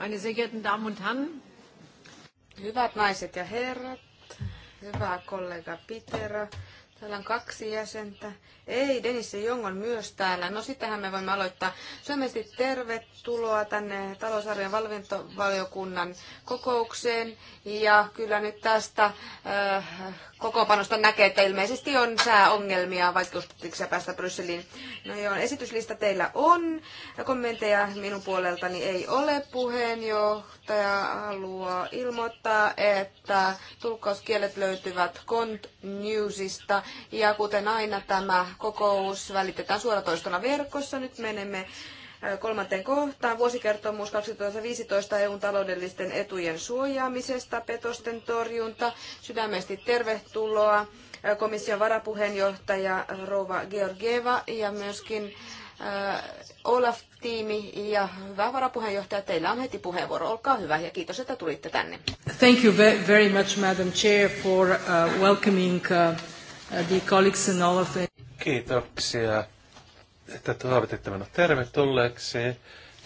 Meine sehr geehrten Damen und Herren. Hyvät naiset ja herrat, hyvä kollega Peter, Täällä on kaksi jäsentä. Ei, Denisse Jong on myös täällä. No sitähän me voimme aloittaa. Suomesti tervetuloa tänne talousarvion valvontavaliokunnan kokoukseen. Ja kyllä nyt tästä äh, kokoonpanosta näkee, että ilmeisesti on sääongelmia, vaikeuksia päästä Brysseliin. No joo, esityslista teillä on. Ja kommentteja minun puoleltani ei ole. Puheenjohtaja haluaa ilmoittaa, että tulkkauskielet löytyvät Cont Newsista ja kuten aina tämä kokous välitetään suoratoistona verkossa. Nyt menemme kolmanteen kohtaan. Vuosikertomus 2015 EUn taloudellisten etujen suojaamisesta, petosten torjunta. Sydämesti tervetuloa komission varapuheenjohtaja Rova Georgieva ja myöskin Olaf-tiimi ja hyvä varapuheenjohtaja, teillä on heti puheenvuoro. Olkaa hyvä ja kiitos, että tulitte tänne. Thank you very much, Madam Chair, for welcoming the uh, colleagues in all Kiitoksia, että toivotitte minut tervetulleeksi.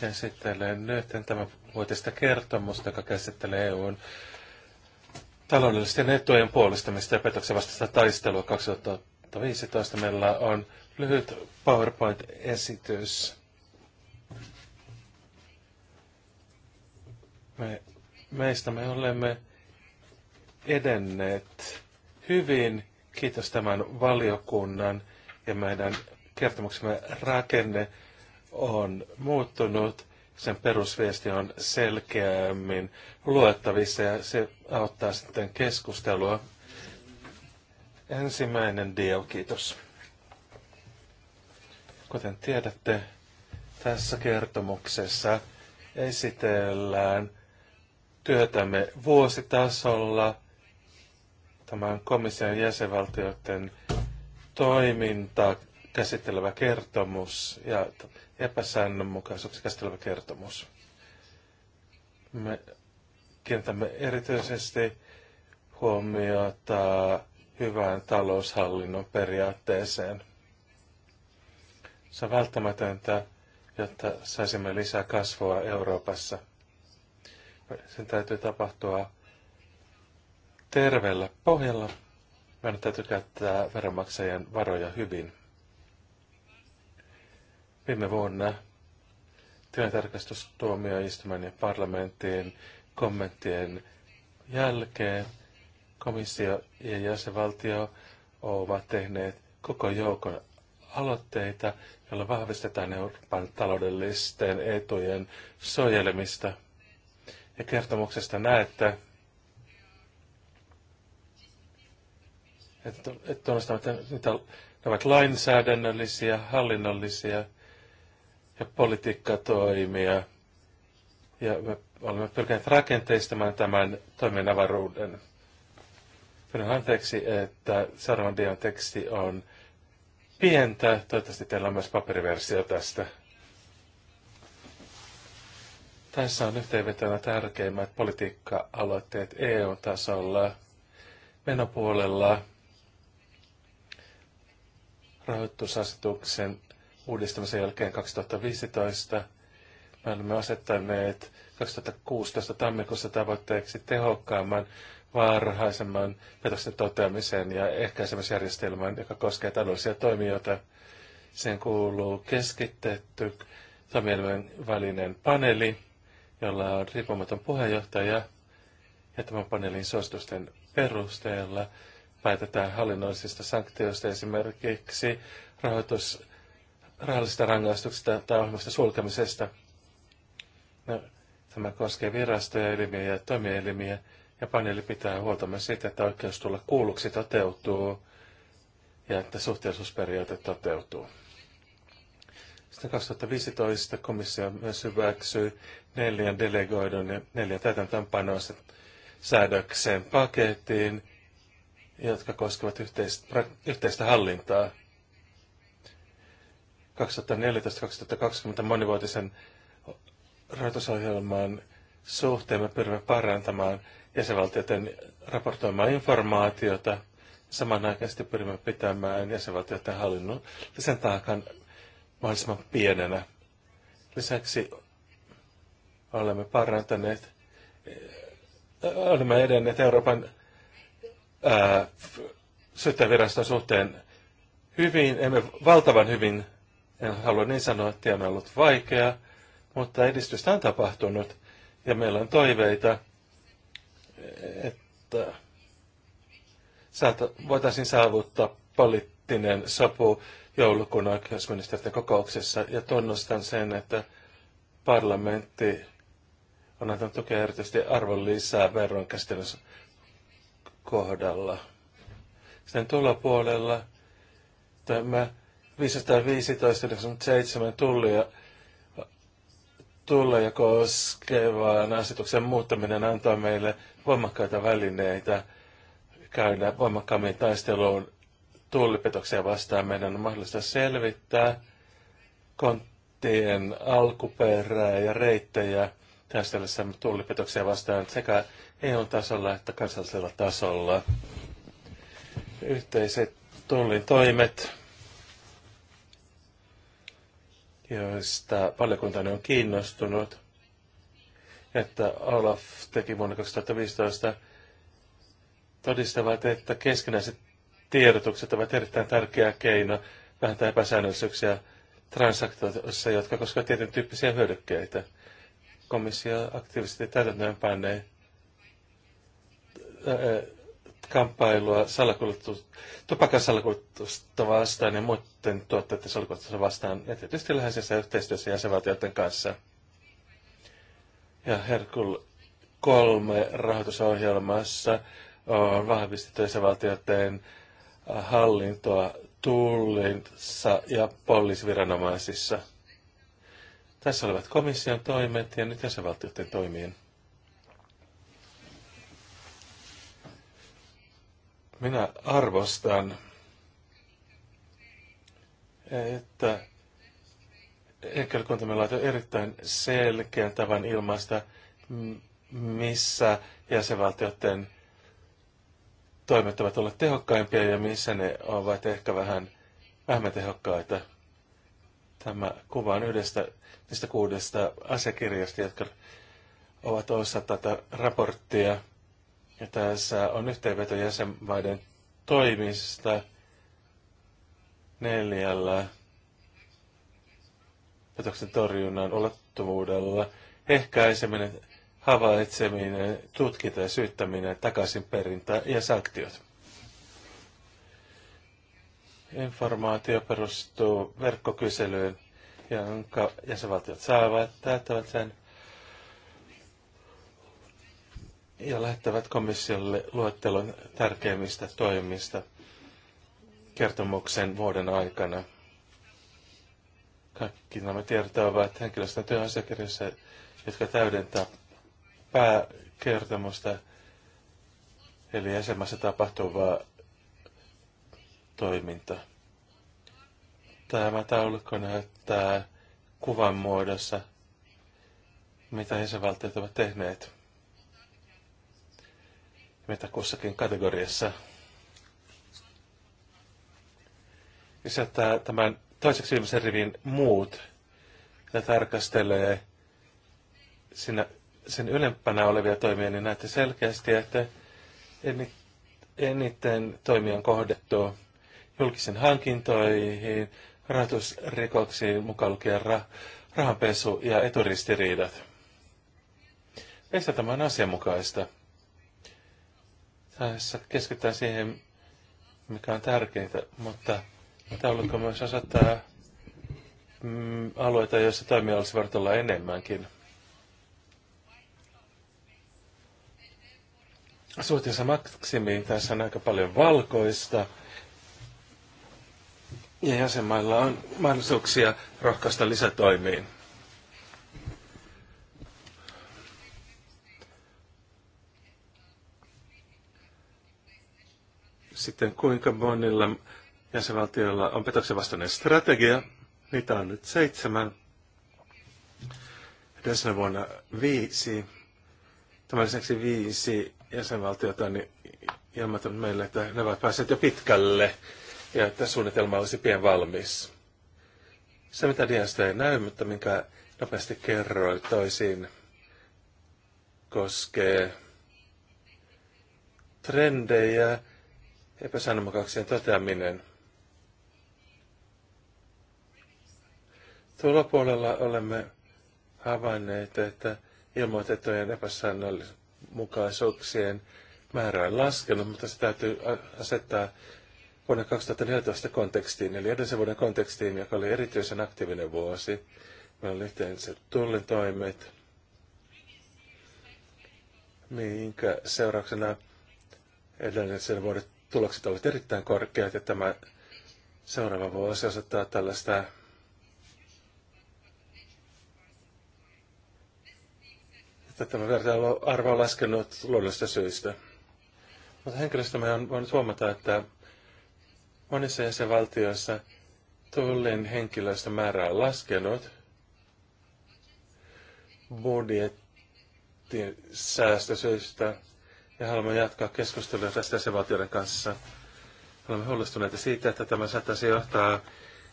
Esittelen nyt tämän vuotista kertomusta, joka käsittelee EUn taloudellisten etujen puolustamista ja petoksen vastaista taistelua 2015. Meillä on lyhyt PowerPoint-esitys. Me, meistä me olemme edenneet hyvin Kiitos tämän valiokunnan ja meidän kertomuksemme rakenne on muuttunut. Sen perusviesti on selkeämmin luettavissa ja se auttaa sitten keskustelua. Ensimmäinen dio, kiitos. Kuten tiedätte, tässä kertomuksessa esitellään työtämme vuositasolla – Tämän komission jäsenvaltioiden toiminta käsittelevä kertomus ja epäsäännönmukaisuuksia käsittelevä kertomus. Me kiinnitämme erityisesti huomiota hyvään taloushallinnon periaatteeseen. Se on välttämätöntä, jotta saisimme lisää kasvua Euroopassa. Sen täytyy tapahtua terveellä pohjalla. Meidän täytyy käyttää veronmaksajien varoja hyvin. Viime vuonna tilintarkastustuomioistuimen ja parlamenttien kommenttien jälkeen komissio ja jäsenvaltio ovat tehneet koko joukon aloitteita, joilla vahvistetaan Euroopan taloudellisten etujen suojelemista. Ja kertomuksesta näette, että, että mitä ne ovat lainsäädännöllisiä, hallinnollisia ja politiikkatoimia. Ja me olemme pyrkineet rakenteistamaan tämän toimien avaruuden. Pyydän anteeksi, että seuraavan dian teksti on pientä. Toivottavasti teillä on myös paperiversio tästä. Tässä on yhteenvetona tärkeimmät politiikka-aloitteet EU-tasolla, menopuolella – rahoitusasetuksen uudistamisen jälkeen 2015 me olemme asettaneet 2016 tammikuussa tavoitteeksi tehokkaamman, varhaisemman petosten toteamisen ja ehkäisemisjärjestelmän, joka koskee taloudellisia toimijoita. Sen kuuluu keskitetty toimielimen välinen paneeli, jolla on riippumaton puheenjohtaja, ja tämän paneelin suositusten perusteella päätetään hallinnollisista sanktioista, esimerkiksi rahoitus, rahallisista rangaistuksista tai ohjelmasta sulkemisesta. No, tämä koskee virastoja, elimiä ja toimielimiä, ja paneeli pitää huolta myös siitä, että oikeus tulla kuulluksi toteutuu ja että suhteellisuusperiaate toteutuu. Sitten 2015 komissio myös hyväksyi neljän delegoidun ja neljän täytäntöönpanoisen säädöksen pakettiin – jotka koskevat yhteistä, yhteistä hallintaa. 2014-2020 monivuotisen rahoitusohjelman suhteen me pyrimme parantamaan jäsenvaltioiden raportoimaa informaatiota. Samanaikaisesti pyrimme pitämään jäsenvaltioiden hallinnon sen taakan mahdollisimman pienenä. Lisäksi olemme parantaneet, olemme edenneet Euroopan syyttäjäviraston suhteen hyvin, emme valtavan hyvin, en halua niin sanoa, että on ollut vaikea, mutta edistystä on tapahtunut ja meillä on toiveita, että saata, voitaisiin saavuttaa poliittinen sopu joulukuun oikeusministeriön kokouksessa ja tunnustan sen, että parlamentti on antanut tukea erityisesti arvonlisää veron käsittelyssä kohdalla. Sen puolella tämä 515.97 tulla tulleja koskevaan asetuksen muuttaminen antaa meille voimakkaita välineitä käydä voimakkaammin taisteluun tullipetoksia vastaan. Meidän on mahdollista selvittää konttien alkuperää ja reittejä – taistellessa tuulipetoksia vastaan sekä EU-tasolla että kansallisella tasolla. Yhteiset tullin toimet, joista valiokunta on kiinnostunut, että Olaf teki vuonna 2015 todistavat, että keskinäiset tiedotukset ovat erittäin tärkeä keino vähentää epäsäännöllisyyksiä transaktioissa, jotka koskevat tietyn tyyppisiä hyödykkeitä komissio aktiivisesti täytäntöönpanee kamppailua tupakan salakulutusta vastaan ja muiden tuotteiden salakulutusta vastaan, ja tietysti läheisessä yhteistyössä jäsenvaltioiden kanssa. Ja Herkul kolme rahoitusohjelmassa on vahvistettu jäsenvaltioiden hallintoa tullissa ja poliisiviranomaisissa – tässä olivat komission toimet ja nyt jäsenvaltioiden toimiin. Minä arvostan, että henkilökuntamme laitoi erittäin selkeän tavan ilmaista, missä jäsenvaltioiden toimet ovat olleet tehokkaimpia ja missä ne ovat ehkä vähän vähemmän tehokkaita – Tämä kuva on yhdestä niistä kuudesta asiakirjasta, jotka ovat osa tätä raporttia. Ja tässä on yhteenveto jäsenmaiden toimista neljällä petoksen torjunnan ulottuvuudella. Ehkäiseminen, havaitseminen, tutkinta ja syyttäminen, takaisinperintä ja sanktiot. Informaatio perustuu verkkokyselyyn, jonka jäsenvaltiot saavat, täyttävät sen ja lähettävät komissiolle luettelon tärkeimmistä toimista kertomuksen vuoden aikana. Kaikki nämä tiedot ovat henkilöstön työasiakirjassa, jotka täydentää pääkertomusta, eli jäsenmaassa tapahtuvaa toiminta. Tämä taulukko näyttää kuvan muodossa, mitä jäsenvaltiot ovat tehneet. Mitä kussakin kategoriassa. Lisätään tämän toiseksi viimeisen rivin muut ja tarkastelee sinä, sen ylempänä olevia toimia, niin näette selkeästi, että eniten toimia on kohdettu julkisiin hankintoihin, rahoitusrikoksiin, mukaan lukien ra- rahanpesu ja eturistiriidat. Meistä tämä on asianmukaista. Tässä keskitytään siihen, mikä on tärkeintä, mutta taulukko myös osoittaa mm, alueita, joissa toimia olisi varten olla enemmänkin. Suhteessa maksimiin tässä on aika paljon valkoista ja jäsenmailla on mahdollisuuksia rohkaista lisätoimiin. Sitten kuinka monilla jäsenvaltioilla on petoksen vastainen strategia? Niitä on nyt seitsemän. Edellisenä vuonna viisi. Tämän lisäksi viisi jäsenvaltiota on niin ilmoittanut meille, että ne ovat päässeet jo pitkälle ja että suunnitelma olisi pian valmis. Se, mitä diasta ei näy, mutta minkä nopeasti kerroin toisiin, koskee trendejä, epäsanomakauksien toteaminen. Tuolla puolella olemme havainneet, että ilmoitettujen epäsäännönmukaisuuksien määrä on laskenut, mutta se täytyy asettaa vuonna 2014 kontekstiin, eli edellisen vuoden kontekstiin, joka oli erityisen aktiivinen vuosi. Meillä oli yhteensä tullin toimet, minkä seurauksena edellisen vuoden tulokset olivat erittäin korkeat, ja tämä seuraava vuosi osoittaa tällaista että tämä vertailuarvo on laskenut luonnollisista syistä. Mutta henkilöstömme on voinut huomata, että Monissa jäsenvaltioissa tullin henkilöstön määrä on laskenut. Budjettin säästösyistä ja haluamme jatkaa keskustelua tästä jäsenvaltioiden kanssa. Olemme huolestuneita siitä, että tämä saattaisi johtaa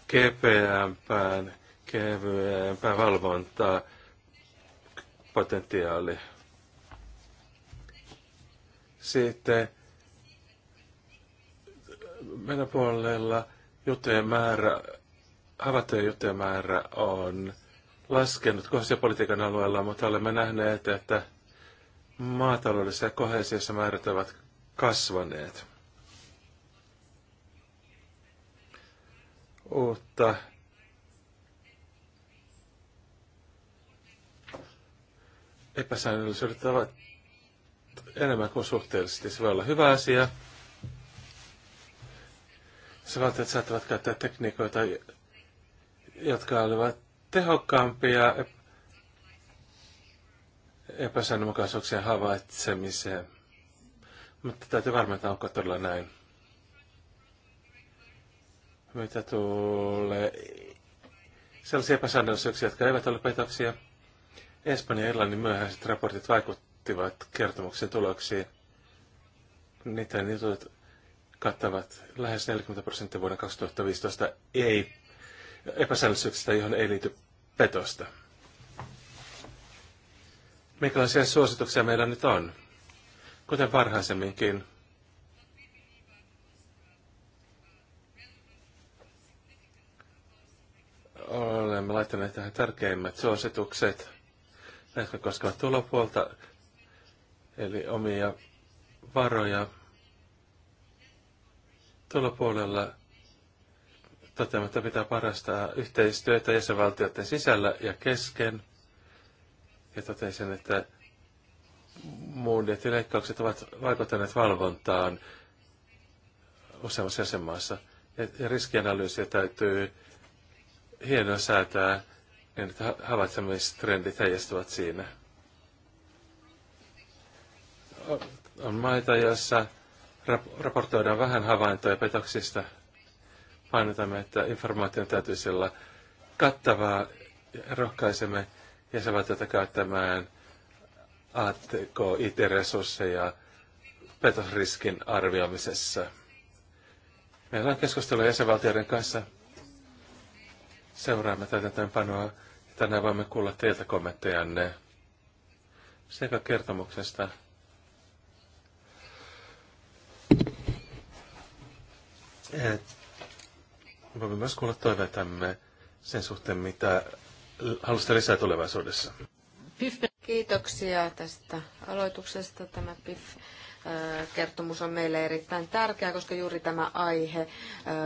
kepeämpään, kevyempään valvontaa potentiaali. Sitten puolella juttujen määrä, havaittujen juttujen määrä on laskenut kohesiopolitiikan alueella, mutta olemme nähneet, että maataloudessa ja kohesiossa määrät ovat kasvaneet. Uutta epäsäännöllisyydet ovat enemmän kuin suhteellisesti. Se voi olla hyvä asia, Selonteet saattavat käyttää tekniikoita, jotka olivat tehokkaampia epäsäännönmukaisuuksien havaitsemiseen. Mutta täytyy että onko todella näin. Mitä tulee sellaisia epäsäännöllisyyksiä, jotka eivät ole petoksia. Espanjan ja Irlannin myöhäiset raportit vaikuttivat kertomuksen tuloksiin. Niitä jutut kattavat lähes 40 prosenttia vuoden 2015 ei epäsäännöllisyyksistä, johon ei liity petosta. Minkälaisia suosituksia meillä nyt on? Kuten varhaisemminkin, olemme laittaneet tähän tärkeimmät suositukset, jotka koskevat tulopuolta, eli omia varoja, Tuolla puolella toteamatta pitää parasta yhteistyötä jäsenvaltioiden sisällä ja kesken. Ja totesin, että leikkaukset ovat vaikuttaneet valvontaan useammassa jäsenmaassa. Ja riskianalyysiä täytyy hienoa säätää, niin että havaitsemistrendit heijastuvat siinä. On maita, joissa raportoidaan vähän havaintoja petoksista. Painotamme, että informaation täytyisi olla kattavaa ja rohkaisemme jäsenvaltioita käyttämään ATK-IT-resursseja petosriskin arvioimisessa. Meillä on keskustelu jäsenvaltioiden kanssa. Seuraamme täytäntöönpanoa ja tänään voimme kuulla teiltä kommenttejanne sekä kertomuksesta voimme myös kuulla toiveitamme sen suhteen, mitä haluaisitte lisää tulevaisuudessa. Kiitoksia tästä aloituksesta. Tämä PIF kertomus on meille erittäin tärkeä, koska juuri tämä aihe, äh,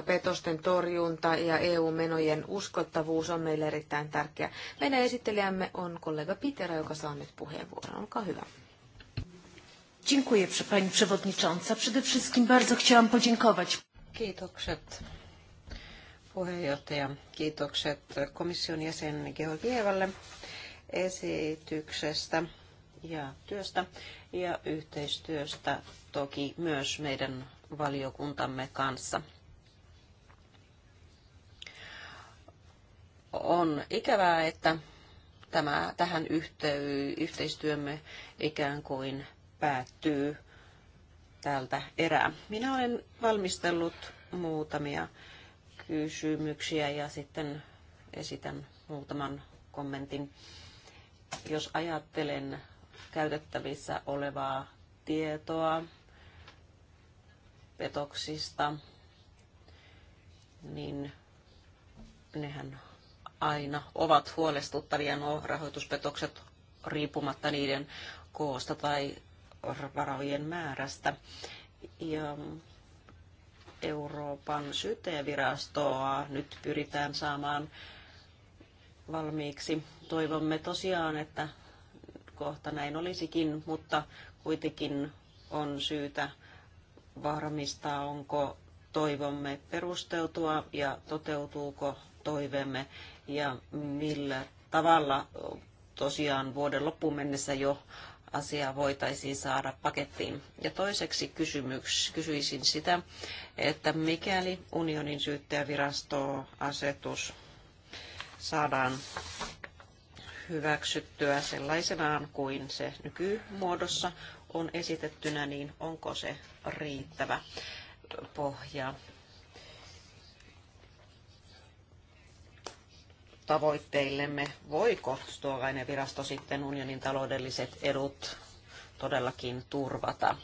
petosten torjunta ja EU-menojen uskottavuus on meille erittäin tärkeä. Meidän esittelijämme on kollega Pitera, joka saa nyt puheenvuoron. Olkaa hyvä. Dziękuję Pani Przewodnicząca. Przede wszystkim bardzo chciałam podziękować. Kiitokset puheenjohtaja. Kiitokset komission jäsen Georgievalle esityksestä ja työstä ja yhteistyöstä toki myös meidän valiokuntamme kanssa. On ikävää, että tämä, tähän yhtey, yhteistyömme ikään kuin päättyy tältä erää. Minä olen valmistellut muutamia kysymyksiä ja sitten esitän muutaman kommentin. Jos ajattelen käytettävissä olevaa tietoa petoksista, niin nehän aina ovat huolestuttavia nuo rahoituspetokset riippumatta niiden koosta tai varojen määrästä. Ja Euroopan syteenvirastoa nyt pyritään saamaan valmiiksi. Toivomme tosiaan, että kohta näin olisikin, mutta kuitenkin on syytä varmistaa, onko toivomme perusteltua ja toteutuuko toivemme ja millä tavalla tosiaan vuoden loppuun mennessä jo asia voitaisiin saada pakettiin. Ja toiseksi kysymyks, kysyisin sitä, että mikäli unionin syyttäjävirastoasetus saadaan hyväksyttyä sellaisenaan kuin se nykymuodossa on esitettynä, niin onko se riittävä pohja tavoitteillemme, voiko virasto sitten unionin taloudelliset edut todellakin turvata?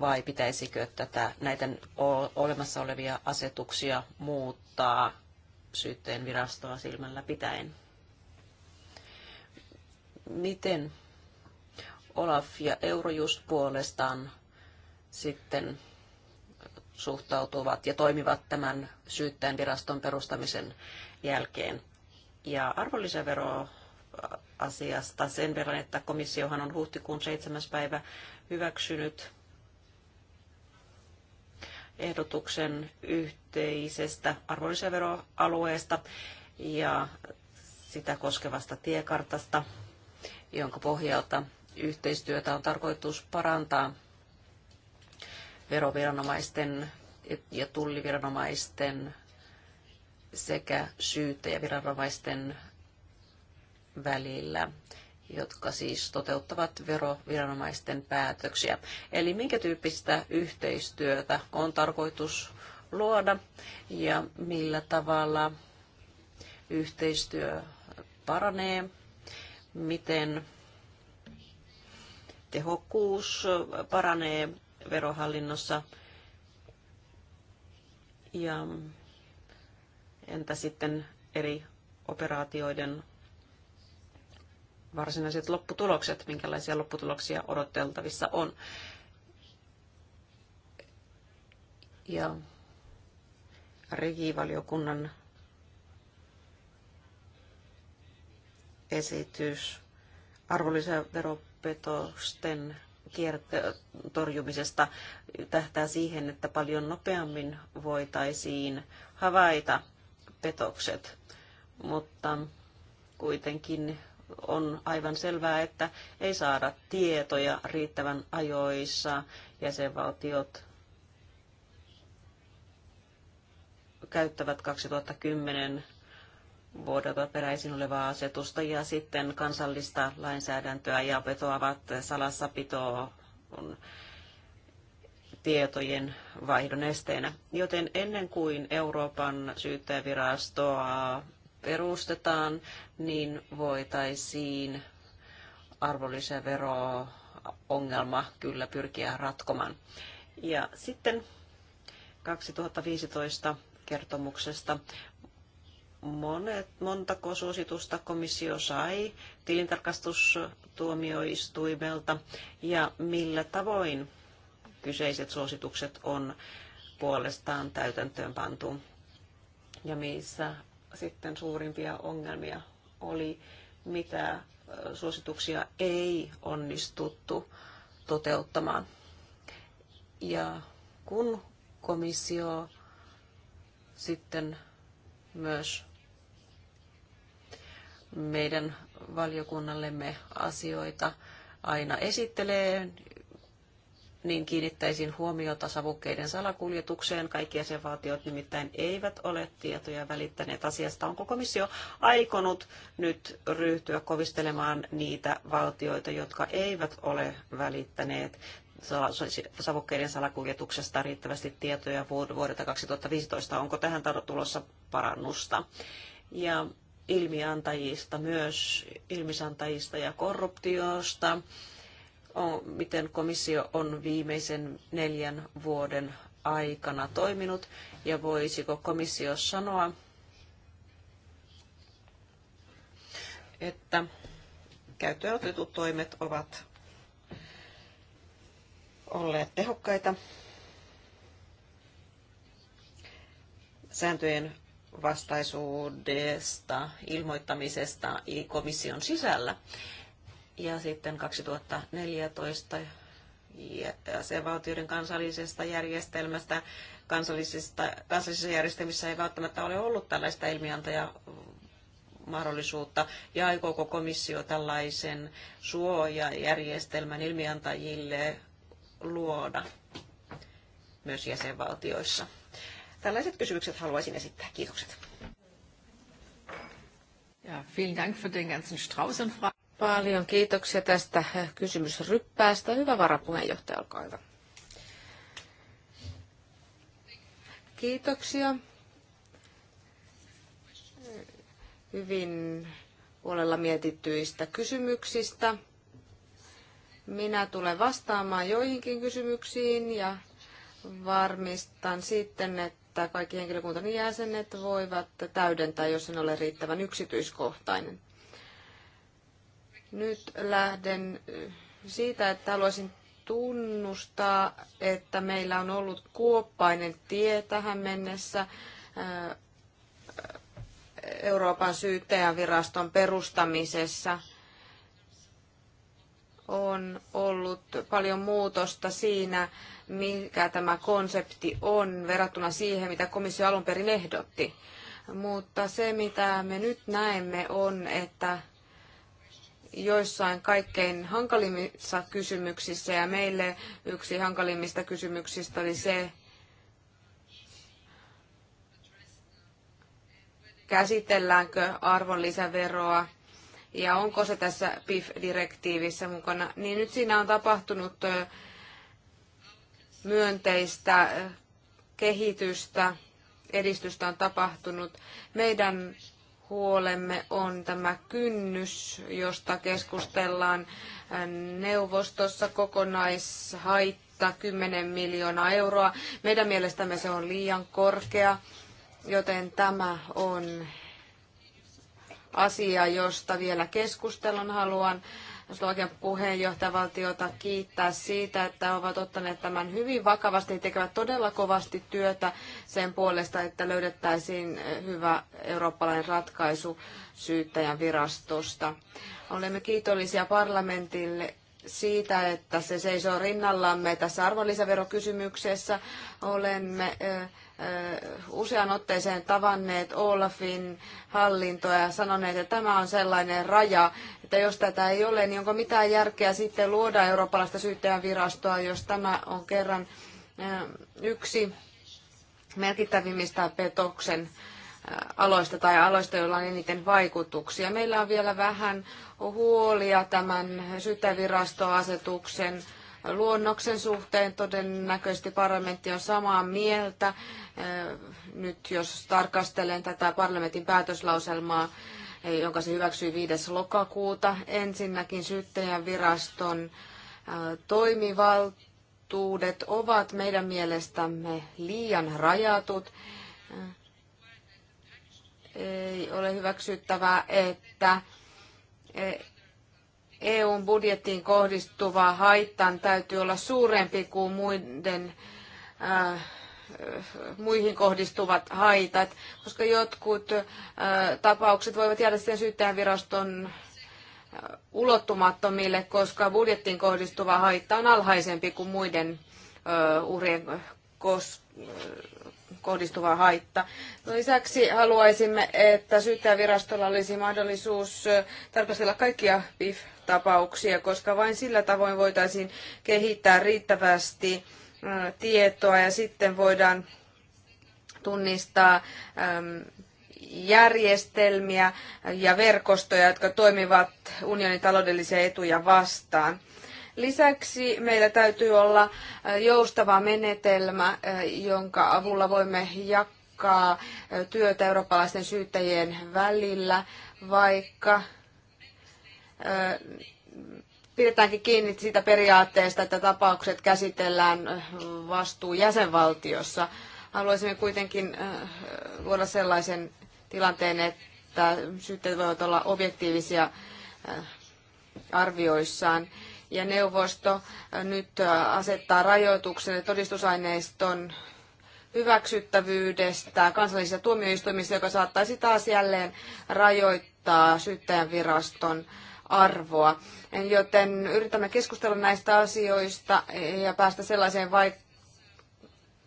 Vai pitäisikö tätä, näitä olemassa olevia asetuksia muuttaa syytteen virastoa silmällä pitäen? Miten Olaf ja Eurojust puolestaan sitten suhtautuvat ja toimivat tämän syyttäjän viraston perustamisen jälkeen. Ja arvonlisäveroasiasta äh, sen verran, että komissiohan on huhtikuun 7. päivä hyväksynyt ehdotuksen yhteisestä arvonlisäveroalueesta ja sitä koskevasta tiekartasta, jonka pohjalta yhteistyötä on tarkoitus parantaa veroviranomaisten ja tulliviranomaisten sekä syyttäjäviranomaisten välillä, jotka siis toteuttavat veroviranomaisten päätöksiä. Eli minkä tyyppistä yhteistyötä on tarkoitus luoda ja millä tavalla yhteistyö paranee, miten tehokkuus paranee verohallinnossa. Ja entä sitten eri operaatioiden varsinaiset lopputulokset, minkälaisia lopputuloksia odoteltavissa on. Ja regivaliokunnan esitys arvonlisäveropetosten torjumisesta tähtää siihen, että paljon nopeammin voitaisiin havaita petokset, mutta kuitenkin on aivan selvää, että ei saada tietoja riittävän ajoissa. Jäsenvaltiot käyttävät 2010 vuodelta peräisin olevaa asetusta ja sitten kansallista lainsäädäntöä ja vetoavat salassapito tietojen vaihdon esteenä. Joten ennen kuin Euroopan syyttäjävirastoa perustetaan, niin voitaisiin arvonlisävero-ongelma kyllä pyrkiä ratkomaan. Ja sitten 2015 kertomuksesta monet, montako suositusta komissio sai tilintarkastustuomioistuimelta ja millä tavoin kyseiset suositukset on puolestaan täytäntöön pantu ja missä sitten suurimpia ongelmia oli, mitä suosituksia ei onnistuttu toteuttamaan. Ja kun komissio sitten myös meidän valiokunnallemme asioita aina esittelee, niin kiinnittäisin huomiota savukkeiden salakuljetukseen. Kaikki jäsenvaltiot nimittäin eivät ole tietoja välittäneet asiasta. Onko komissio aikonut nyt ryhtyä kovistelemaan niitä valtioita, jotka eivät ole välittäneet savukkeiden salakuljetuksesta riittävästi tietoja vuodelta 2015? Onko tähän tulossa parannusta? Ja ilmiantajista, myös ilmisantajista ja korruptiosta, miten komissio on viimeisen neljän vuoden aikana toiminut ja voisiko komissio sanoa, että käyttöön otetut toimet ovat olleet tehokkaita sääntöjen vastaisuudesta, ilmoittamisesta komission sisällä. Ja sitten 2014 jäsenvaltioiden kansallisesta järjestelmästä, kansallisista, kansallisissa järjestelmissä ei välttämättä ole ollut tällaista ilmiantaja mahdollisuutta ja aikooko komissio tällaisen suojajärjestelmän ilmiantajille luoda myös jäsenvaltioissa. Tällaiset kysymykset haluaisin esittää. Kiitokset. Ja, vielen Dank für den ganzen Strauß Paljon kiitoksia tästä kysymysryppäästä. Hyvä varapuheenjohtaja, olkaa hyvä. Kiitoksia. Hyvin puolella mietittyistä kysymyksistä. Minä tulen vastaamaan joihinkin kysymyksiin ja varmistan sitten, että että kaikki henkilökunnan jäsenet voivat täydentää, jos en ole riittävän yksityiskohtainen. Nyt lähden äh, siitä, että haluaisin tunnustaa, että meillä on ollut kuoppainen tie tähän mennessä äh, Euroopan syyttäjänviraston perustamisessa. On ollut paljon muutosta siinä, mikä tämä konsepti on verrattuna siihen, mitä komissio alun perin ehdotti. Mutta se, mitä me nyt näemme, on, että joissain kaikkein hankalimmissa kysymyksissä, ja meille yksi hankalimmista kysymyksistä oli se, käsitelläänkö arvonlisäveroa ja onko se tässä PIF-direktiivissä mukana, niin nyt siinä on tapahtunut myönteistä kehitystä, edistystä on tapahtunut. Meidän huolemme on tämä kynnys, josta keskustellaan neuvostossa kokonaishaitta 10 miljoonaa euroa. Meidän mielestämme se on liian korkea, joten tämä on asia, josta vielä keskustelun haluan Slovakian puheenjohtajavaltiota kiittää siitä, että ovat ottaneet tämän hyvin vakavasti ja tekevät todella kovasti työtä sen puolesta, että löydettäisiin hyvä eurooppalainen ratkaisu syyttäjän virastosta. Olemme kiitollisia parlamentille siitä, että se seisoo rinnallamme tässä arvonlisäverokysymyksessä. Olemme äh, usean otteeseen tavanneet Olafin hallintoa ja sanoneet, että tämä on sellainen raja, että jos tätä ei ole, niin onko mitään järkeä sitten luoda eurooppalaista syyttäjän jos tämä on kerran yksi merkittävimmistä petoksen aloista tai aloista, joilla on eniten vaikutuksia. Meillä on vielä vähän huolia tämän syyttäjävirastoasetuksen luonnoksen suhteen. Todennäköisesti parlamentti on samaa mieltä. Nyt jos tarkastelen tätä parlamentin päätöslauselmaa, eh, jonka se hyväksyi 5. lokakuuta, ensinnäkin syyttäjän viraston toimivaltuudet ovat meidän mielestämme liian rajatut. Ei ole hyväksyttävää, että eh, EUn budjettiin kohdistuva haittan täytyy olla suurempi kuin muiden, äh, muihin kohdistuvat haitat, koska jotkut äh, tapaukset voivat jäädä sen syyttäjänviraston äh, ulottumattomille, koska budjettiin kohdistuva haitta on alhaisempi kuin muiden äh, uhrien kos- kohdistuva haitta. No, lisäksi haluaisimme, että syyttäjävirastolla olisi mahdollisuus tarkastella kaikkia PIF-tapauksia, koska vain sillä tavoin voitaisiin kehittää riittävästi tietoa ja sitten voidaan tunnistaa järjestelmiä ja verkostoja, jotka toimivat unionin taloudellisia etuja vastaan. Lisäksi meillä täytyy olla joustava menetelmä, jonka avulla voimme jakaa työtä eurooppalaisten syyttäjien välillä, vaikka pidetäänkin kiinni siitä periaatteesta, että tapaukset käsitellään vastuu jäsenvaltiossa. Haluaisimme kuitenkin luoda sellaisen tilanteen, että syytteet voivat olla objektiivisia arvioissaan ja neuvosto äh, nyt äh, asettaa rajoituksen todistusaineiston hyväksyttävyydestä kansallisissa tuomioistuimissa, joka saattaisi taas jälleen rajoittaa syyttäjän viraston arvoa. Joten yritämme keskustella näistä asioista ja päästä sellaiseen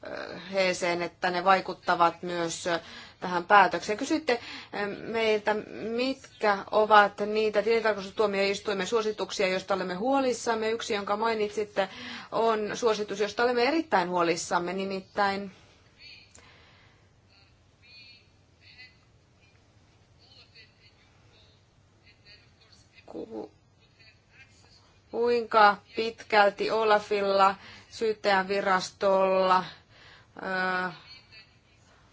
vaiheeseen, äh, että ne vaikuttavat myös tähän päätökseen. Kysytte eh, meiltä, mitkä ovat niitä tilintarkastustuomioistuimen suosituksia, joista olemme huolissamme. Yksi, jonka mainitsitte, on suositus, josta olemme erittäin huolissamme, nimittäin kuinka pitkälti Olafilla, syyttäjän virastolla, eh,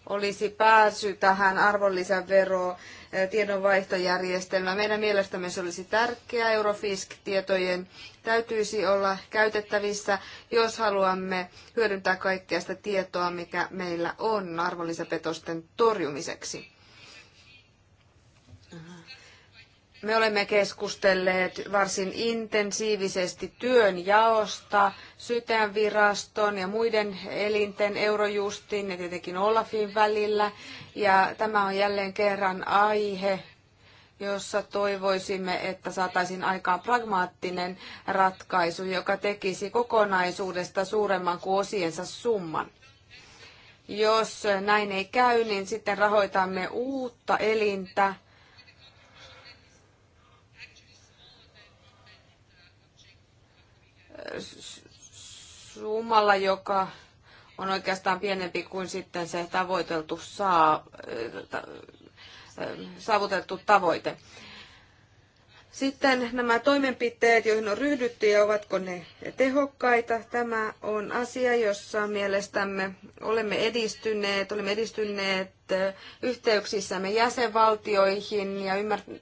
olisi pääsy tähän arvonlisäveroon eh, tiedonvaihtojärjestelmä. Meidän mielestämme se olisi tärkeää. Eurofisk-tietojen täytyisi olla käytettävissä, jos haluamme hyödyntää kaikkea sitä tietoa, mikä meillä on arvonlisäpetosten torjumiseksi. Me olemme keskustelleet varsin intensiivisesti työn jaosta, syteänviraston ja muiden elinten, Eurojustin ja tietenkin Olafin välillä. Ja tämä on jälleen kerran aihe, jossa toivoisimme, että saataisiin aikaan pragmaattinen ratkaisu, joka tekisi kokonaisuudesta suuremman kuin osiensa summan. Jos näin ei käy, niin sitten rahoitamme uutta elintä, summalla, joka on oikeastaan pienempi kuin sitten se tavoiteltu saa, saavutettu tavoite. Sitten nämä toimenpiteet, joihin on ryhdytty ja ovatko ne tehokkaita. Tämä on asia, jossa mielestämme olemme edistyneet, olemme edistyneet yhteyksissämme jäsenvaltioihin ja ymmär-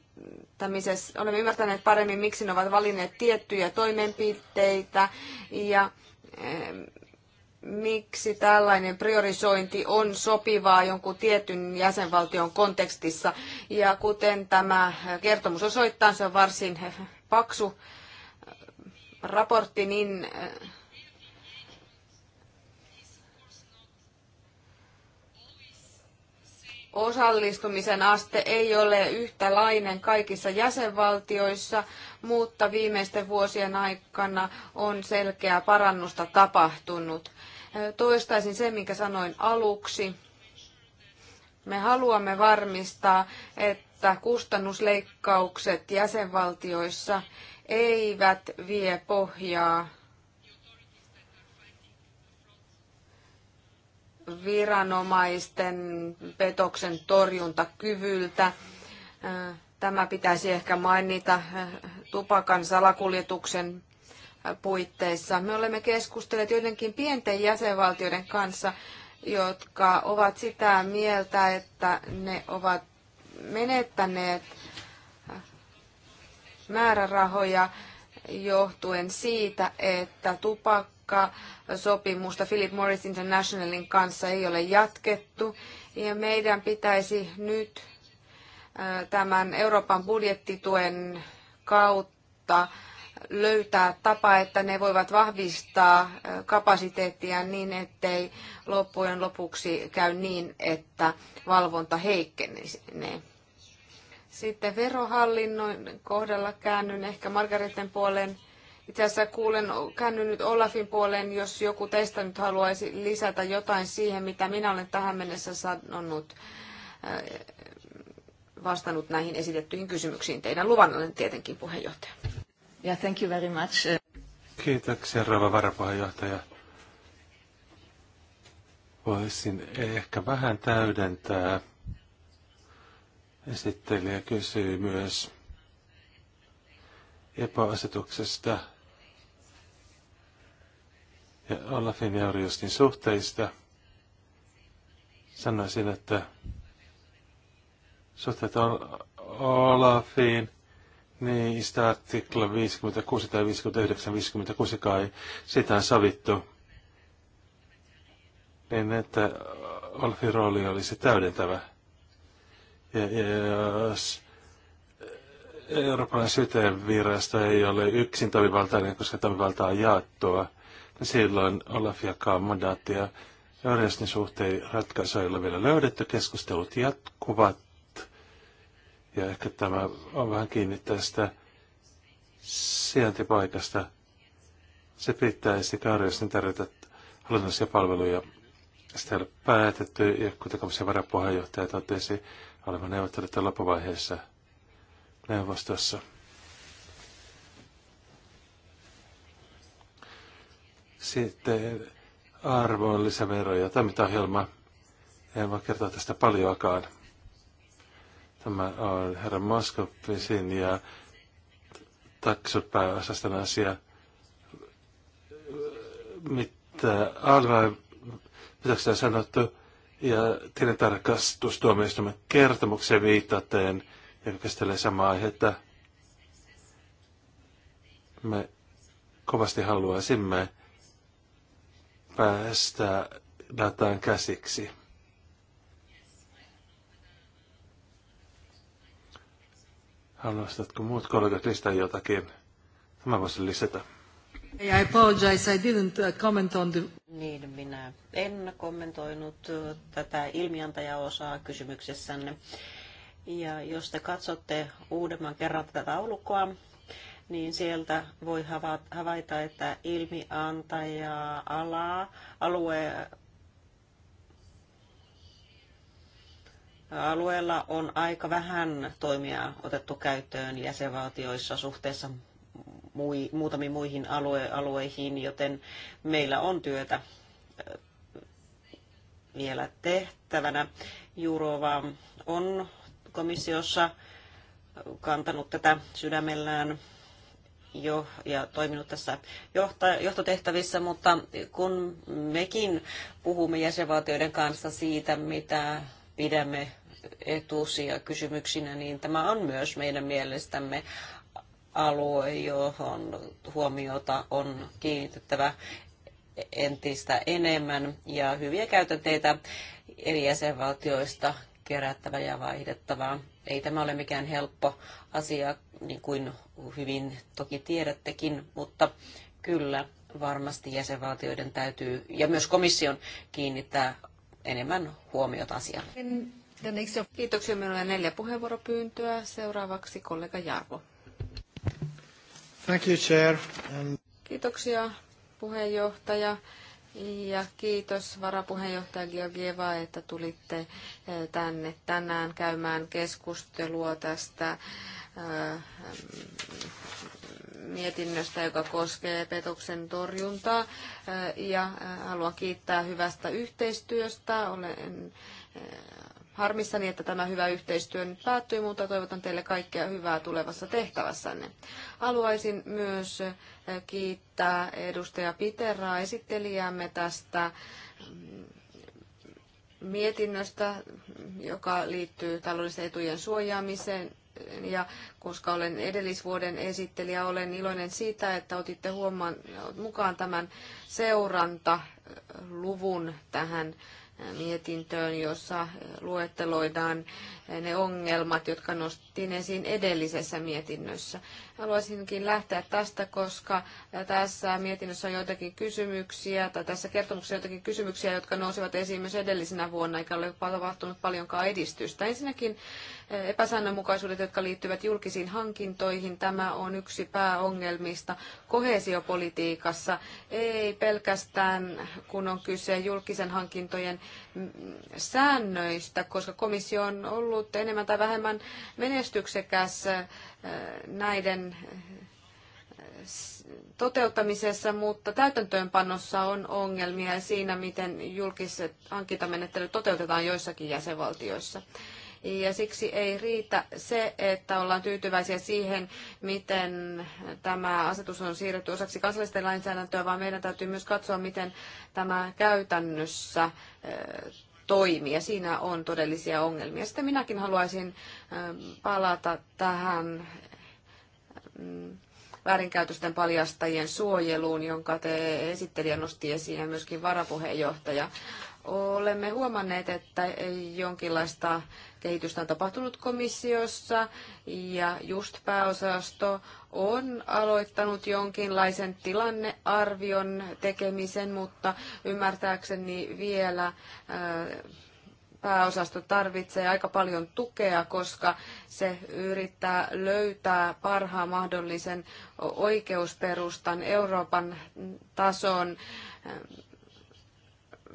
päättämisessä olemme ymmärtäneet paremmin, miksi ne ovat valinneet tiettyjä toimenpiteitä ja miksi tällainen priorisointi on sopivaa jonkun tietyn jäsenvaltion kontekstissa. Ja kuten tämä kertomus osoittaa, se on varsin paksu raportti, niin osallistumisen aste ei ole yhtälainen kaikissa jäsenvaltioissa, mutta viimeisten vuosien aikana on selkeää parannusta tapahtunut. Toistaisin sen, minkä sanoin aluksi. Me haluamme varmistaa, että kustannusleikkaukset jäsenvaltioissa eivät vie pohjaa viranomaisten petoksen torjuntakyvyltä. Äh, Tämä pitäisi ehkä mainita äh, tupakan salakuljetuksen äh, puitteissa. Me olemme keskustelleet joidenkin pienten jäsenvaltioiden kanssa, jotka ovat sitä mieltä, että ne ovat menettäneet määrärahoja johtuen siitä, että tupakka sopimusta Philip Morris Internationalin kanssa ei ole jatkettu. Ja meidän pitäisi nyt tämän Euroopan budjettituen kautta löytää tapa, että ne voivat vahvistaa kapasiteettia niin, ettei loppujen lopuksi käy niin, että valvonta heikkenee. Sitten verohallinnon kohdalla käännyn ehkä Margareten puoleen. Itse asiassa kuulen, käynyt nyt Olafin puoleen, jos joku teistä nyt haluaisi lisätä jotain siihen, mitä minä olen tähän mennessä sanonut, äh, vastannut näihin esitettyihin kysymyksiin. Teidän olen tietenkin, puheenjohtaja. Yeah, thank you very much. Kiitoksia, rouva varapuheenjohtaja. Voisin ehkä vähän täydentää. Esittelijä kysyy myös epäasetuksesta ja Olafin ja Eurojustin suhteista. Sanoisin, että suhteet Olafiin, niin sitä artikla 56 tai 59, 56 kai, sitä on savittu. Niin, että Olafin rooli olisi täydentävä. Ja, ja jos Euroopan syyteen virasto ei ole yksin toimivaltainen, koska toimivalta on jaettua, silloin Olaf jakaa mandaattia Eurojustin suhteen ratkaisu ei ole vielä löydetty. Keskustelut jatkuvat. Ja ehkä tämä on vähän kiinni tästä sijaintipaikasta. Se pitäisi Eurojustin tarjota hallinnollisia palveluja. Sitä ei ole päätetty, ja kuten komission varapuheenjohtaja totesi, olemme neuvottelut loppuvaiheessa neuvostossa. Sitten arvonlisäveroja. Toimintaohjelma. En voi kertoa tästä paljoakaan. Tämä on herra Moskopisin ja taksut pääosaston asia. Mitä alva mitä sitä sanottu, ja tilintarkastustuomioistuimen kertomukseen viitaten, joka käsittelee samaa aihetta. Me kovasti haluaisimme, päästä datan käsiksi. Haluaisitko muut kollegat listaa jotakin? Mä voisin lisätä. I apologize, I didn't uh, comment on the... Niin, minä en kommentoinut uh, tätä ilmiantajaosaa kysymyksessänne. Ja jos te katsotte uudemman kerran tätä taulukkoa, niin sieltä voi havaita, että ilmiantaja ala, alue, alueella on aika vähän toimia otettu käyttöön jäsenvaltioissa suhteessa mui, muutamiin muihin alue, alueihin, joten meillä on työtä vielä tehtävänä. Jurova on komissiossa kantanut tätä sydämellään jo ja toiminut tässä johtotehtävissä, mutta kun mekin puhumme jäsenvaltioiden kanssa siitä, mitä pidämme etuusia kysymyksinä, niin tämä on myös meidän mielestämme alue, johon huomiota on kiinnitettävä entistä enemmän ja hyviä käytänteitä eri jäsenvaltioista kerättävä ja vaihdettava. Ei tämä ole mikään helppo asia niin kuin hyvin toki tiedättekin, mutta kyllä varmasti jäsenvaltioiden täytyy ja myös komission kiinnittää enemmän huomiota asiaan. Kiitoksia. Meillä on neljä puheenvuoropyyntöä. Seuraavaksi kollega Jarvo. Thank you, Chair. And... Kiitoksia puheenjohtaja ja kiitos varapuheenjohtaja Georgieva, että tulitte eh, tänne tänään käymään keskustelua tästä Äh, mm, mietinnöstä, joka koskee petoksen torjuntaa. Äh, ja äh, haluan kiittää hyvästä yhteistyöstä. Olen harmissani, että tämä hyvä yhteistyö nyt päättyi, mutta toivotan teille kaikkea hyvää tulevassa tehtävässänne. Haluaisin myös kiittää edustaja Piteraa esittelijämme tästä mm, mietinnöstä, joka liittyy taloudellisten etujen suojaamiseen ja koska olen edellisvuoden esittelijä, olen iloinen siitä, että otitte huomaan, mukaan tämän seurantaluvun tähän mietintöön, jossa luetteloidaan ne ongelmat, jotka nostettiin esiin edellisessä mietinnössä. Haluaisinkin lähteä tästä, koska tässä mietinnössä on joitakin kysymyksiä, tai tässä kertomuksessa on joitakin kysymyksiä, jotka nousivat esiin myös edellisenä vuonna, eikä ole tapahtunut paljonkaan edistystä. Ensinnäkin epäsäännönmukaisuudet, jotka liittyvät julkisiin hankintoihin. Tämä on yksi pääongelmista kohesiopolitiikassa. Ei pelkästään kun on kyse julkisen hankintojen mm, säännöistä, koska komissio on ollut enemmän tai vähemmän menestyksekäs äh, näiden äh, toteuttamisessa, mutta täytäntöönpanossa on ongelmia siinä, miten julkiset hankintamenettelyt toteutetaan joissakin jäsenvaltioissa. Ja siksi ei riitä se, että ollaan tyytyväisiä siihen, miten tämä asetus on siirretty osaksi kansallisten lainsäädäntöä, vaan meidän täytyy myös katsoa, miten tämä käytännössä toimii. Ja siinä on todellisia ongelmia. Sitten minäkin haluaisin palata tähän väärinkäytösten paljastajien suojeluun, jonka te esittelijä nosti esiin ja myöskin varapuheenjohtaja. Olemme huomanneet, että jonkinlaista kehitystä on tapahtunut komissiossa ja just pääosasto on aloittanut jonkinlaisen tilannearvion tekemisen, mutta ymmärtääkseni vielä äh, pääosasto tarvitsee aika paljon tukea, koska se yrittää löytää parhaan mahdollisen oikeusperustan Euroopan tason äh,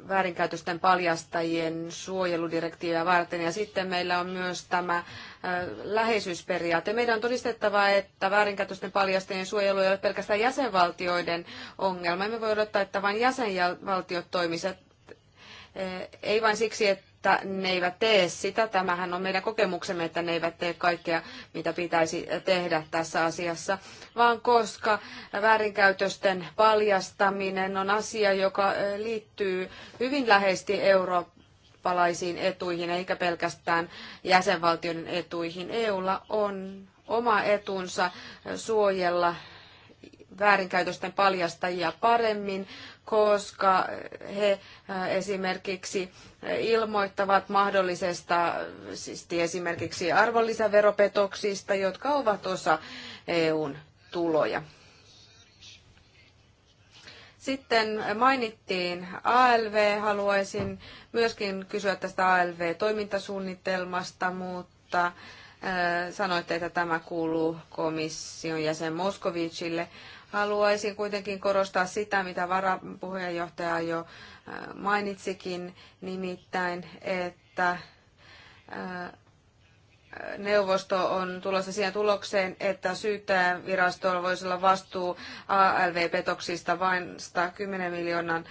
väärinkäytösten paljastajien suojeludirektiiviä varten. Ja sitten meillä on myös tämä läheisyysperiaate. Meidän on todistettava, että väärinkäytösten paljastajien suojelu ei ole pelkästään jäsenvaltioiden ongelma. Me voi odottaa, että vain jäsenvaltiot toimisivat. Ei vain siksi, että että ne eivät tee sitä. Tämähän on meidän kokemuksemme, että ne eivät tee kaikkea, mitä pitäisi tehdä tässä asiassa, vaan koska väärinkäytösten paljastaminen on asia, joka eh, liittyy hyvin läheisesti Eurooppaan palaisiin etuihin eikä pelkästään jäsenvaltioiden etuihin. EUlla on oma etunsa suojella väärinkäytösten paljastajia paremmin, koska he äh, esimerkiksi ilmoittavat mahdollisesta, siis esimerkiksi arvonlisäveropetoksista, jotka ovat osa EUn tuloja. Sitten mainittiin ALV, haluaisin myöskin kysyä tästä ALV-toimintasuunnitelmasta, mutta äh, sanoitte, että tämä kuuluu komission jäsen Moskovicille. Haluaisin kuitenkin korostaa sitä, mitä varapuheenjohtaja jo äh, mainitsikin, nimittäin, että äh, neuvosto on tulossa siihen tulokseen, että syyttäjän virastolla voisi olla vastuu ALV-petoksista vain 110 miljoonan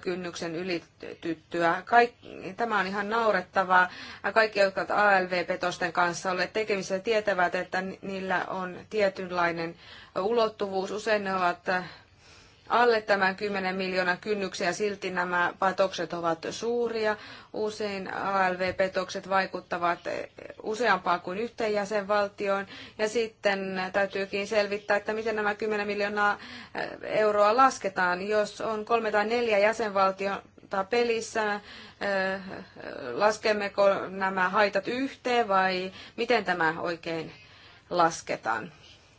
kynnyksen ylityttyä. Kaikki, tämä on ihan naurettavaa. Kaikki, jotka ovat ALV-petosten kanssa olleet tekemisissä, tietävät, että niillä on tietynlainen ulottuvuus. Usein ne ovat alle tämän 10 miljoonan kynnyksen ja silti nämä patokset ovat suuria. Usein ALV-petokset vaikuttavat useampaan kuin yhteen jäsenvaltioon ja sitten täytyykin selvittää, että miten nämä 10 miljoonaa eh, euroa lasketaan. Jos on kolme tai neljä jäsenvaltion pelissä, eh, laskemmeko nämä haitat yhteen vai miten tämä oikein lasketaan.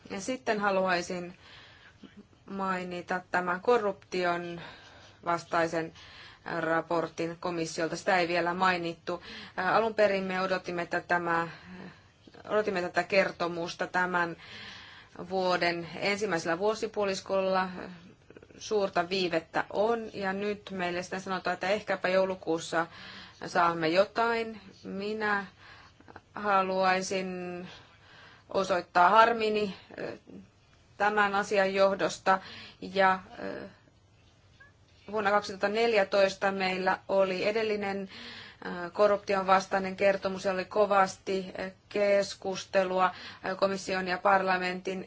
Ja sitten haluaisin mainita tämän korruption vastaisen raportin komissiolta. Sitä ei vielä mainittu. Alun perin me odotimme, että tämä, odotimme tätä kertomusta tämän vuoden ensimmäisellä vuosipuoliskolla. Suurta viivettä on ja nyt meille sitten sanotaan, että ehkäpä joulukuussa saamme jotain. Minä haluaisin osoittaa harmini tämän asian johdosta. Ja vuonna 2014 meillä oli edellinen korruption vastainen kertomus, oli kovasti keskustelua komission ja parlamentin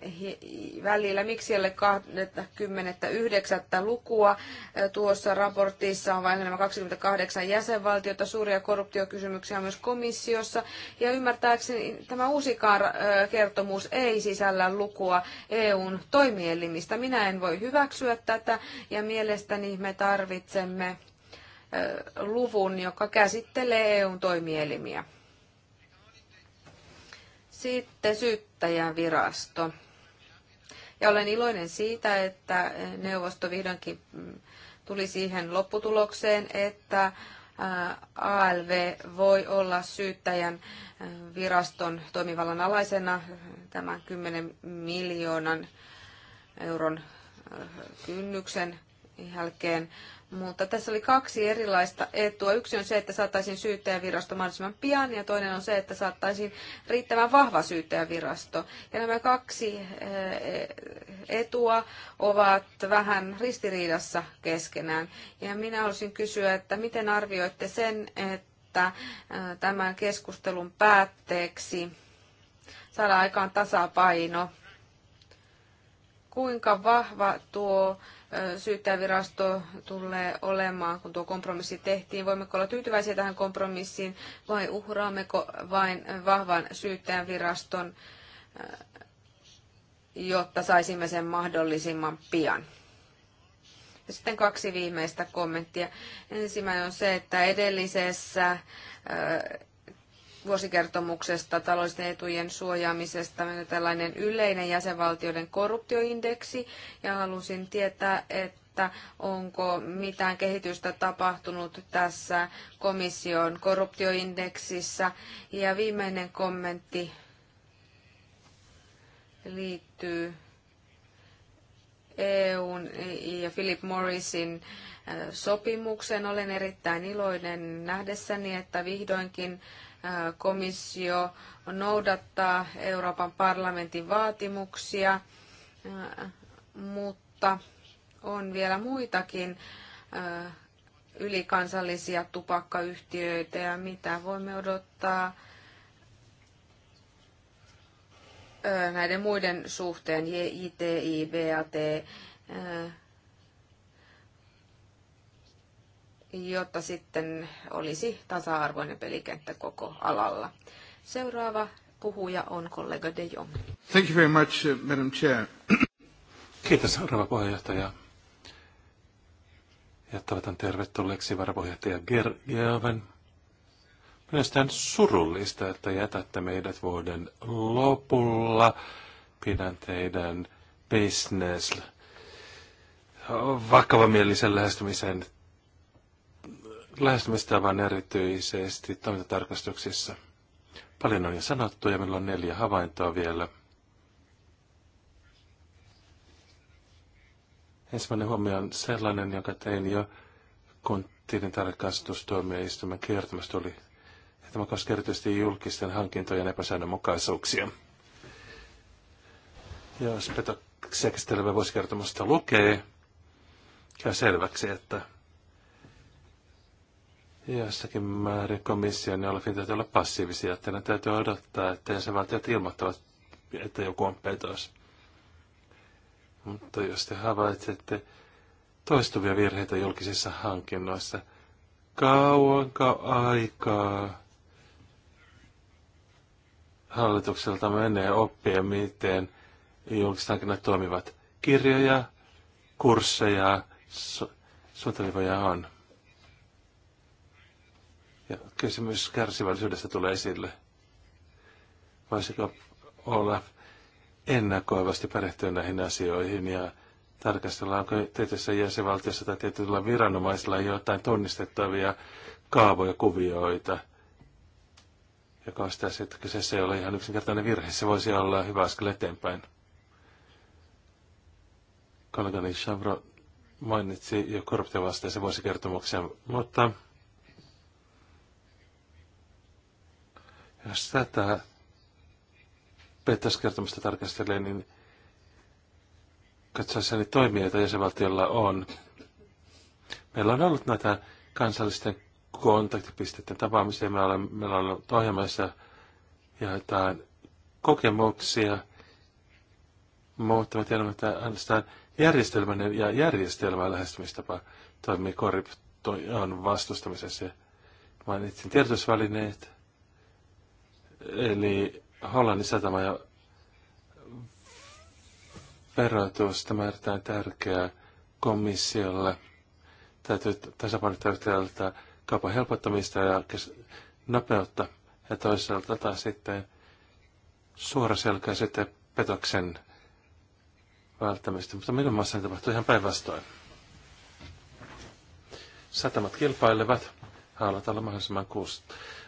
välillä. Miksi ei ole 29. lukua? Tuossa raportissa on vain nämä 28 jäsenvaltiota. Suuria korruptiokysymyksiä on myös komissiossa. Ja ymmärtääkseni tämä uusikaan kertomus ei sisällä lukua EUn toimielimistä. Minä en voi hyväksyä tätä ja mielestäni me tarvitsemme luvun, joka käsittelee EUn toimielimiä. Sitten syyttäjän virasto. Ja olen iloinen siitä, että neuvosto vihdoinkin mm, tuli siihen lopputulokseen, että ALV voi olla syyttäjän viraston toimivallan alaisena tämän 10 miljoonan euron kynnyksen jälkeen. Mutta tässä oli kaksi erilaista etua. Yksi on se, että saataisiin syyttäjävirasto mahdollisimman pian ja toinen on se, että saattaisiin riittävän vahva syyttäjävirasto. Ja nämä kaksi eh, etua ovat vähän ristiriidassa keskenään. Ja minä olisin kysyä, että miten arvioitte sen, että eh, tämän keskustelun päätteeksi saadaan aikaan tasapaino? Kuinka vahva tuo syyttäjävirasto tulee olemaan, kun tuo kompromissi tehtiin? Voimmeko olla tyytyväisiä tähän kompromissiin vai uhraammeko vain vahvan syyttäjäviraston, äh, jotta saisimme sen mahdollisimman pian? sitten kaksi viimeistä kommenttia. Ensimmäinen on se, että edellisessä äh, vuosikertomuksesta taloudellisten etujen suojaamisesta on tällainen yleinen jäsenvaltioiden korruptioindeksi ja halusin tietää, että onko mitään kehitystä tapahtunut tässä komission korruptioindeksissä. Ja viimeinen kommentti liittyy EUn ja Philip Morrisin äh, sopimukseen. Olen erittäin iloinen nähdessäni, että vihdoinkin komissio noudattaa Euroopan parlamentin vaatimuksia, mutta on vielä muitakin ylikansallisia tupakkayhtiöitä ja mitä voimme odottaa näiden muiden suhteen, JIT, BAT. jotta sitten olisi tasa-arvoinen pelikenttä koko alalla. Seuraava puhuja on kollega De Jong. Thank you very much, uh, Madam Chair. Kiitos, rouva puheenjohtaja. Ja toivotan tervetulleeksi varapuheenjohtaja Gergiaven. Mielestäni surullista, että jätätte meidät vuoden lopulla. Pidän teidän business vakavamielisen lähestymisen lähestymistavan erityisesti toimintatarkastuksissa. Paljon on jo sanottu ja meillä on neljä havaintoa vielä. Ensimmäinen huomio on sellainen, jonka tein jo, kun tilintarkastustuomioistuimen kertomus tuli. tämä koskee erityisesti julkisten hankintojen epäsäännönmukaisuuksia. Jos petoksia käsittelevä vuosikertomusta lukee, käy selväksi, että Jossakin määrin komission ja olla täytyy olla passiivisia, että ne täytyy odottaa, että jäsenvaltiot ilmoittavat, että joku on petos. Mutta jos te havaitsette toistuvia virheitä julkisissa hankinnoissa, kauanko aikaa hallitukselta menee oppia, miten julkiset hankinnat toimivat? Kirjoja, kursseja, su- suuntaviivoja on. Ja kysymys kärsivällisyydestä tulee esille. Voisiko olla ennakoivasti perehtyä näihin asioihin ja tarkastellaanko tietyissä jäsenvaltiossa tai tietyillä viranomaisilla jotain tunnistettavia kaavoja, kuvioita, joka on sitä, että kyseessä ei ole ihan yksinkertainen virhe. Se voisi olla hyvä askel eteenpäin. Kollegani Chavro mainitsi jo korruptiovasteisen vuosikertomuksen, mutta Jos tätä PTS-kertomusta tarkastelee, niin katsoessani toimia, joita jäsenvaltiolla on. Meillä on ollut näitä kansallisten kontaktipisteiden tapaamisia. Meillä on, meillä on ollut ohjelmassa jotain kokemuksia, mutta me tiedämme, että ainoastaan järjestelmän ja järjestelmää lähestymistapa toimii korruption vastustamisessa. Mainitsin tiedotusvälineet, Eli Hollannin satama ja verotus, tämä on erittäin tärkeää komissiolle. Täytyy tasapainottaa yhtäältä kaupan helpottamista ja nopeutta ja toisaalta taas sitten suoraselkäisyyttä petoksen välttämistä, mutta minun maassani tapahtuu ihan päinvastoin. Satamat kilpailevat, haluat olla mahdollisimman kuusi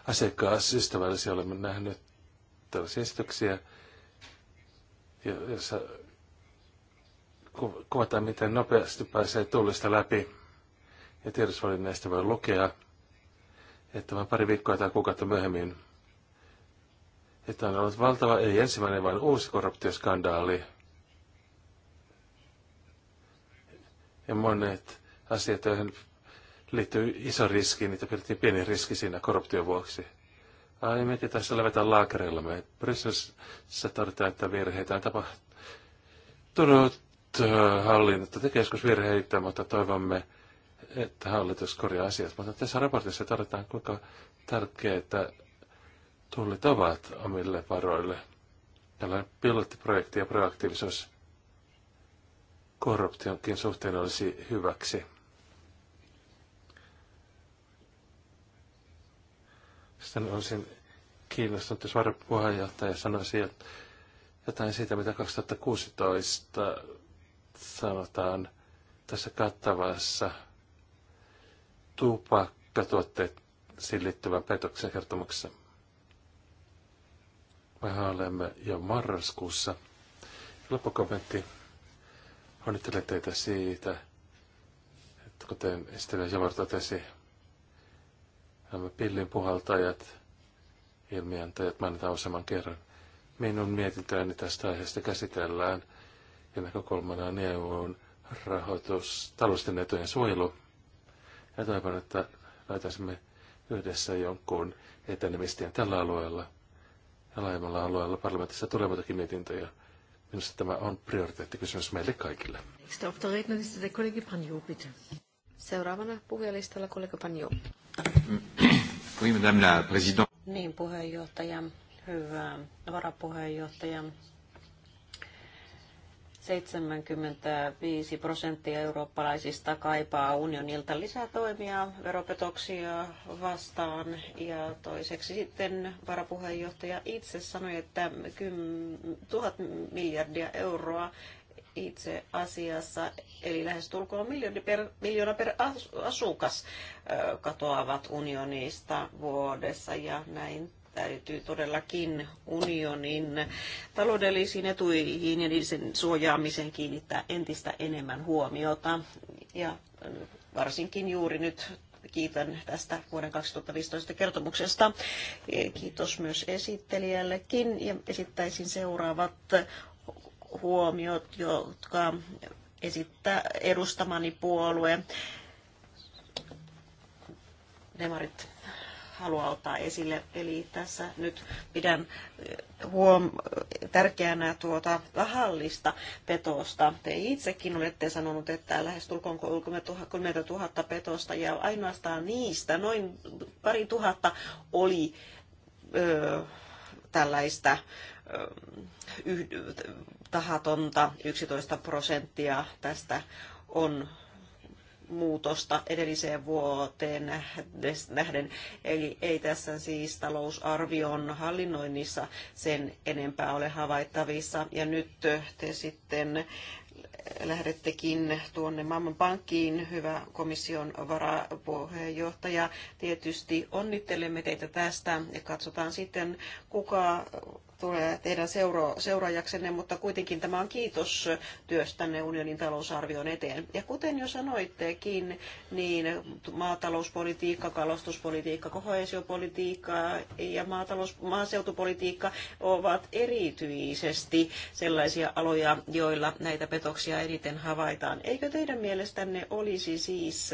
asiakkaaystävällisiä. Olemme nähneet tällaisia esityksiä, joissa kuvataan, miten nopeasti pääsee tullista läpi. Ja tiedotusvälineistä voi lukea, että vain pari viikkoa tai kuukautta myöhemmin, että on ollut valtava, ei ensimmäinen, vaan uusi korruptioskandaali. Ja monet asiat, joihin liittyy iso riski, niitä pidettiin pieni riski siinä korruption vuoksi. Ai, mekin tässä levätään laakereilla. Me Brysselissä todetaan, että virheitä on tapahtunut hallinto tekee joskus virheitä, mutta toivomme, että hallitus korjaa asiat. Mutta tässä raportissa todetaan, kuinka tärkeää tullit ovat omille varoille. Tällainen pilottiprojekti ja proaktiivisuus korruptionkin suhteen olisi hyväksi. Sitten olisin kiinnostunut, jos varapuheenjohtaja sanoisi jotain siitä, mitä 2016 sanotaan tässä kattavassa tupakkatuotteisiin liittyvän petoksen kertomuksessa. Mehän olemme jo marraskuussa. Loppukommentti. Onnittelen teitä siitä, että kuten Estelle Javor totesi, Nämä pillin puhaltajat, ilmiantajat mainitaan useamman kerran. Minun mietintöäni tästä aiheesta käsitellään ja näkökulmana on EUn rahoitus, taloudellisten etujen suojelu. Ja toivon, että laitaisimme yhdessä jonkun etenemistien tällä alueella ja laajemmalla alueella parlamentissa tulee muitakin mietintöjä. Minusta tämä on prioriteettikysymys meille kaikille. Nästa Seuraavana puhujalistalla kollega Panjo. Oui, madame la présidente. Niin, puheenjohtaja. Hyvä. Varapuheenjohtaja. 75 prosenttia eurooppalaisista kaipaa unionilta toimia veropetoksia vastaan. Ja toiseksi sitten varapuheenjohtaja itse sanoi, että 1000 miljardia euroa itse asiassa, eli lähes tulkoon miljoona per, miljoona per asukas katoavat unionista vuodessa ja näin täytyy todellakin unionin taloudellisiin etuihin ja niiden suojaamiseen kiinnittää entistä enemmän huomiota. Ja varsinkin juuri nyt kiitän tästä vuoden 2015 kertomuksesta. Kiitos myös esittelijällekin ja esittäisin seuraavat huomiot, jotka esittää edustamani puolue. Demarit haluaa ottaa esille. Eli tässä nyt pidän eh, huom- tärkeänä tuota tahallista petosta. Te itsekin olette sanonut, että lähestulkoon 30 000 petosta ja ainoastaan niistä noin pari tuhatta oli ö, tällaista tahatonta 11 prosenttia tästä on muutosta edelliseen vuoteen nähden. Eli ei tässä siis talousarvion hallinnoinnissa sen enempää ole havaittavissa. Ja nyt te sitten lähdettekin tuonne pankkiin, hyvä komission varapuheenjohtaja. Tietysti onnittelemme teitä tästä ja katsotaan sitten, kuka tulee teidän seura- seuraajaksenne, mutta kuitenkin tämä on kiitos työstänne unionin talousarvion eteen. Ja kuten jo sanoittekin, niin maatalouspolitiikka, kalastuspolitiikka, kohesiopolitiikka ja maatalous- maaseutupolitiikka ovat erityisesti sellaisia aloja, joilla näitä petoksia eniten havaitaan. Eikö teidän mielestänne olisi siis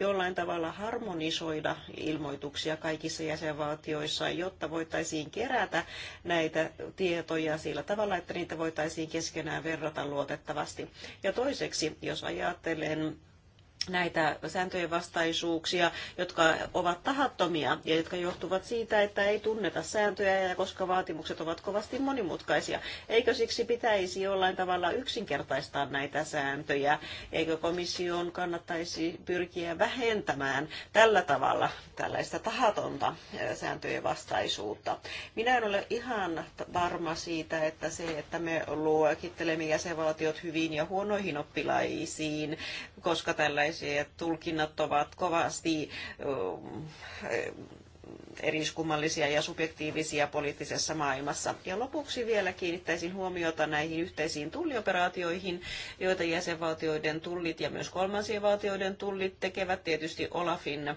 jollain tavalla harmonisoida ilmoituksia kaikissa jäsenvaltioissa, jotta voitaisiin kerätä näitä tietoja sillä tavalla, että niitä voitaisiin keskenään verrata luotettavasti. Ja toiseksi, jos ajattelen näitä sääntöjen vastaisuuksia, jotka ovat tahattomia ja jotka johtuvat siitä, että ei tunneta sääntöjä ja koska vaatimukset ovat kovasti monimutkaisia. Eikö siksi pitäisi jollain tavalla yksinkertaistaa näitä sääntöjä? Eikö komission kannattaisi pyrkiä vähentämään tällä tavalla tällaista tahatonta sääntöjen vastaisuutta? Minä en ole ihan varma siitä, että se, että me luokittelemme jäsenvaltiot hyvin ja huonoihin oppilaisiin, koska tällä erilaisia. Tulkinnat ovat kovasti eriskummallisia ja subjektiivisia poliittisessa maailmassa. Ja lopuksi vielä kiinnittäisin huomiota näihin yhteisiin tullioperaatioihin, joita jäsenvaltioiden tullit ja myös kolmansien valtioiden tullit tekevät tietysti Olafin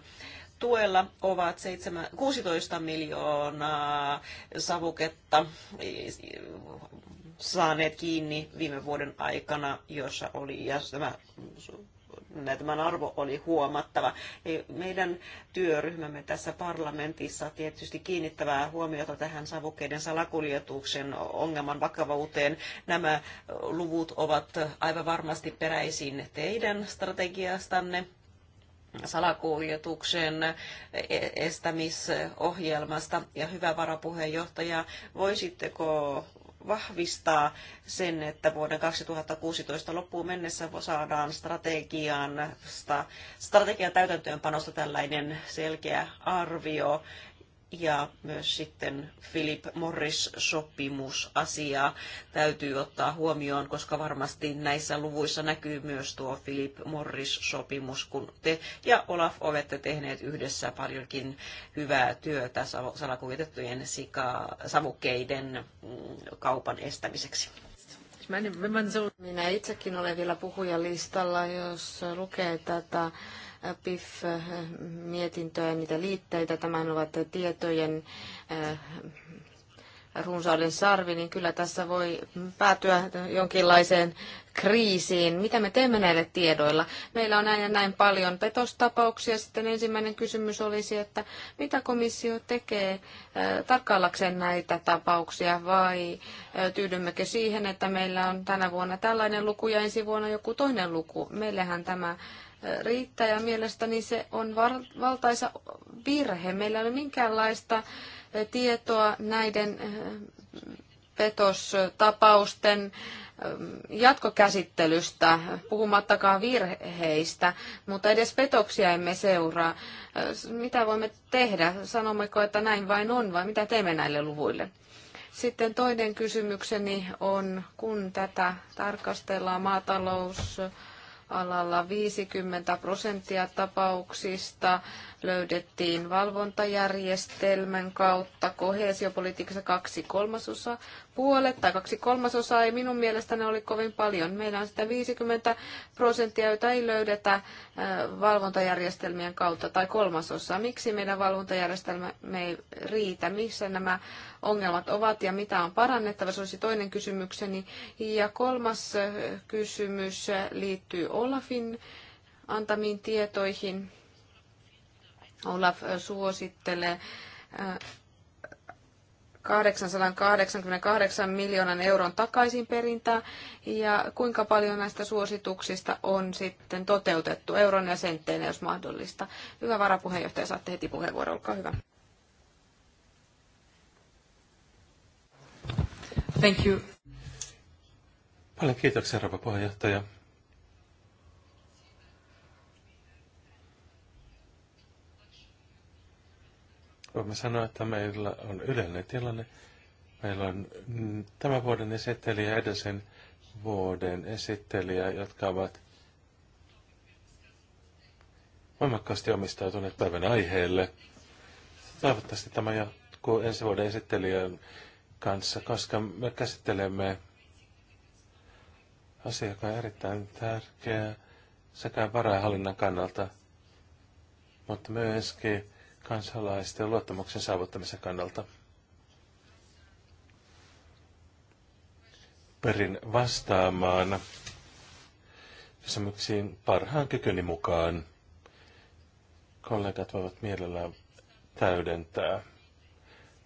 tuella ovat 7, 16 miljoonaa savuketta saaneet kiinni viime vuoden aikana, jossa oli, ja tämä tämän arvo oli huomattava. Meidän työryhmämme tässä parlamentissa tietysti kiinnittävää huomiota tähän savukkeiden salakuljetuksen ongelman vakavuuteen. Nämä luvut ovat aivan varmasti peräisin teidän strategiastanne salakuljetuksen e-, estämisohjelmasta. Ja hyvä varapuheenjohtaja, voisitteko vahvistaa sen, että vuoden 2016 loppuun mennessä saadaan strategian, strategian täytäntöönpanosta tällainen selkeä arvio ja myös sitten Philip Morris-sopimusasia täytyy ottaa huomioon, koska varmasti näissä luvuissa näkyy myös tuo Philip Morris-sopimus, kun te ja Olaf olette tehneet yhdessä paljonkin hyvää työtä salakuljetettujen savukkeiden mm, kaupan estämiseksi. Minä itsekin olen vielä puhujalistalla, jos lukee tätä PIF-mietintöä ja niitä liitteitä. Tämän ovat tietojen äh, runsauden sarvi, niin kyllä tässä voi päätyä jonkinlaiseen kriisiin. Mitä me teemme näille tiedoilla? Meillä on näin ja näin paljon petostapauksia. Sitten ensimmäinen kysymys olisi, että mitä komissio tekee äh, tarkkaillakseen näitä tapauksia vai äh, tyydymmekö siihen, että meillä on tänä vuonna tällainen luku ja ensi vuonna joku toinen luku? Meillähän tämä riittää ja mielestäni se on valtaisa virhe. Meillä ei ole minkäänlaista eh, tietoa näiden eh, petostapausten eh, jatkokäsittelystä, puhumattakaan virheistä, mutta edes petoksia emme seuraa. Mitä voimme tehdä? Sanommeko, että näin vain on vai mitä teemme näille luvuille? Sitten toinen kysymykseni on, kun tätä tarkastellaan maatalous alalla 50 prosenttia tapauksista löydettiin valvontajärjestelmän kautta kohesiopolitiikassa kaksi kolmasosaa puolet tai kaksi kolmasosaa ei minun mielestäni oli kovin paljon. Meillä on sitä 50 prosenttia, joita ei löydetä valvontajärjestelmien kautta tai kolmasosa. Miksi meidän valvontajärjestelmä me ei riitä? Missä nämä ongelmat ovat ja mitä on parannettava? Se olisi toinen kysymykseni. Ja kolmas kysymys liittyy Olafin antamiin tietoihin. Olaf suosittelee 888 miljoonan euron takaisinperintää ja kuinka paljon näistä suosituksista on sitten toteutettu euron ja sentteinä, jos mahdollista. Hyvä varapuheenjohtaja, saatte heti puheenvuoron, olkaa hyvä. Thank you. Paljon kiitoksia, rouva puheenjohtaja. voimme sanoa, että meillä on yleinen tilanne. Meillä on tämän vuoden esittelijä ja edellisen vuoden esittelijä, jotka ovat voimakkaasti omistautuneet päivän aiheelle. Toivottavasti tämä jatkuu ensi vuoden esittelijän kanssa, koska me käsittelemme asiaa, joka on erittäin tärkeä sekä varainhallinnan kannalta, mutta myöskin kansalaisten luottamuksen saavuttamisen kannalta. Perin vastaamaan kysymyksiin parhaan kykyni mukaan. Kollegat voivat mielellään täydentää.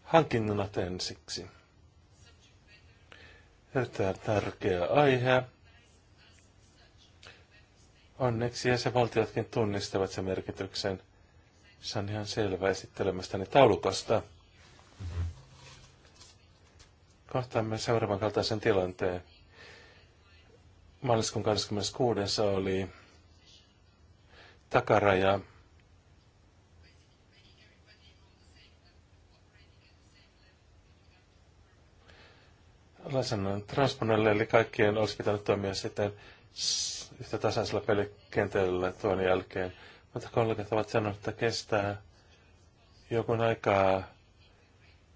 Hankinnat ensiksi. Erittäin tärkeä aihe. Onneksi jäsenvaltiotkin tunnistavat sen merkityksen – se on ihan selvä esittelemästäni taulukosta. Kohtaamme seuraavan kaltaisen tilanteen. Maaliskuun 26. oli takaraja lainsäädännön transponelle, eli kaikkien olisi pitänyt toimia sitten yhtä tasaisella pelikentällä tuon jälkeen. Mutta kollegat ovat sanoneet, että kestää jokun aikaa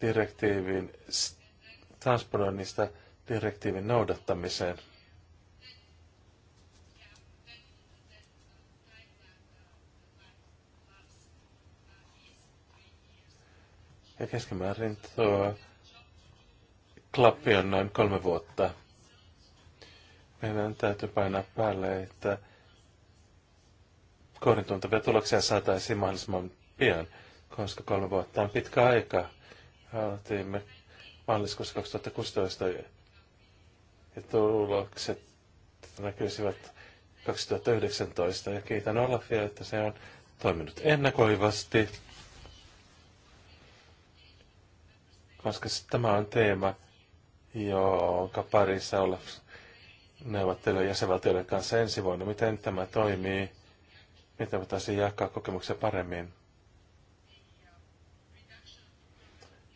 direktiivin transponoinnista direktiivin noudattamiseen. Ja keskimäärin tuo klappi on noin kolme vuotta. Meidän täytyy painaa päälle, että kourin tuloksia saataisiin mahdollisimman pian, koska kolme vuotta on pitkä aika. Aloitimme maaliskuussa 2016 ja tulokset näkyisivät 2019 ja kiitän Olafia, että se on toiminut ennakoivasti, koska tämä on teema, jonka parissa Olaf neuvottelee jäsenvaltioiden kanssa ensi vuonna, miten tämä toimii Miten voitaisiin jakaa kokemuksia paremmin.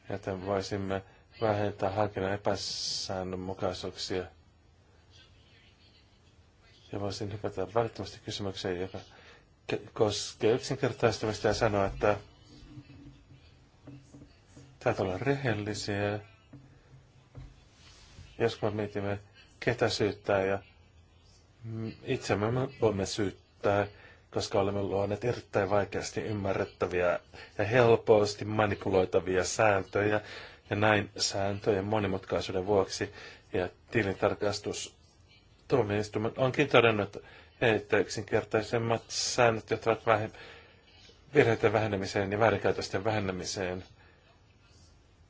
Joten voisimme vähentää harkinnan epäsäännönmukaisuuksia. Ja voisin hypätä välittömästi kysymykseen, joka koskee yksinkertaistamista ja sanoa, että täytyy olla rehellisiä. Jos me mietimme, ketä syyttää ja itsemme me voimme syyttää koska olemme luoneet erittäin vaikeasti ymmärrettäviä ja helposti manipuloitavia sääntöjä, ja näin sääntöjen monimutkaisuuden vuoksi ja tilintarkastus tuomioistuimen onkin todennut, että yksinkertaisemmat säännöt johtavat vähem- virheiden vähenemiseen ja väärinkäytösten vähenemiseen,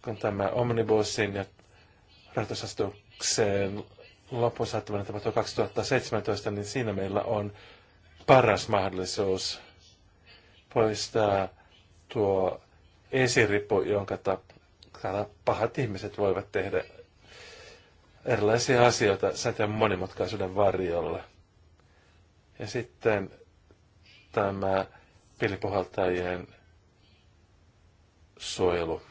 kun tämä omnibusin ja rahoitusastukseen loppuun saattaminen tapahtui 2017, niin siinä meillä on paras mahdollisuus poistaa tuo esiripu, jonka täällä pahat ihmiset voivat tehdä erilaisia asioita säteen monimutkaisuuden varjolla. Ja sitten tämä pilipuhaltajien suojelu.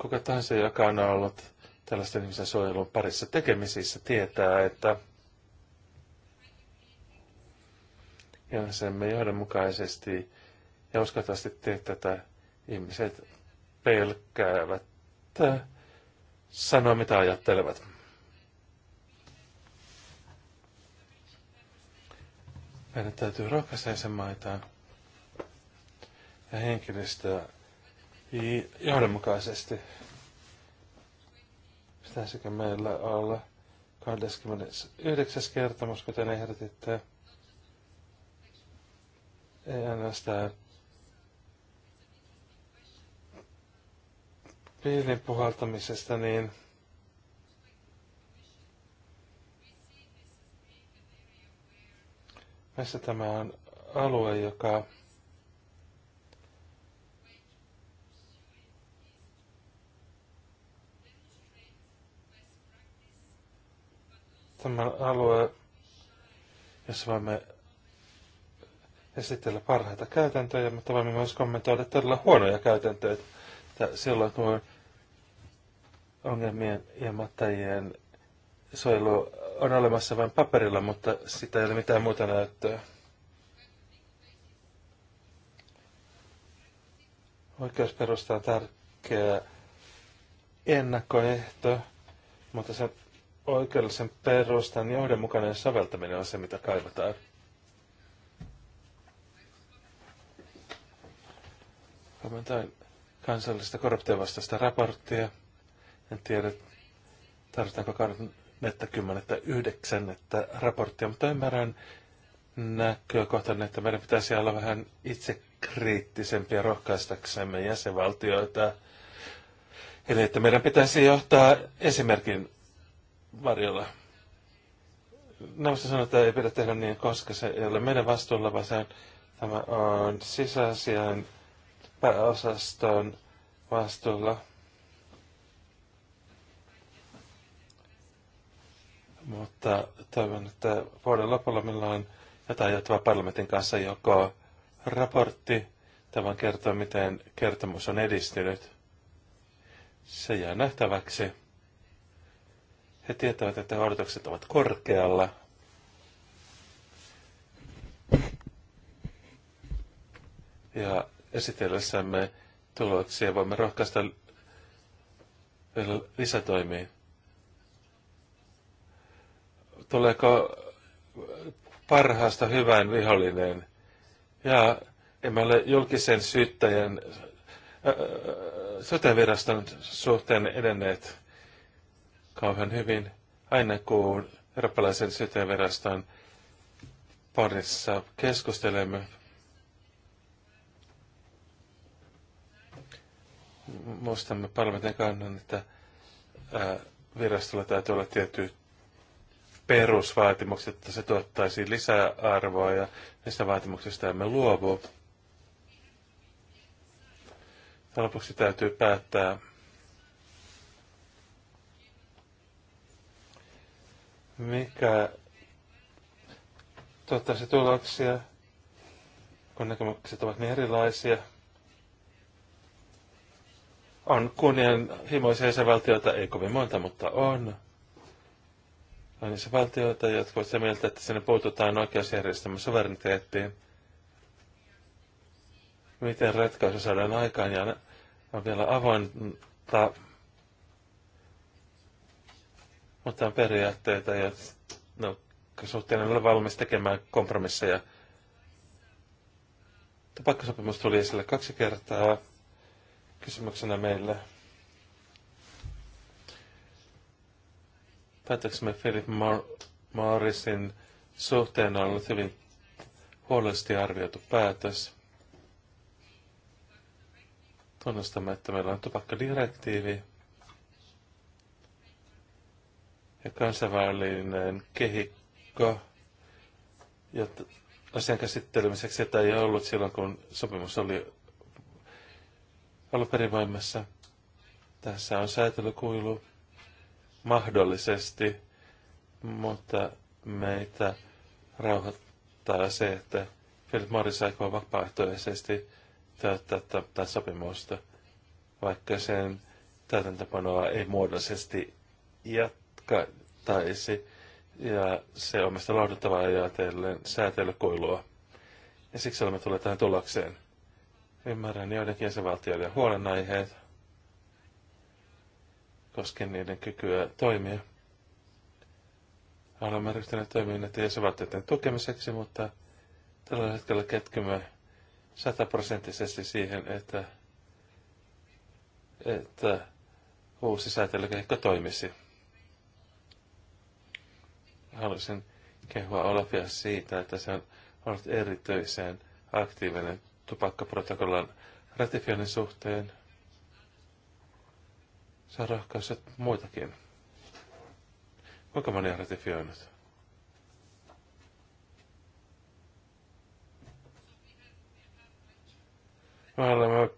Kuka tahansa, joka on ollut tällaisten ihmisen suojelun parissa tekemisissä, tietää, että sen me johdonmukaisesti ja uskottavasti tee tätä, ihmiset pelkäävät sanoa, mitä ajattelevat. Meidän täytyy rohkaista jäsenmaita ja henkilöstöä johdonmukaisesti Pitäisikö meillä olla 29. kertomus, kuten ehdotitte? Ei ainoastaan piilin puhaltamisesta, niin missä tämä on alue, joka Tämä alue, jossa voimme esitellä parhaita käytäntöjä, mutta voimme myös kommentoida todella huonoja käytäntöjä. Silloin kun ongelmien ilmoittajien suojelu on olemassa vain paperilla, mutta sitä ei ole mitään muuta näyttöä. Oikeusperusta on tärkeä ennakkoehto, mutta se oikeudellisen perustan johdonmukainen säveltäminen on se, mitä kaivataan. Kommentoin kansallista korruptiovastaista raporttia. En tiedä, tarvitaanko kannetta kymmenettä yhdeksännettä raporttia, mutta ymmärrän näkökohtan, että meidän pitäisi olla vähän itsekriittisempiä rohkaistaksemme jäsenvaltioita. Eli että meidän pitäisi johtaa esimerkin varjolla. Neuvosto sanoi, että ei pidä tehdä niin, koska se ei ole meidän vastuulla, vaan se on, tämä on sisäasian pääosaston vastuulla. Mutta toivon, että vuoden lopulla meillä on jotain jatkuvaa parlamentin kanssa joko raportti, tämä kertoo miten kertomus on edistynyt. Se jää nähtäväksi. He tietävät, että odotukset ovat korkealla. Ja esitellessämme tuloksia voimme rohkaista lisätoimiin. Tuleeko parhaasta hyvän vihollinen? Ja emme ole julkisen syyttäjän äh, äh, soteviraston suhteen edenneet kauhean hyvin aina kun eurooppalaisen syteveraston parissa keskustelemme. Muistamme parlamentin kannan, että virastolla täytyy olla tietty perusvaatimukset, että se tuottaisi lisäarvoa ja niistä vaatimuksista emme luovu. lopuksi täytyy päättää, mikä tuottaisi tuloksia, kun näkemykset ovat niin erilaisia. On kunnianhimoisia isävaltioita, ei kovin monta, mutta on. On valtioita, jotka ovat sitä mieltä, että sinne puututaan oikeusjärjestelmän suvereniteettiin. Miten ratkaisu saadaan aikaan ja on vielä avointa mutta on periaatteita, ja no, suhteen en ole valmis tekemään kompromisseja. Tupakkasopimus tuli esille kaksi kertaa kysymyksenä meille. Päätöksemme Philip Mar- Morrisin suhteen on ollut hyvin huolellisesti arvioitu päätös. Tunnustamme, että meillä on tupakkadirektiivi, ja kansainvälinen kehikko jotta asian käsittelemiseksi, jota ei ollut silloin, kun sopimus oli alun voimassa. Tässä on säätelykuilu mahdollisesti, mutta meitä rauhoittaa se, että Philip Morris aikoo vapaaehtoisesti täyttää tätä sopimusta, vaikka sen täytäntöpanoa ei muodollisesti jättää ratkaistaisi. Ja se on mielestäni lohduttavaa ajatellen säätelykoilua. Ja siksi olemme tulleet tähän tulokseen. Ymmärrän joidenkin jäsenvaltioiden huolenaiheet koskien niiden kykyä toimia. Olemme ryhtyneet toimia näiden jäsenvaltioiden tukemiseksi, mutta tällä hetkellä ketkymme sataprosenttisesti siihen, että, että uusi säätelykehikko toimisi haluaisin kehua Olafia siitä, että se on ollut erityisen aktiivinen tupakkaprotokollan ratifioinnin suhteen. Se on rohkaissut muitakin. Kuinka moni on ratifioinut? Me olemme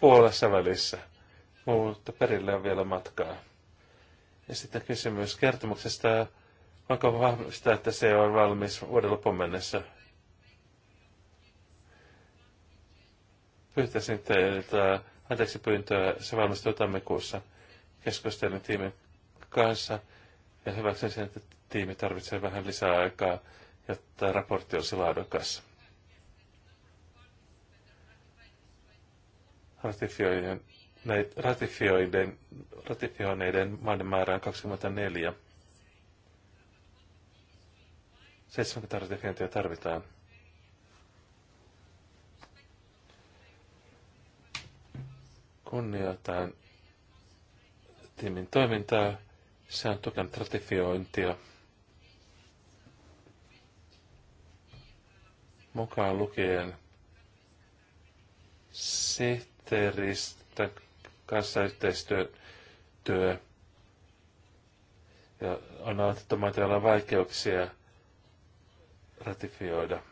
puolessa välissä, mutta perille on vielä matkaa. Ja sitten kysymys kertomuksesta Onko vahvistaa, että se on valmis vuoden lopun mennessä? Pyytäisin teiltä anteeksi pyyntöä. Se valmistuu tammikuussa. keskustelun tiimin kanssa ja hyväksyn sen, että tiimi tarvitsee vähän lisää aikaa, jotta raportti olisi laadukas. Ratifioiden, ratifioiden, ratifioineiden maiden määrä on 24. 70 ratifiointia tarvitaan. Kunnioitan tiimin toimintaa. Se on tukenut ratifiointia. Mukaan lukien sihteeristä kanssa yhteistyö ja on aloitettu maita, vaikeuksia – ratifioida.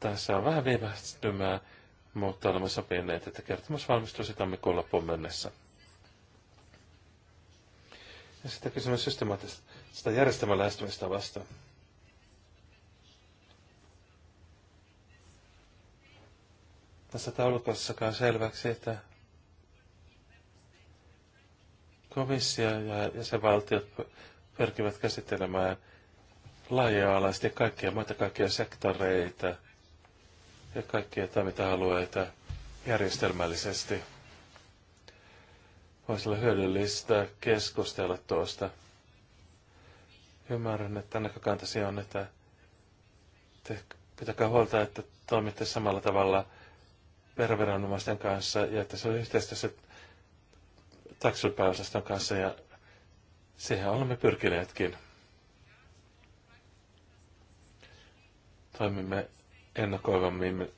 Tässä on vähän viivästymää, mutta olemme sopineet, että kertomus valmistuisi tammikuun loppuun mennessä. Ja sitten kysymys systemaattisesta järjestelmän vastaan. Tässä taulukossa käy selväksi, että komissio ja jäsenvaltiot pyrkivät käsittelemään laaja-alaisesti kaikkia maita, kaikkia sektoreita ja kaikkia toiminta-alueita järjestelmällisesti. Voisi olla hyödyllistä keskustella tuosta. Ymmärrän, että näkökantasi on, että te pitäkää huolta, että toimitte samalla tavalla veroviranomaisten kanssa ja että se on yhteistyössä taksipääosaston kanssa ja siihen olemme pyrkineetkin. Toimimme ennakoivammin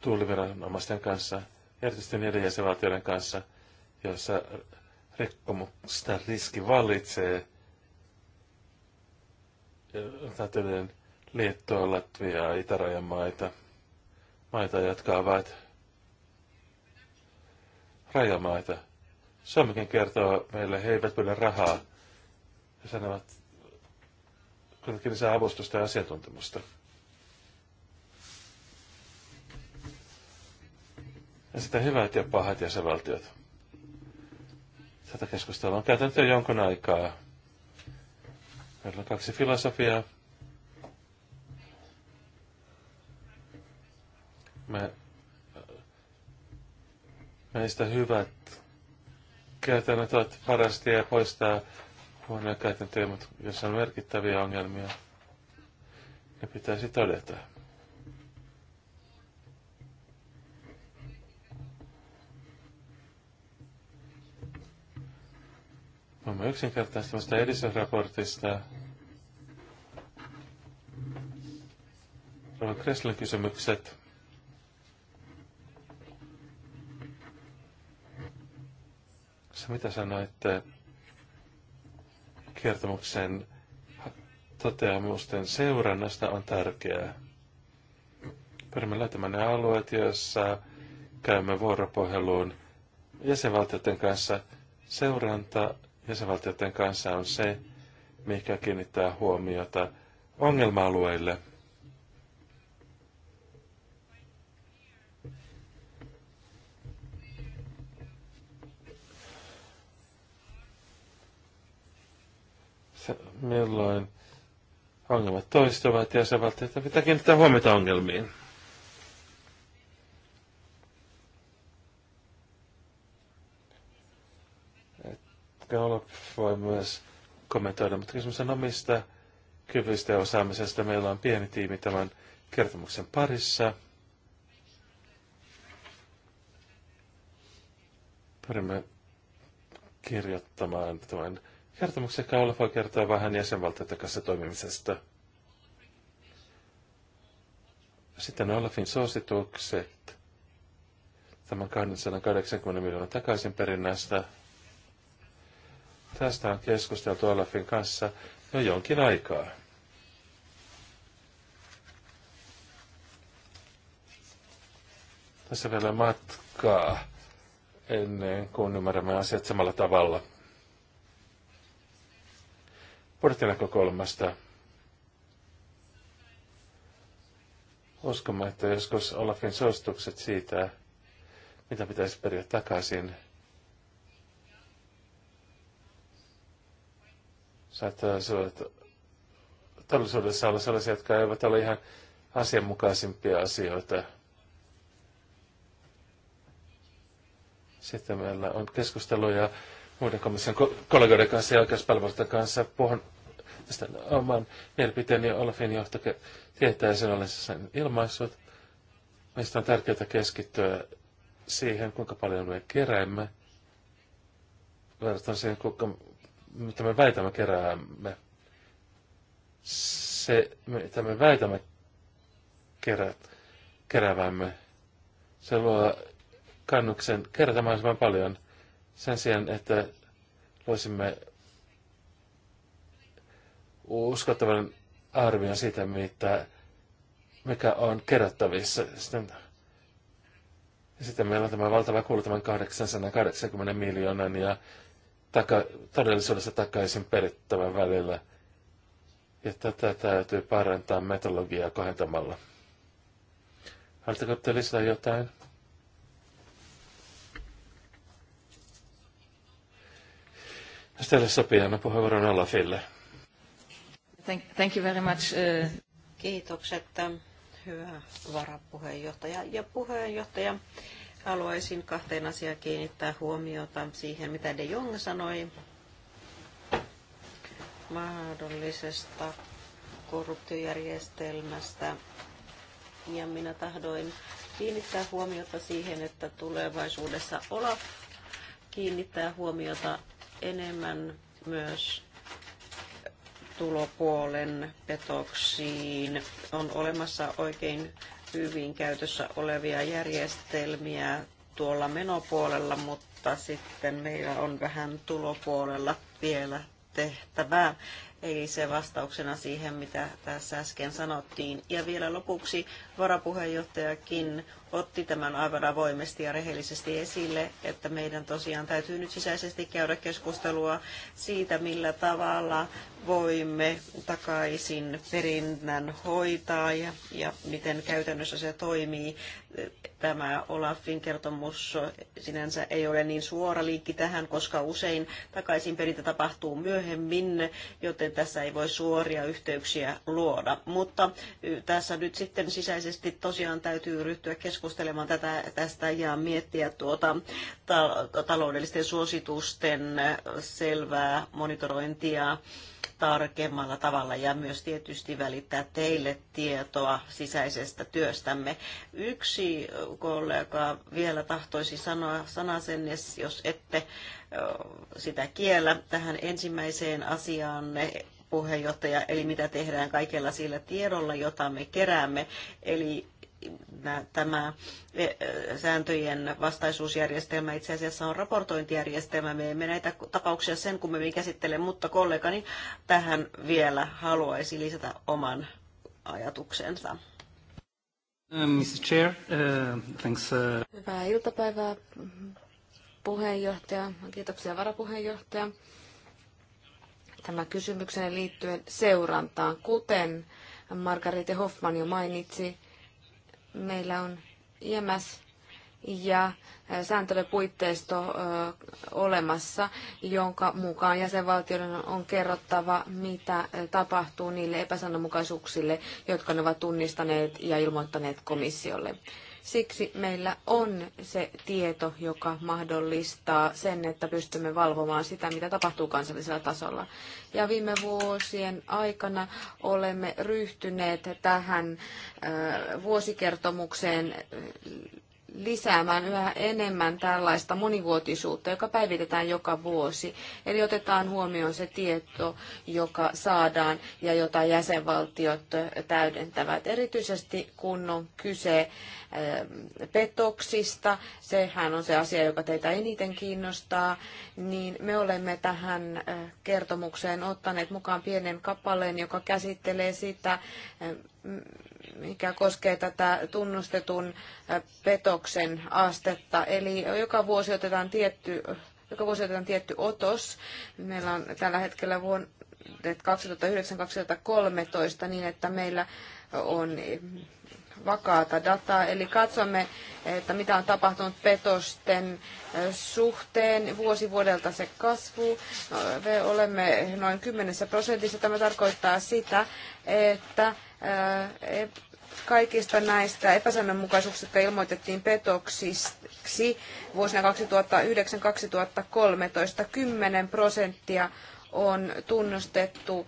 tuuliviranomaisten kanssa, erityisesti niiden jäsenvaltioiden kanssa, joissa rikkomuksesta riski vallitsee. Täten Liettua, Latviaa, Itärajan maita, maita, jotka ovat rajamaita. Suomikin kertoo meille, he eivät pyydä rahaa. He sanovat, kuitenkin se avustusta ja asiantuntemusta. Ja sitä hyvät ja pahat jäsenvaltiot. Tätä keskustelua on käytänyt jo jonkun aikaa. Meillä on kaksi filosofiaa. Me, meistä hyvät käytännöt ovat parasti ja poistaa huonoja käytäntöjä, mutta jos on merkittäviä ongelmia, ne pitäisi todeta. Olemme yksinkertaistamasta edistysraportista. Rova Kresslin kysymykset. Se mitä sanoitte, kertomuksen toteamusten seurannasta on tärkeää. Pyrimme löytämään ne alueet, joissa käymme vuoropuheluun jäsenvaltioiden kanssa. Seuranta jäsenvaltioiden kanssa on se, mikä kiinnittää huomiota ongelma-alueille – milloin ongelmat toistuvat ja että pitää kiinnittää huomiota ongelmiin. Gallup voi myös kommentoida, mutta kysymys on omista kyvyistä ja osaamisesta. Meillä on pieni tiimi tämän kertomuksen parissa. Pyrimme kirjoittamaan tämän Kertomuksen kaula voi kertoa vähän jäsenvaltioiden kanssa toimimisesta. Sitten Olafin suositukset tämän 280 miljoonan takaisin perinnästä. Tästä on keskusteltu Olafin kanssa jo jonkin aikaa. Tässä vielä matkaa ennen kuin ymmärrämme asiat samalla tavalla. Odotellaanko kolmasta? Uskomme, että joskus Olafin suostukset siitä, mitä pitäisi periä takaisin, saattaa suojata todellisuudessa olla sellaisia, jotka eivät ole ihan asianmukaisimpia asioita. Sitten meillä on keskusteluja muiden komission kollegoiden kanssa ja oikeuspalveluiden kanssa tästä oman mielipiteeni Olafin johto tietää sen olen sen ilmaissut. Meistä on tärkeää keskittyä siihen, kuinka paljon me keräämme, verrattuna siihen, kuinka, mitä me väitämme keräämme. Se, mitä me väitämme kerä, keräävämme, se luo kannuksen kerätä mahdollisimman paljon sen sijaan, että voisimme uskottavan arvion siitä, mitä, mikä on kerättävissä. Sitten, sitten meillä on tämä valtava kuulu tämän 880 miljoonan ja taka, todellisuudessa takaisin perittävän välillä. Ja tätä täytyy parantaa metodologiaa kohentamalla. Haluatteko te lisätä jotain? Jos teille sopii, anna puheenvuoron Olafille. Thank, thank you very much. Uh, Kiitokset, hyvä varapuheenjohtaja ja puheenjohtaja. Haluaisin kahteen asiaan kiinnittää huomiota siihen, mitä De Jong sanoi mahdollisesta korruptiojärjestelmästä. Ja minä tahdoin kiinnittää huomiota siihen, että tulevaisuudessa Olaf kiinnittää huomiota enemmän myös tulopuolen petoksiin. On olemassa oikein hyvin käytössä olevia järjestelmiä tuolla menopuolella, mutta sitten meillä on vähän tulopuolella vielä tehtävää. Eli se vastauksena siihen, mitä tässä äsken sanottiin. Ja vielä lopuksi varapuheenjohtajakin otti tämän aivan avoimesti ja rehellisesti esille, että meidän tosiaan täytyy nyt sisäisesti käydä keskustelua siitä, millä tavalla voimme takaisin perinnän hoitaa ja, ja miten käytännössä se toimii. Tämä Olafin kertomus sinänsä ei ole niin suora linkki tähän, koska usein takaisin perintä tapahtuu myöhemmin, joten tässä ei voi suoria yhteyksiä luoda. Mutta tässä nyt sitten sisäisesti ilmeisesti tosiaan täytyy ryhtyä keskustelemaan tätä, tästä ja miettiä tuota ta- taloudellisten suositusten selvää monitorointia tarkemmalla tavalla ja myös tietysti välittää teille tietoa sisäisestä työstämme. Yksi kollega vielä tahtoisi sanoa sanasen, jos ette sitä kiellä tähän ensimmäiseen asiaan puheenjohtaja, eli mitä tehdään kaikella sillä tiedolla, jota me keräämme. Eli tämä e, e, sääntöjen vastaisuusjärjestelmä itse asiassa on raportointijärjestelmä. Me emme näitä tapauksia sen kummemmin käsittele, mutta kollegani tähän vielä haluaisi lisätä oman ajatuksensa. Uh, Mr. Chair, uh, thanks. Uh, Hyvää iltapäivää puheenjohtaja. Kiitoksia varapuheenjohtaja tämä kysymykseen liittyen seurantaan. Kuten Margarete Hoffman jo mainitsi, meillä on IMS ja sääntelypuitteisto olemassa, jonka mukaan jäsenvaltioiden on kerrottava, mitä tapahtuu niille epäsanomukaisuuksille, jotka ne ovat tunnistaneet ja ilmoittaneet komissiolle. Siksi meillä on se tieto, joka mahdollistaa sen, että pystymme valvomaan sitä, mitä tapahtuu kansallisella tasolla. Ja viime vuosien aikana olemme ryhtyneet tähän vuosikertomukseen lisäämään yhä enemmän tällaista monivuotisuutta, joka päivitetään joka vuosi. Eli otetaan huomioon se tieto, joka saadaan ja jota jäsenvaltiot täydentävät. Erityisesti kun on kyse eh, petoksista, sehän on se asia, joka teitä eniten kiinnostaa, niin me olemme tähän eh, kertomukseen ottaneet mukaan pienen kappaleen, joka käsittelee sitä, eh, mikä koskee tätä tunnustetun petoksen astetta. Eli joka vuosi otetaan tietty, joka vuosi otetaan tietty otos. Meillä on tällä hetkellä vuonna 2009-2013 niin, että meillä on vakaata dataa, eli katsomme, että mitä on tapahtunut petosten suhteen. Vuosi vuodelta se kasvuu. No, me olemme noin 10 prosentissa. Tämä tarkoittaa sitä, että e, kaikista näistä epäsäännönmukaisuuksista, jotka ilmoitettiin petoksiksi vuosina 2009-2013, 10 prosenttia on tunnustettu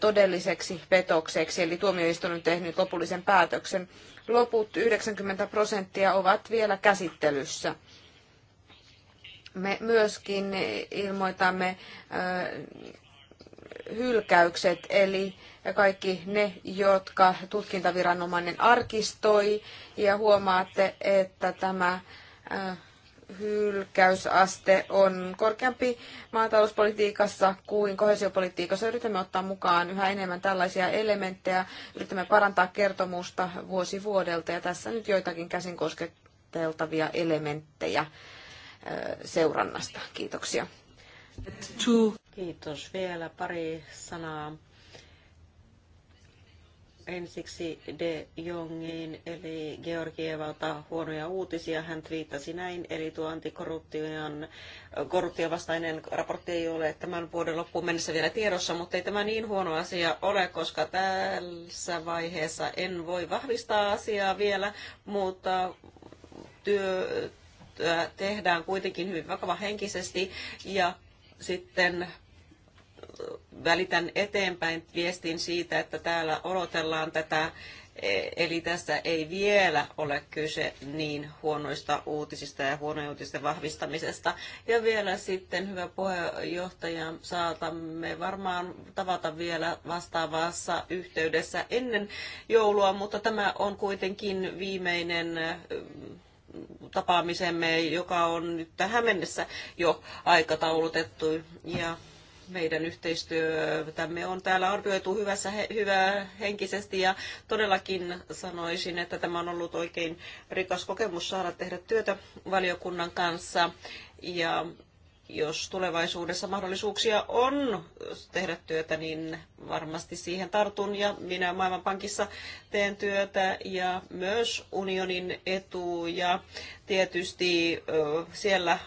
todelliseksi petokseksi, eli tuomioistuin on tehnyt lopullisen päätöksen. Loput 90 prosenttia ovat vielä käsittelyssä. Me myöskin ilmoitamme hylkäykset, eli kaikki ne, jotka tutkintaviranomainen arkistoi, ja huomaatte, että tämä hylkäysaste on korkeampi maatalouspolitiikassa kuin kohesiopolitiikassa. Yritämme ottaa mukaan yhä enemmän tällaisia elementtejä. Yritämme parantaa kertomusta vuosi vuodelta ja tässä nyt joitakin käsin kosketeltavia elementtejä seurannasta. Kiitoksia. Kiitos vielä pari sanaa ensiksi De Jongin eli Georgievalta huonoja uutisia. Hän twiittasi näin, eli tuo antikorruption korruptiovastainen raportti ei ole tämän vuoden loppuun mennessä vielä tiedossa, mutta ei tämä niin huono asia ole, koska tässä vaiheessa en voi vahvistaa asiaa vielä, mutta työ tehdään kuitenkin hyvin vakava henkisesti ja sitten välitän eteenpäin viestin siitä, että täällä odotellaan tätä e, Eli tässä ei vielä ole kyse niin huonoista uutisista ja huonojen uutisten vahvistamisesta. Ja vielä sitten, hyvä puheenjohtaja, saatamme varmaan tavata vielä vastaavassa yhteydessä ennen joulua, mutta tämä on kuitenkin viimeinen tapaamisemme, joka on nyt tähän mennessä jo aikataulutettu. Ja meidän yhteistyötämme on täällä arvioitu hyvässä, hyvää henkisesti ja todellakin sanoisin, että tämä on ollut oikein rikas kokemus saada tehdä työtä valiokunnan kanssa ja jos tulevaisuudessa mahdollisuuksia on tehdä työtä, niin varmasti siihen tartun ja minä Maailmanpankissa teen työtä ja myös unionin etuja. Tietysti siellä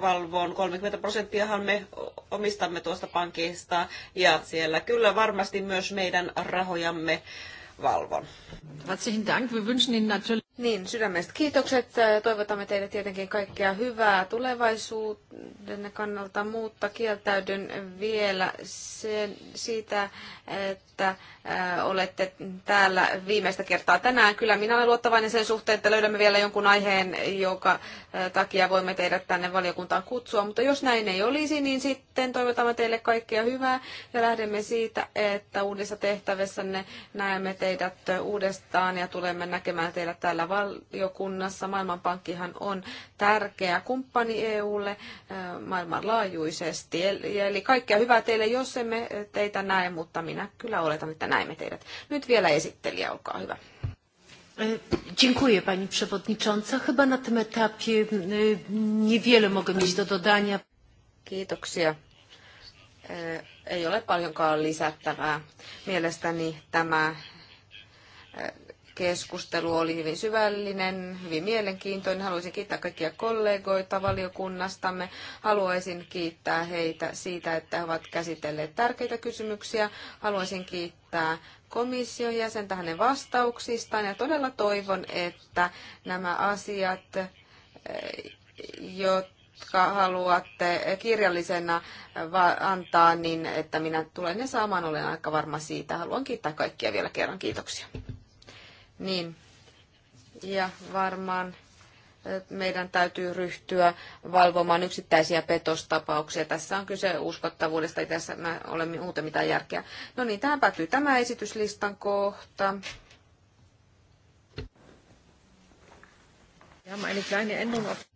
valvon 30 prosenttiahan me omistamme tuosta pankista ja siellä kyllä varmasti myös meidän rahojamme valvon. Herzlichen Dank. Wir wünschen Ihnen natürlich niin, sydämestä kiitokset. Toivotamme teille tietenkin kaikkea hyvää tulevaisuuden kannalta, mutta kieltäydyn vielä sen, siitä, että äh, olette täällä viimeistä kertaa tänään. Kyllä minä olen luottavainen sen suhteen, että löydämme vielä jonkun aiheen, joka äh, takia voimme teidät tänne valiokuntaan kutsua. Mutta jos näin ei olisi, niin sitten toivotamme teille kaikkea hyvää ja lähdemme siitä, että uudessa tehtävässänne näemme teidät uudestaan ja tulemme näkemään teidät täällä täällä valiokunnassa. Maailmanpankkihan on tärkeä kumppani EUlle äh, maailmanlaajuisesti. Eli kaikkea hyvää teille, jos emme teitä näe, mutta minä kyllä oletan, että näemme teidät. Nyt vielä esittelijä, olkaa hyvä. E, dziękuję Pani Przewodnicząca. Chyba na tym etapie e, niewiele mogę mieć do dodania. Kiitoksia. E, ei ole paljonkaan lisättävää. Mielestäni tämä Keskustelu oli hyvin syvällinen, hyvin mielenkiintoinen. Haluaisin kiittää kaikkia kollegoita valiokunnastamme. Haluaisin kiittää heitä siitä, että he ovat käsitelleet tärkeitä kysymyksiä. Haluaisin kiittää komission jäsentä hänen vastauksistaan ja todella toivon, että nämä asiat, eh, jotka haluatte kirjallisena antaa, niin että minä tulen ne saamaan, olen aika varma siitä. Haluan kiittää kaikkia vielä kerran. Kiitoksia. Niin. Ja varmaan meidän täytyy ryhtyä valvomaan yksittäisiä petostapauksia. Tässä on kyse uskottavuudesta, ei tässä ole muuta mitään järkeä. No niin, tähän päättyy tämä esityslistan kohta.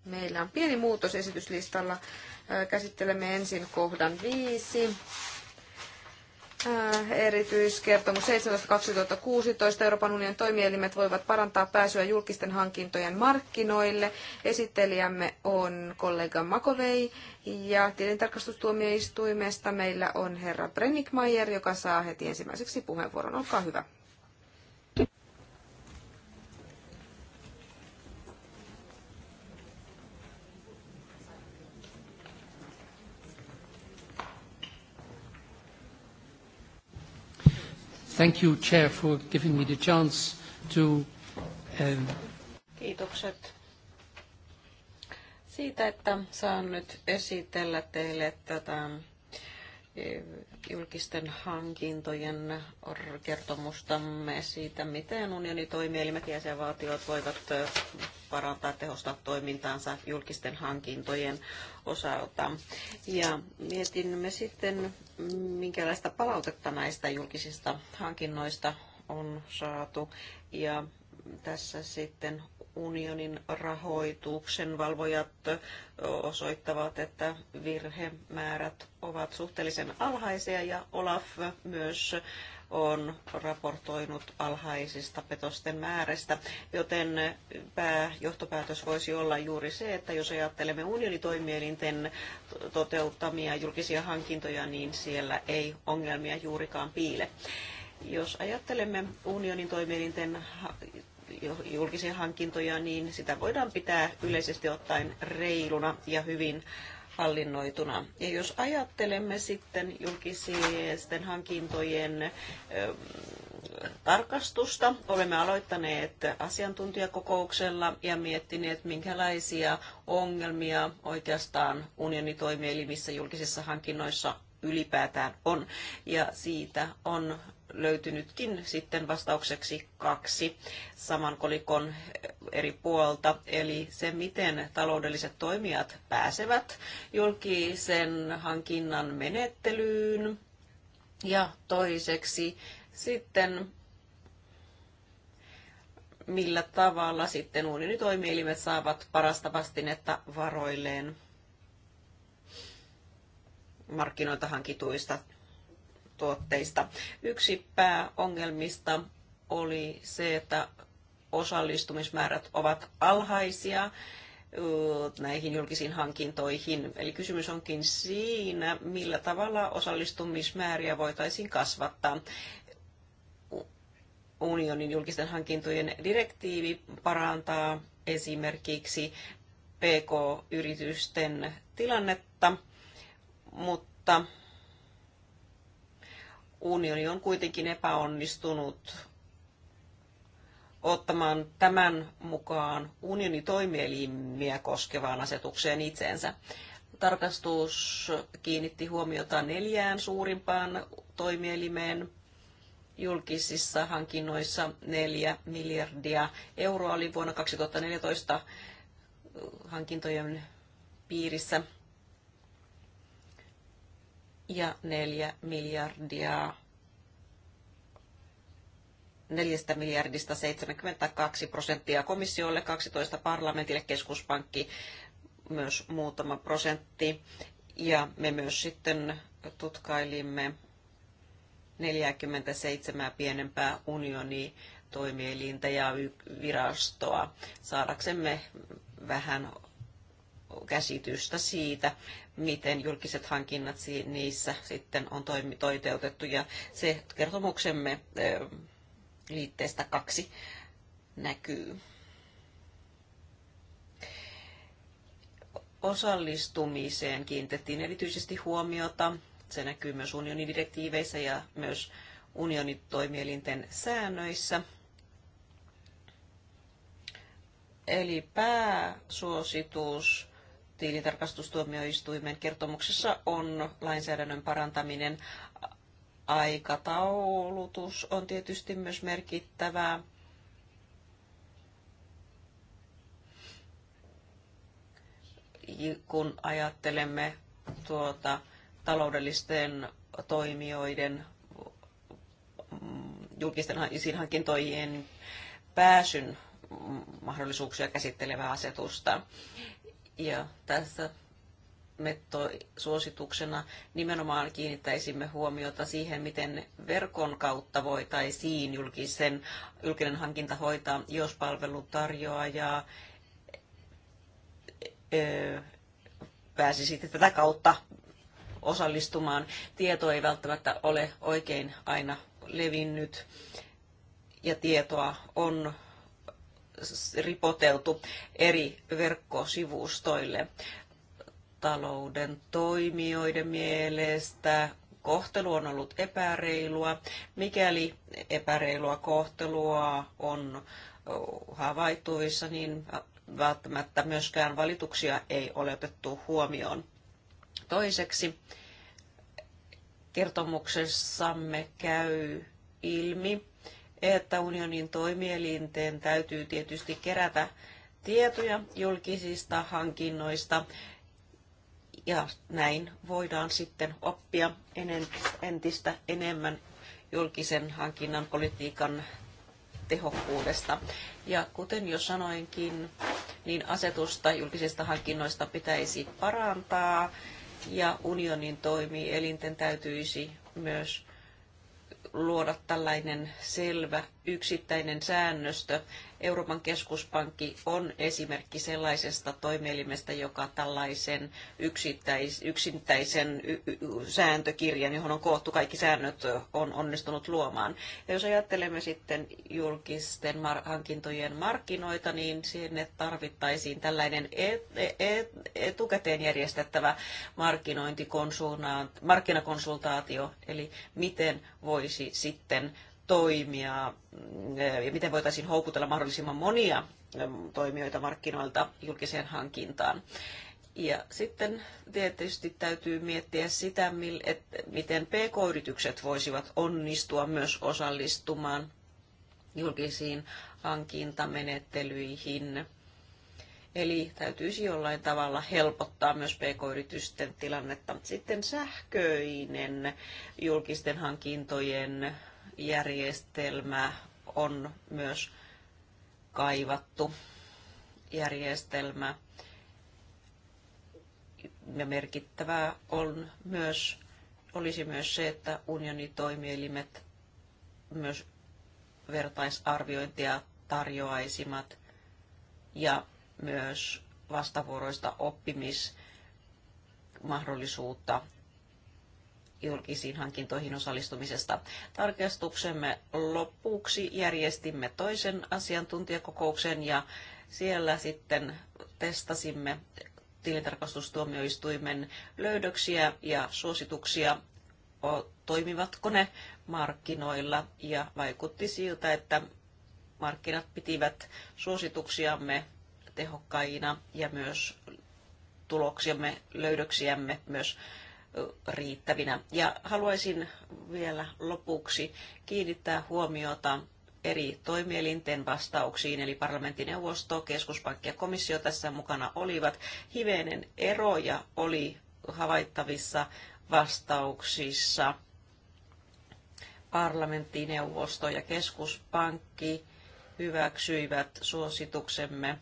Meillä on pieni muutos esityslistalla. Käsittelemme ensin kohdan viisi. Äh, erityiskertomus 17.2016 Euroopan unionin toimielimet voivat parantaa pääsyä julkisten hankintojen markkinoille. Esittelijämme on kollega Makovei ja tilintarkastustuomioistuimesta meillä on herra Brennickmeier, joka saa heti ensimmäiseksi puheenvuoron. Olkaa hyvä. Thank you, Chair, for giving me the chance to... Um... Kiitokset siitä, että saan nyt esitellä teille tätä julkisten hankintojen kertomustamme siitä, miten unionin toimielimet ja jäsenvaltiot voivat parantaa tehostaa toimintaansa julkisten hankintojen osalta. Ja mietimme sitten, minkälaista palautetta näistä julkisista hankinnoista on saatu. Ja tässä sitten unionin rahoituksen valvojat osoittavat, että virhemäärät ovat suhteellisen alhaisia ja Olaf myös on raportoinut alhaisista petosten määristä, joten pääjohtopäätös voisi olla juuri se, että jos ajattelemme unionitoimielinten toteuttamia julkisia hankintoja, niin siellä ei ongelmia juurikaan piile. Jos ajattelemme unionin toimielinten julkisia hankintoja, niin sitä voidaan pitää yleisesti ottaen reiluna ja hyvin hallinnoituna. Ja jos ajattelemme sitten julkisten hankintojen tarkastusta. Olemme aloittaneet asiantuntijakokouksella ja miettineet, minkälaisia ongelmia oikeastaan unionitoimielimissä julkisissa hankinnoissa ylipäätään on. Ja siitä on löytynytkin sitten vastaukseksi kaksi saman kolikon eri puolta. Eli se, miten taloudelliset toimijat pääsevät julkisen hankinnan menettelyyn ja toiseksi sitten millä tavalla sitten unionitoimielimet saavat parasta vastinetta varoilleen markkinoilta hankituista tuotteista. Yksi pääongelmista oli se, että osallistumismäärät ovat alhaisia näihin julkisiin hankintoihin. Eli kysymys onkin siinä, millä tavalla osallistumismääriä voitaisiin kasvattaa unionin julkisten hankintojen direktiivi parantaa esimerkiksi PK-yritysten tilannetta, mutta unioni on kuitenkin epäonnistunut ottamaan tämän mukaan unionin toimielimiä koskevaan asetukseen itseensä. Tarkastus kiinnitti huomiota neljään suurimpaan toimielimeen. Julkisissa hankinnoissa 4 miljardia euroa oli vuonna 2014 hankintojen piirissä ja 4 miljardia neljästä miljardista 72 prosenttia komissiolle, 12 parlamentille, keskuspankki myös muutama prosentti. Ja me myös sitten tutkailimme 47 pienempää unioni toimielintä ja virastoa saadaksemme vähän käsitystä siitä, miten julkiset hankinnat niissä sitten on toteutettu. Ja se kertomuksemme liitteestä kaksi näkyy. Osallistumiseen kiinnitettiin erityisesti huomiota. Se näkyy myös unionidirektiiveissä ja myös unionitoimielinten säännöissä. Eli pääsuositus tilintarkastustuomioistuimen kertomuksessa on lainsäädännön parantaminen. Aikataulutus on tietysti myös merkittävää. Kun ajattelemme tuota taloudellisten toimijoiden julkisten hankintojen pääsyn mahdollisuuksia käsittelevää asetusta. Ja tässä me toi suosituksena nimenomaan kiinnittäisimme huomiota siihen, miten verkon kautta voitaisiin julkisen, julkinen hankinta hoitaa, jos palveluntarjoaja ö, pääsi sitten tätä kautta osallistumaan. Tieto ei välttämättä ole oikein aina levinnyt ja tietoa on ripoteltu eri verkkosivustoille talouden toimijoiden mielestä kohtelu on ollut epäreilua. Mikäli epäreilua kohtelua on havaittuissa, niin välttämättä myöskään valituksia ei ole otettu huomioon. Toiseksi kertomuksessamme käy ilmi, että unionin toimielinten täytyy tietysti kerätä tietoja julkisista hankinnoista ja näin voidaan sitten oppia entistä enemmän julkisen hankinnan politiikan tehokkuudesta. Ja kuten jo sanoinkin, niin asetusta julkisista hankinnoista pitäisi parantaa ja unionin toimielinten täytyisi myös luoda tällainen selvä yksittäinen säännöstö, Euroopan keskuspankki on esimerkki sellaisesta toimielimestä, joka tällaisen yksittäis, yksittäisen sääntökirjan, johon on koottu kaikki säännöt, on onnistunut luomaan. Ja jos ajattelemme sitten julkisten hankintojen markkinoita, niin sinne tarvittaisiin tällainen e, etukäteen järjestettävä markkinointikonsultaatio, eli miten voisi sitten toimia eh, ja miten voitaisiin houkutella mahdollisimman monia eh, toimijoita markkinoilta julkiseen hankintaan. Ja sitten tietysti täytyy miettiä sitä, että miten pk-yritykset voisivat onnistua myös osallistumaan julkisiin hankintamenettelyihin. Eli täytyisi jollain tavalla helpottaa myös pk-yritysten tilannetta. Sitten sähköinen julkisten hankintojen järjestelmä on myös kaivattu järjestelmä. Ja merkittävää on myös, olisi myös se, että unionin toimielimet myös vertaisarviointia tarjoaisivat ja myös vastavuoroista oppimismahdollisuutta julkisiin hankintoihin osallistumisesta. Tarkastuksemme lopuksi järjestimme toisen asiantuntijakokouksen ja siellä sitten testasimme tilintarkastustuomioistuimen löydöksiä ja suosituksia, toimivatko ne markkinoilla ja vaikutti siltä, että markkinat pitivät suosituksiamme tehokkaina ja myös tuloksiamme, löydöksiämme myös riittävinä. Ja haluaisin vielä lopuksi kiinnittää huomiota eri toimielinten vastauksiin, eli parlamenttineuvosto, keskuspankki ja komissio tässä mukana olivat. Hivenen eroja oli havaittavissa vastauksissa parlamenttineuvosto ja keskuspankki hyväksyivät suosituksemme,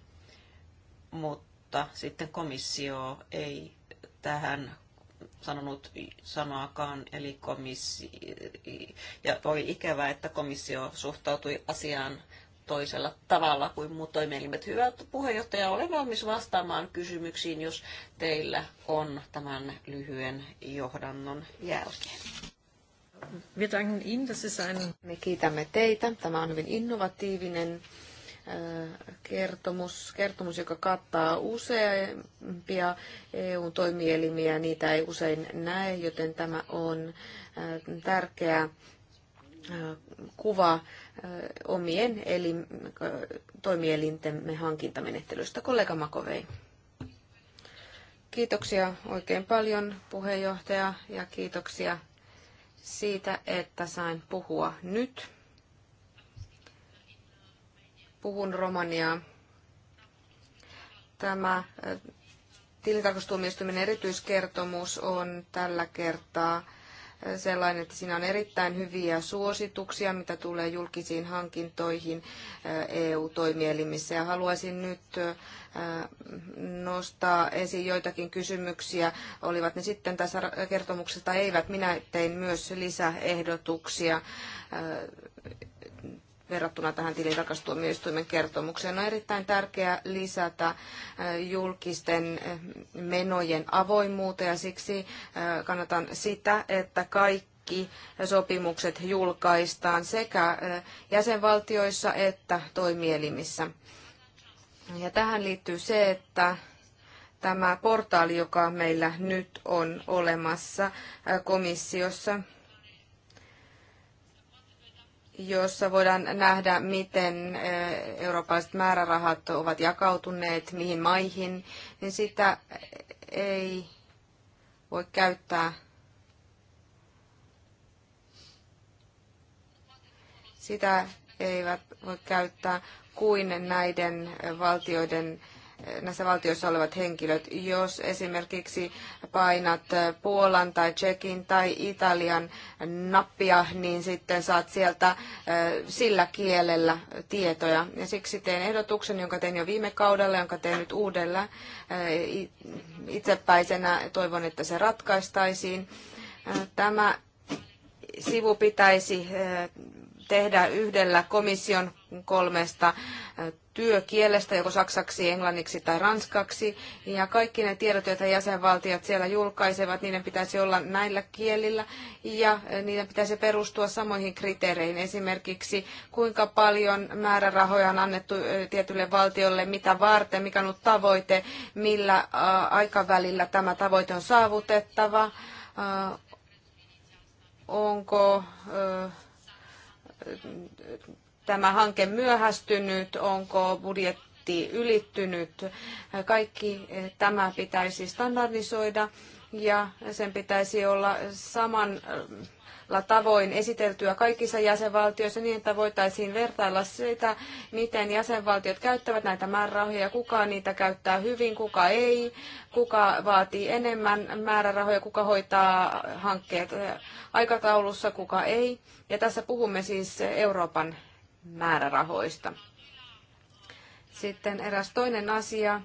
mutta sitten komissio ei tähän sanonut sanaakaan, eli komissi... ja oli ikävää, että komissio suhtautui asiaan toisella tavalla kuin muut toimielimet. Hyvä puheenjohtaja, olen valmis vastaamaan kysymyksiin, jos teillä on tämän lyhyen johdannon jälkeen. Me kiitämme teitä. Tämä on hyvin innovatiivinen kertomus, kertomus, joka kattaa useampia EU-toimielimiä. Niitä ei usein näe, joten tämä on äh, tärkeä äh, kuva äh, omien elim, toimielintemme hankintamenettelystä. Kollega Makovei. Kiitoksia oikein paljon puheenjohtaja ja kiitoksia siitä, että sain puhua nyt. Puhun romaniaa. Tämä tilintarkastustuomioistuimen erityiskertomus on tällä kertaa sellainen, että siinä on erittäin hyviä suosituksia, mitä tulee julkisiin hankintoihin EU-toimielimissä. Ja haluaisin nyt nostaa esiin joitakin kysymyksiä, olivat ne sitten tässä kertomuksessa tai eivät. Minä tein myös lisäehdotuksia verrattuna tähän tilintarkastuomioistuimen kertomukseen. On erittäin tärkeää lisätä äh, julkisten äh, menojen avoimuutta ja siksi äh, kannatan sitä, että kaikki sopimukset julkaistaan sekä jäsenvaltioissa että toimielimissä. Ja tähän liittyy se, että tämä portaali, joka meillä nyt on olemassa komissiossa, jossa voidaan nähdä, miten eh, eurooppalaiset määrärahat ovat jakautuneet, mihin maihin, niin sitä ei voi käyttää sitä eivät voi käyttää kuin näiden valtioiden näissä valtioissa olevat henkilöt. Jos esimerkiksi painat Puolan tai Tsekin tai Italian nappia, niin sitten saat sieltä sillä kielellä tietoja. Ja siksi teen ehdotuksen, jonka tein jo viime kaudella, jonka teen nyt uudella itsepäisenä. Toivon, että se ratkaistaisiin. Tämä sivu pitäisi tehdä yhdellä komission kolmesta työkielestä, joko saksaksi, englanniksi tai ranskaksi. Ja kaikki ne tiedot, joita jäsenvaltiot siellä julkaisevat, niiden pitäisi olla näillä kielillä ja eh, niiden pitäisi perustua samoihin kriteereihin. Esimerkiksi kuinka paljon määrärahoja on annettu eh, tietylle valtiolle, mitä varten, mikä on ollut tavoite, millä eh, aikavälillä tämä tavoite on saavutettava, onko tämä hanke myöhästynyt, onko budjetti ylittynyt. Kaikki tämä pitäisi standardisoida ja sen pitäisi olla saman tavoin esiteltyä kaikissa jäsenvaltioissa niin, että voitaisiin vertailla sitä, miten jäsenvaltiot käyttävät näitä määrärahoja, kuka niitä käyttää hyvin, kuka ei, kuka vaatii enemmän määrärahoja, kuka hoitaa hankkeet aikataulussa, kuka ei. Ja tässä puhumme siis Euroopan määrärahoista. Sitten eräs toinen asia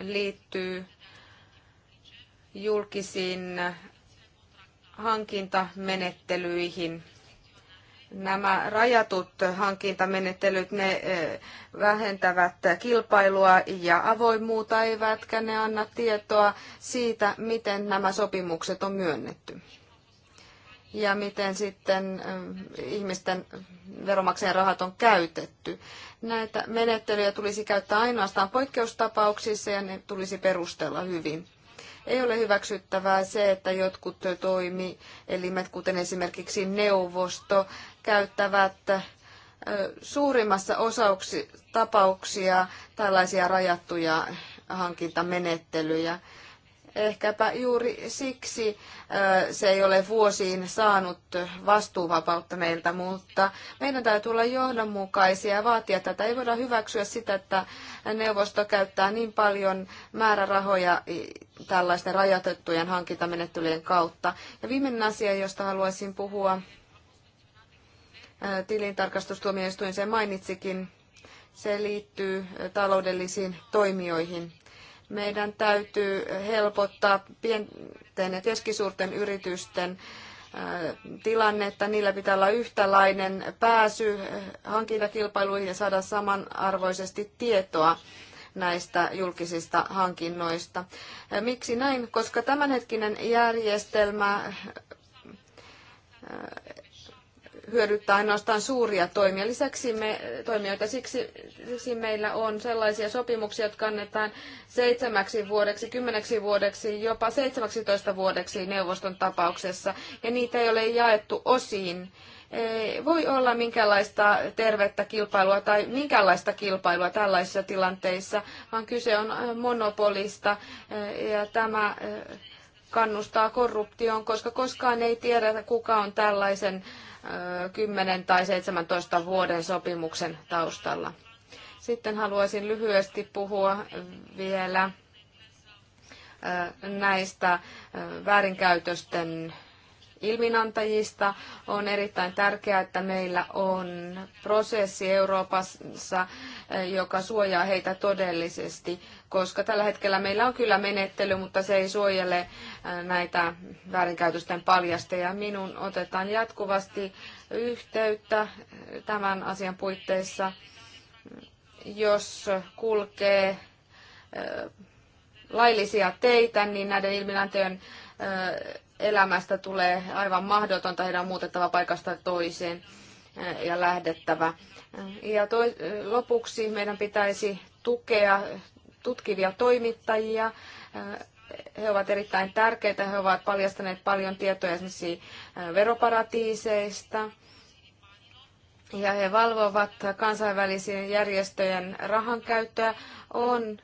liittyy julkisiin hankintamenettelyihin. Nämä rajatut hankintamenettelyt ne eh, vähentävät kilpailua ja avoimuutta, eivätkä ne anna tietoa siitä, miten nämä sopimukset on myönnetty ja miten sitten ähm, ihmisten veromaksajien rahat on käytetty. Näitä menettelyjä tulisi käyttää ainoastaan poikkeustapauksissa ja ne tulisi perustella hyvin. Ei ole hyväksyttävää se, että jotkut toimielimet, kuten esimerkiksi neuvosto, käyttävät äh, suurimmassa osauksi tapauksia tällaisia rajattuja hankintamenettelyjä. Ehkäpä juuri siksi se ei ole vuosiin saanut vastuuvapautta meiltä, mutta meidän täytyy olla johdonmukaisia ja vaatia tätä. Ei voida hyväksyä sitä, että neuvosto käyttää niin paljon määrärahoja tällaisten rajoitettujen hankintamenettelyjen kautta. Ja viimeinen asia, josta haluaisin puhua, tilintarkastustuomioistuin sen mainitsikin, se liittyy taloudellisiin toimijoihin. Meidän täytyy helpottaa pienten ja keskisuurten yritysten tilannetta. Niillä pitää olla yhtälainen pääsy hankintakilpailuihin ja saada samanarvoisesti tietoa näistä julkisista hankinnoista. Miksi näin? Koska tämänhetkinen järjestelmä hyödyttää ainoastaan suuria toimia. Lisäksi me, toimijoita siksi, siksi meillä on sellaisia sopimuksia, jotka annetaan seitsemäksi vuodeksi, kymmeneksi vuodeksi, jopa 17 vuodeksi neuvoston tapauksessa, ja niitä ei ole jaettu osiin. Ei voi olla minkälaista tervettä kilpailua tai minkälaista kilpailua tällaisissa tilanteissa, vaan kyse on äh, monopolista äh, ja tämä äh, kannustaa korruptioon, koska koskaan ei tiedetä, kuka on tällaisen 10 tai 17 vuoden sopimuksen taustalla. Sitten haluaisin lyhyesti puhua vielä näistä väärinkäytösten ilminantajista. On erittäin tärkeää, että meillä on prosessi Euroopassa, eh, joka suojaa heitä todellisesti, koska tällä hetkellä meillä on kyllä menettely, mutta se ei suojele eh, näitä väärinkäytösten paljasteja. Minun otetaan jatkuvasti yhteyttä eh, tämän asian puitteissa, jos kulkee laillisia teitä, niin näiden ilminantojen elämästä tulee aivan mahdotonta, heidän on muutettava paikasta toiseen eh, ja lähdettävä. Eh, ja toi, eh, lopuksi meidän pitäisi tukea tutkivia toimittajia. He ovat erittäin tärkeitä, he ovat paljastaneet paljon tietoja esimerkiksi veroparatiiseista. Ja he valvovat kansainvälisiä järjestöjen rahankäyttöä. On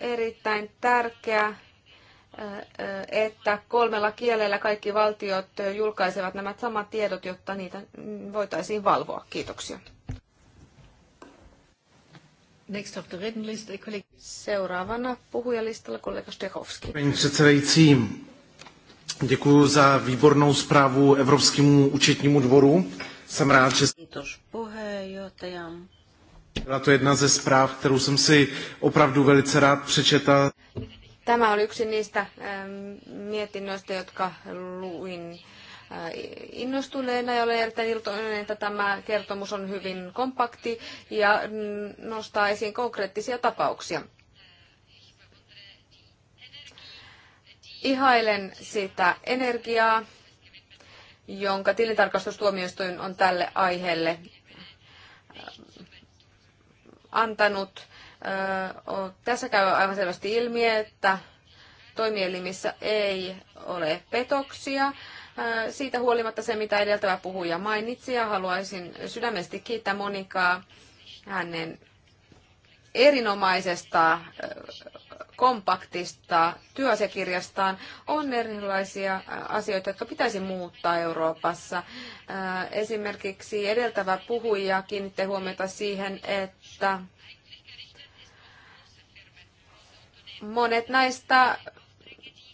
erittäin tärkeää, että kolmella kielellä kaikki valtiot julkaisevat nämä samat tiedot, jotta niitä voitaisiin valvoa. Kiitoksia. Next of the written list, Seuraavana puhujalistalla kollega Stehovski. Paní předsedající, děkuji za výbornou zprávu Evropskému účetnímu dvoru. Jsem rád, že... Kiitos puheenjohtaja. Byla to jedna ze zpráv, kterou jsem si opravdu velice rád přečetl. Tämä oli yksi niistä ähm, mietinnöistä, jotka luin äh, innostuneena ja olen erittäin iloinen, että tämä kertomus on hyvin kompakti ja nostaa esiin konkreettisia tapauksia. Ihailen sitä energiaa, jonka tilintarkastustuomioistuin on tälle aiheelle äh, antanut tässä käy aivan selvästi ilmi, että toimielimissä ei ole petoksia. Siitä huolimatta se, mitä edeltävä puhuja mainitsi, ja haluaisin sydämesti kiittää Monikaa hänen erinomaisesta kompaktista työasiakirjastaan on erilaisia asioita, jotka pitäisi muuttaa Euroopassa. Esimerkiksi edeltävä puhuja kiinnitti huomiota siihen, että Monet näistä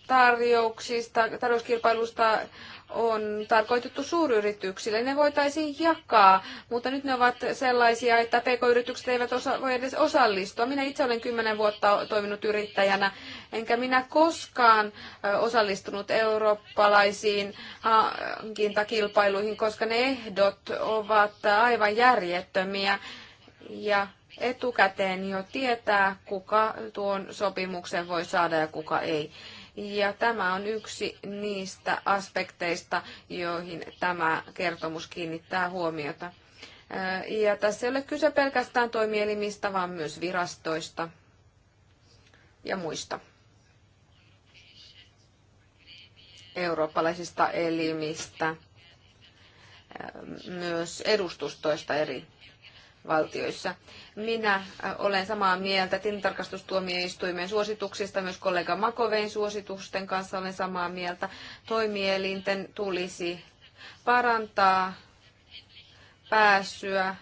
tarjouksista, tarjouskilpailusta on tarkoitettu suuryrityksille. Ne voitaisiin jakaa, mutta nyt ne ovat sellaisia, että pk-yritykset eivät osa, voi edes osallistua. Minä itse olen kymmenen vuotta toiminut yrittäjänä, enkä minä koskaan osallistunut eurooppalaisiin hankintakilpailuihin, koska ne ehdot ovat aivan järjettömiä. Ja etukäteen jo tietää, kuka tuon sopimuksen voi saada ja kuka ei. Ja tämä on yksi niistä aspekteista, joihin tämä kertomus kiinnittää huomiota. Ja tässä ei ole kyse pelkästään toimielimistä, vaan myös virastoista ja muista eurooppalaisista elimistä, myös edustustoista eri valtioissa. Minä äh, olen samaa mieltä tilintarkastustuomioistuimen suosituksista, myös kollega Makovein suositusten kanssa olen samaa mieltä. Toimielinten tulisi parantaa pääsyä äh,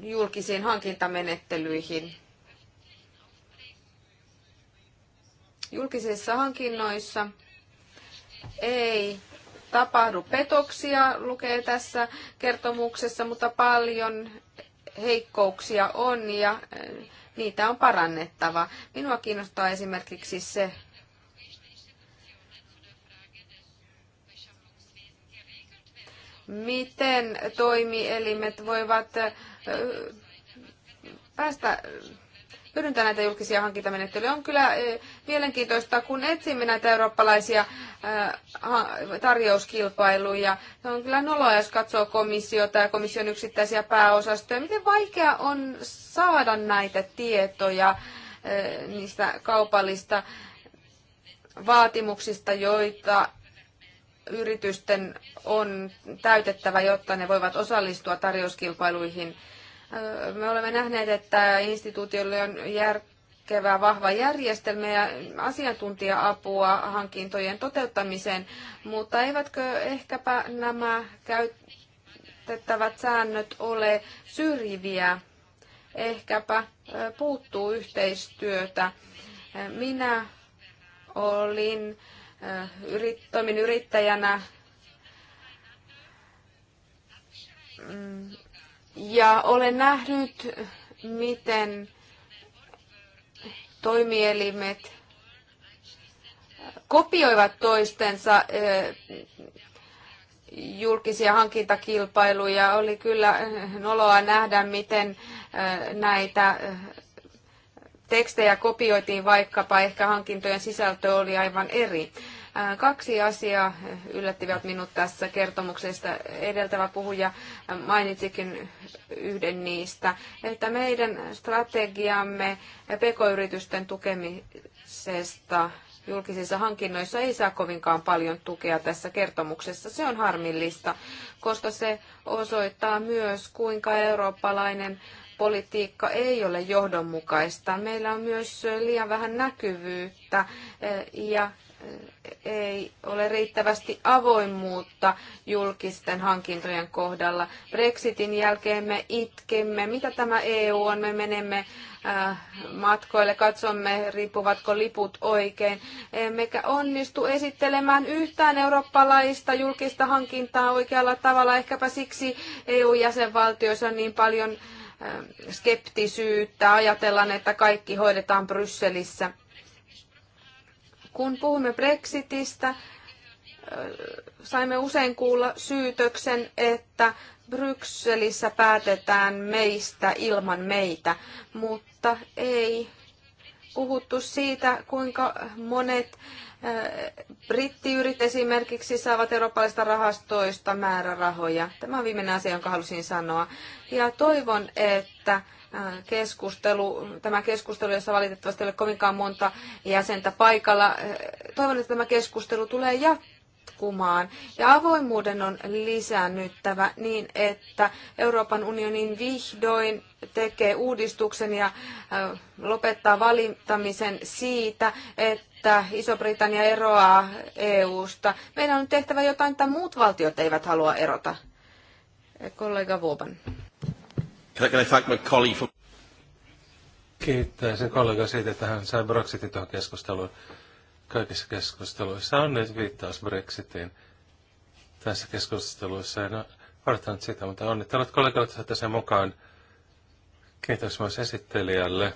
julkisiin hankintamenettelyihin. Julkisissa hankinnoissa ei tapahdu petoksia, lukee tässä kertomuksessa, mutta paljon heikkouksia on ja eh, niitä on parannettava. Minua kiinnostaa esimerkiksi se, miten toimielimet voivat eh, päästä hyödyntää näitä julkisia hankintamenettelyjä. On kyllä e, mielenkiintoista, kun etsimme näitä eurooppalaisia e, tarjouskilpailuja. Se on kyllä noloa, jos katsoo komissiota ja komission yksittäisiä pääosastoja. Miten vaikea on saada näitä tietoja e, niistä kaupallista vaatimuksista, joita yritysten on täytettävä, jotta ne voivat osallistua tarjouskilpailuihin me olemme nähneet, että instituutiolle on järkevää vahva järjestelmä ja asiantuntija-apua hankintojen toteuttamiseen, mutta eivätkö ehkäpä nämä käytettävät säännöt ole syrjiviä? Ehkäpä puuttuu yhteistyötä. Minä olin, toimin yrittäjänä mm, ja olen nähnyt, miten toimielimet kopioivat toistensa julkisia hankintakilpailuja. Oli kyllä noloa nähdä, miten näitä tekstejä kopioitiin, vaikkapa ehkä hankintojen sisältö oli aivan eri. Äh, kaksi asiaa yllättivät minut tässä kertomuksesta. Edeltävä puhuja mainitsikin yhden niistä, että meidän strategiamme pk-yritysten tukemisesta julkisissa hankinnoissa ei saa kovinkaan paljon tukea tässä kertomuksessa. Se on harmillista, koska se osoittaa myös, kuinka eurooppalainen politiikka ei ole johdonmukaista. Meillä on myös liian vähän näkyvyyttä eh, ja ei ole riittävästi avoimuutta julkisten hankintojen kohdalla. Brexitin jälkeen me itkemme, mitä tämä EU on, me menemme äh, matkoille, katsomme riippuvatko liput oikein. Emmekä onnistu esittelemään yhtään eurooppalaista julkista hankintaa oikealla tavalla, ehkäpä siksi EU-jäsenvaltioissa on niin paljon äh, skeptisyyttä, ajatellaan, että kaikki hoidetaan Brysselissä kun puhumme Brexitistä, saimme usein kuulla syytöksen, että Brysselissä päätetään meistä ilman meitä, mutta ei puhuttu siitä, kuinka monet brittiyrit esimerkiksi saavat eurooppalaisista rahastoista määrärahoja. Tämä on viimeinen asia, jonka halusin sanoa. Ja toivon, että keskustelu, tämä keskustelu, jossa valitettavasti ei ole kovinkaan monta jäsentä paikalla. Toivon, että tämä keskustelu tulee jatkumaan. Ja avoimuuden on lisännyttävä niin, että Euroopan unionin vihdoin tekee uudistuksen ja lopettaa valintamisen siitä, että Iso-Britannia eroaa EU-sta. Meidän on tehtävä jotain, että muut valtiot eivät halua erota. Kollega Vuoban. Can I thank my colleague for... Kiittää sen kollega siitä, että hän sai Brexitin tuohon keskusteluun. Kaikissa keskusteluissa on nyt viittaus Brexitiin. Tässä keskusteluissa en ole sitä, mutta onnittelut kollegalle sen mukaan. Kiitos myös esittelijälle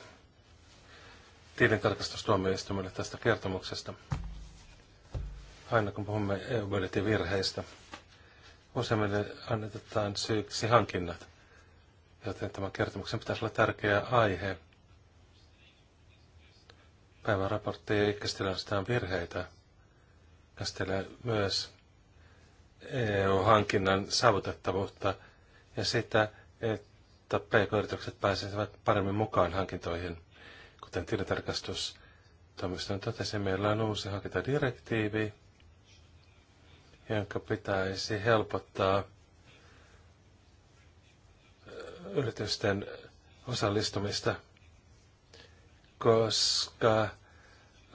tilintarkastustuomioistuimelle tästä kertomuksesta. Aina kun puhumme EU-budjetin virheistä, useimmille annetaan syyksi hankinnat joten tämän kertomuksen pitäisi olla tärkeä aihe. Päivän raportti ei käsitellä virheitä, käsittelee myös EU-hankinnan saavutettavuutta ja sitä, että pk-yritykset pääsevät paremmin mukaan hankintoihin. Kuten tilintarkastus toimiston totesi, meillä on uusi hankintadirektiivi, jonka pitäisi helpottaa yritysten osallistumista, koska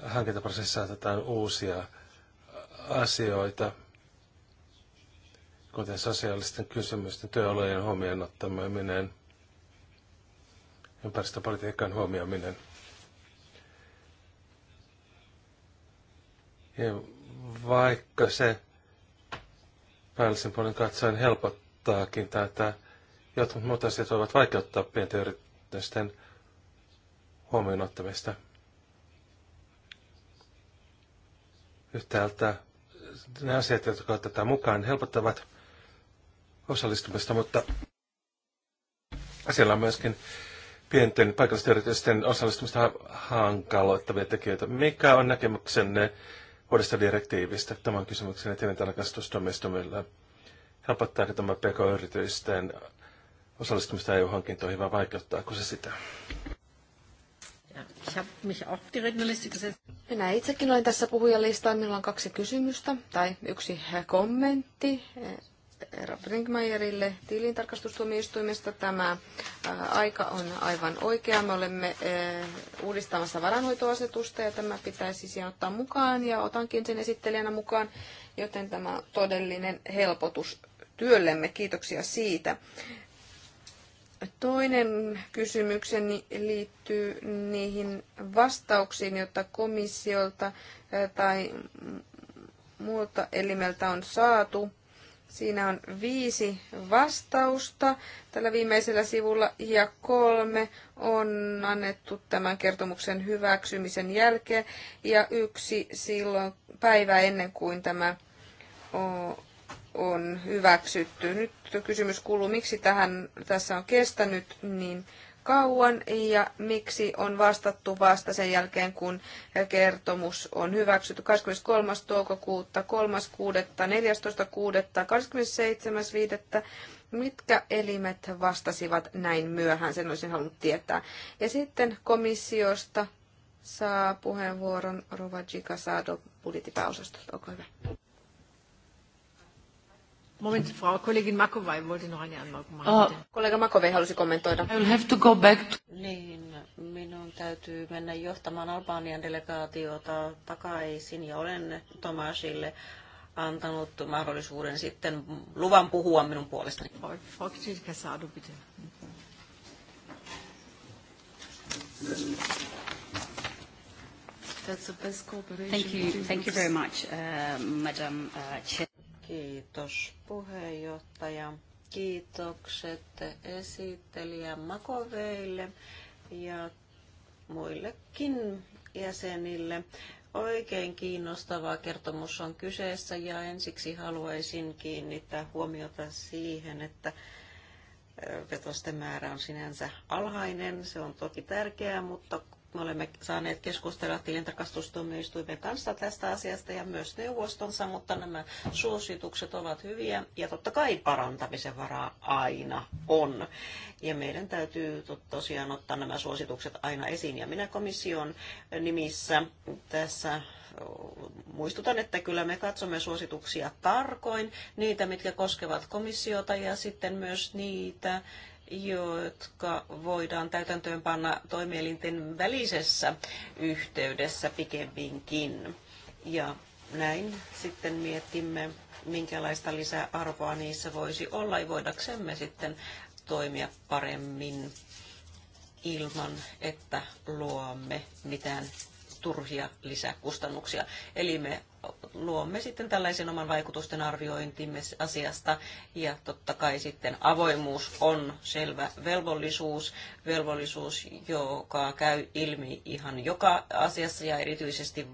hankintaprosessissa saatetaan uusia asioita, kuten sosiaalisten kysymysten, työolojen huomioon ottaminen, ympäristöpolitiikan huomioiminen. Ja vaikka se päällisen puolen katsoen helpottaakin tätä Jotkut muut asiat voivat vaikeuttaa pienten yritysten huomioon ottamista. Yhtäältä ne asiat, jotka otetaan mukaan, helpottavat osallistumista, mutta siellä on myöskin pienten paikallisten yritysten osallistumista hankaloittavia tekijöitä. Mikä on näkemyksenne uudesta direktiivistä tämän kysymyksen tilintarkastustoimistomille? Helpottaako tämä pk-yritysten osallistumista EU-hankintoihin, vai vaikeuttaako se sitä? Minä itsekin olen tässä puhujalistaan. Minulla on kaksi kysymystä tai yksi kommentti. Eh, herra Brinkmeierille tilintarkastustuomioistuimesta. Tämä eh, aika on aivan oikea. Me olemme eh, uudistamassa varanhoitoasetusta ja tämä pitäisi siihen ottaa mukaan ja otankin sen esittelijänä mukaan, joten tämä on todellinen helpotus työllemme. Kiitoksia siitä. Toinen kysymykseni liittyy niihin vastauksiin, joita komissiolta tai muulta elimeltä on saatu. Siinä on viisi vastausta tällä viimeisellä sivulla ja kolme on annettu tämän kertomuksen hyväksymisen jälkeen ja yksi silloin päivä ennen kuin tämä on hyväksytty. Nyt kysymys kuuluu, miksi tähän tässä on kestänyt niin kauan ja miksi on vastattu vasta sen jälkeen, kun kertomus on hyväksytty 23. toukokuutta, 3.6., 14.6., 27.5. Mitkä elimet vastasivat näin myöhään, sen olisin halunnut tietää. Ja sitten komissiosta saa puheenvuoron Rova Gika Saado budjettipääosastolta. Olkaa hyvä. Frau Kollegin Makovai wollte noch eine Anmerkung machen. Oh, kollega Makovai halusi kommentoida. I will have to go back to... Niin, minun täytyy mennä johtamaan Albanian delegaatiota takaisin ja olen Tomasille antanut mahdollisuuden sitten luvan puhua minun puolestani. Frau bitte. That's the best cooperation. Thank you, thank you very much, uh, Madam uh, Chair. Kiitos puheenjohtaja. Kiitokset esittelijä Makoveille ja muillekin jäsenille. Oikein kiinnostava kertomus on kyseessä ja ensiksi haluaisin kiinnittää huomiota siihen, että petosten määrä on sinänsä alhainen. Se on toki tärkeää, mutta me olemme saaneet keskustella tilintarkastustuomioistuimen kanssa tästä asiasta ja myös neuvostonsa, mutta nämä suositukset ovat hyviä ja totta kai parantamisen varaa aina on. Ja meidän täytyy tosiaan ottaa nämä suositukset aina esiin. Ja minä komission nimissä tässä muistutan, että kyllä me katsomme suosituksia tarkoin, niitä, mitkä koskevat komissiota ja sitten myös niitä, jotka voidaan täytäntöönpanna toimielinten välisessä yhteydessä pikemminkin. Ja näin sitten mietimme, minkälaista lisäarvoa niissä voisi olla, ja voidaksemme sitten toimia paremmin ilman, että luomme mitään turhia lisäkustannuksia. Eli me luomme sitten tällaisen oman vaikutusten arviointimme asiasta. Ja totta kai sitten avoimuus on selvä velvollisuus, velvollisuus, joka käy ilmi ihan joka asiassa ja erityisesti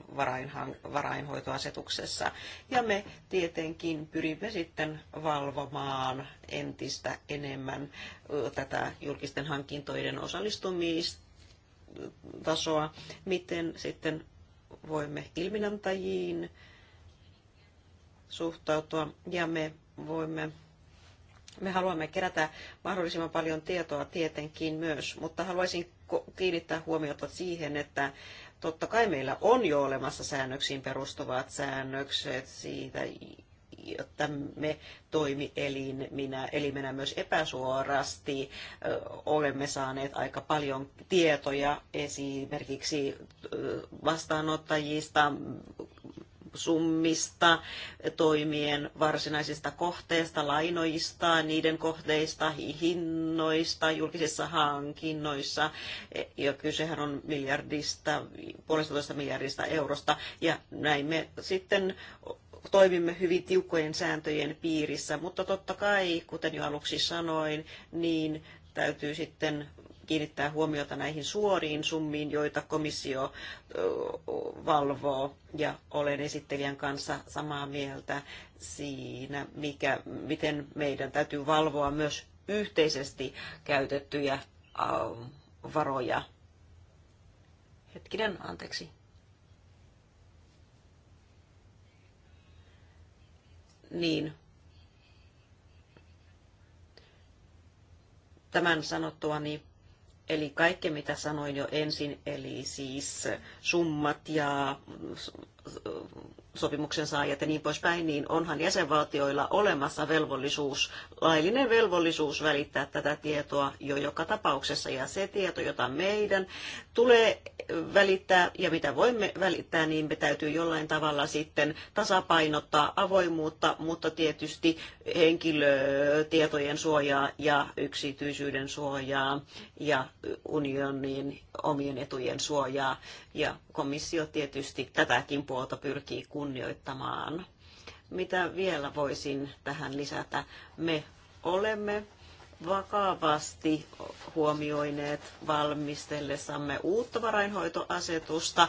varainhoitoasetuksessa. Ja me tietenkin pyrimme sitten valvomaan entistä enemmän tätä julkisten hankintojen osallistumista tasoa, miten sitten voimme ilminantajiin suhtautua ja me voimme me haluamme kerätä mahdollisimman paljon tietoa tietenkin myös, mutta haluaisin kiinnittää huomiota siihen, että totta kai meillä on jo olemassa säännöksiin perustuvat säännökset siitä, jotta me toimielin, minä, elimenä myös epäsuorasti olemme saaneet aika paljon tietoja esimerkiksi vastaanottajista, summista, toimien varsinaisista kohteista, lainoista, niiden kohteista, hinnoista, julkisissa hankinnoissa. E, ja kysehän on miljardista, puolestatoista miljardista eurosta. Ja näin me sitten toimimme hyvin tiukkojen sääntöjen piirissä, mutta totta kai, kuten jo aluksi sanoin, niin täytyy sitten kiinnittää huomiota näihin suoriin summiin, joita komissio valvoo. Ja olen esittelijän kanssa samaa mieltä siinä, mikä, miten meidän täytyy valvoa myös yhteisesti käytettyjä varoja. Hetkinen, anteeksi. niin tämän sanottuani, eli kaikki mitä sanoin jo ensin, eli siis summat ja sopimuksen saajat ja niin poispäin, niin onhan jäsenvaltioilla olemassa velvollisuus, laillinen velvollisuus välittää tätä tietoa jo joka tapauksessa. Ja se tieto, jota meidän tulee välittää ja mitä voimme välittää, niin me täytyy jollain tavalla sitten tasapainottaa avoimuutta, mutta tietysti henkilötietojen suojaa ja yksityisyyden suojaa ja unionin omien etujen suojaa. Ja komissio tietysti tätäkin puolta muoto pyrkii kunnioittamaan. Mitä vielä voisin tähän lisätä? Me olemme vakavasti huomioineet valmistellessamme uutta varainhoitoasetusta,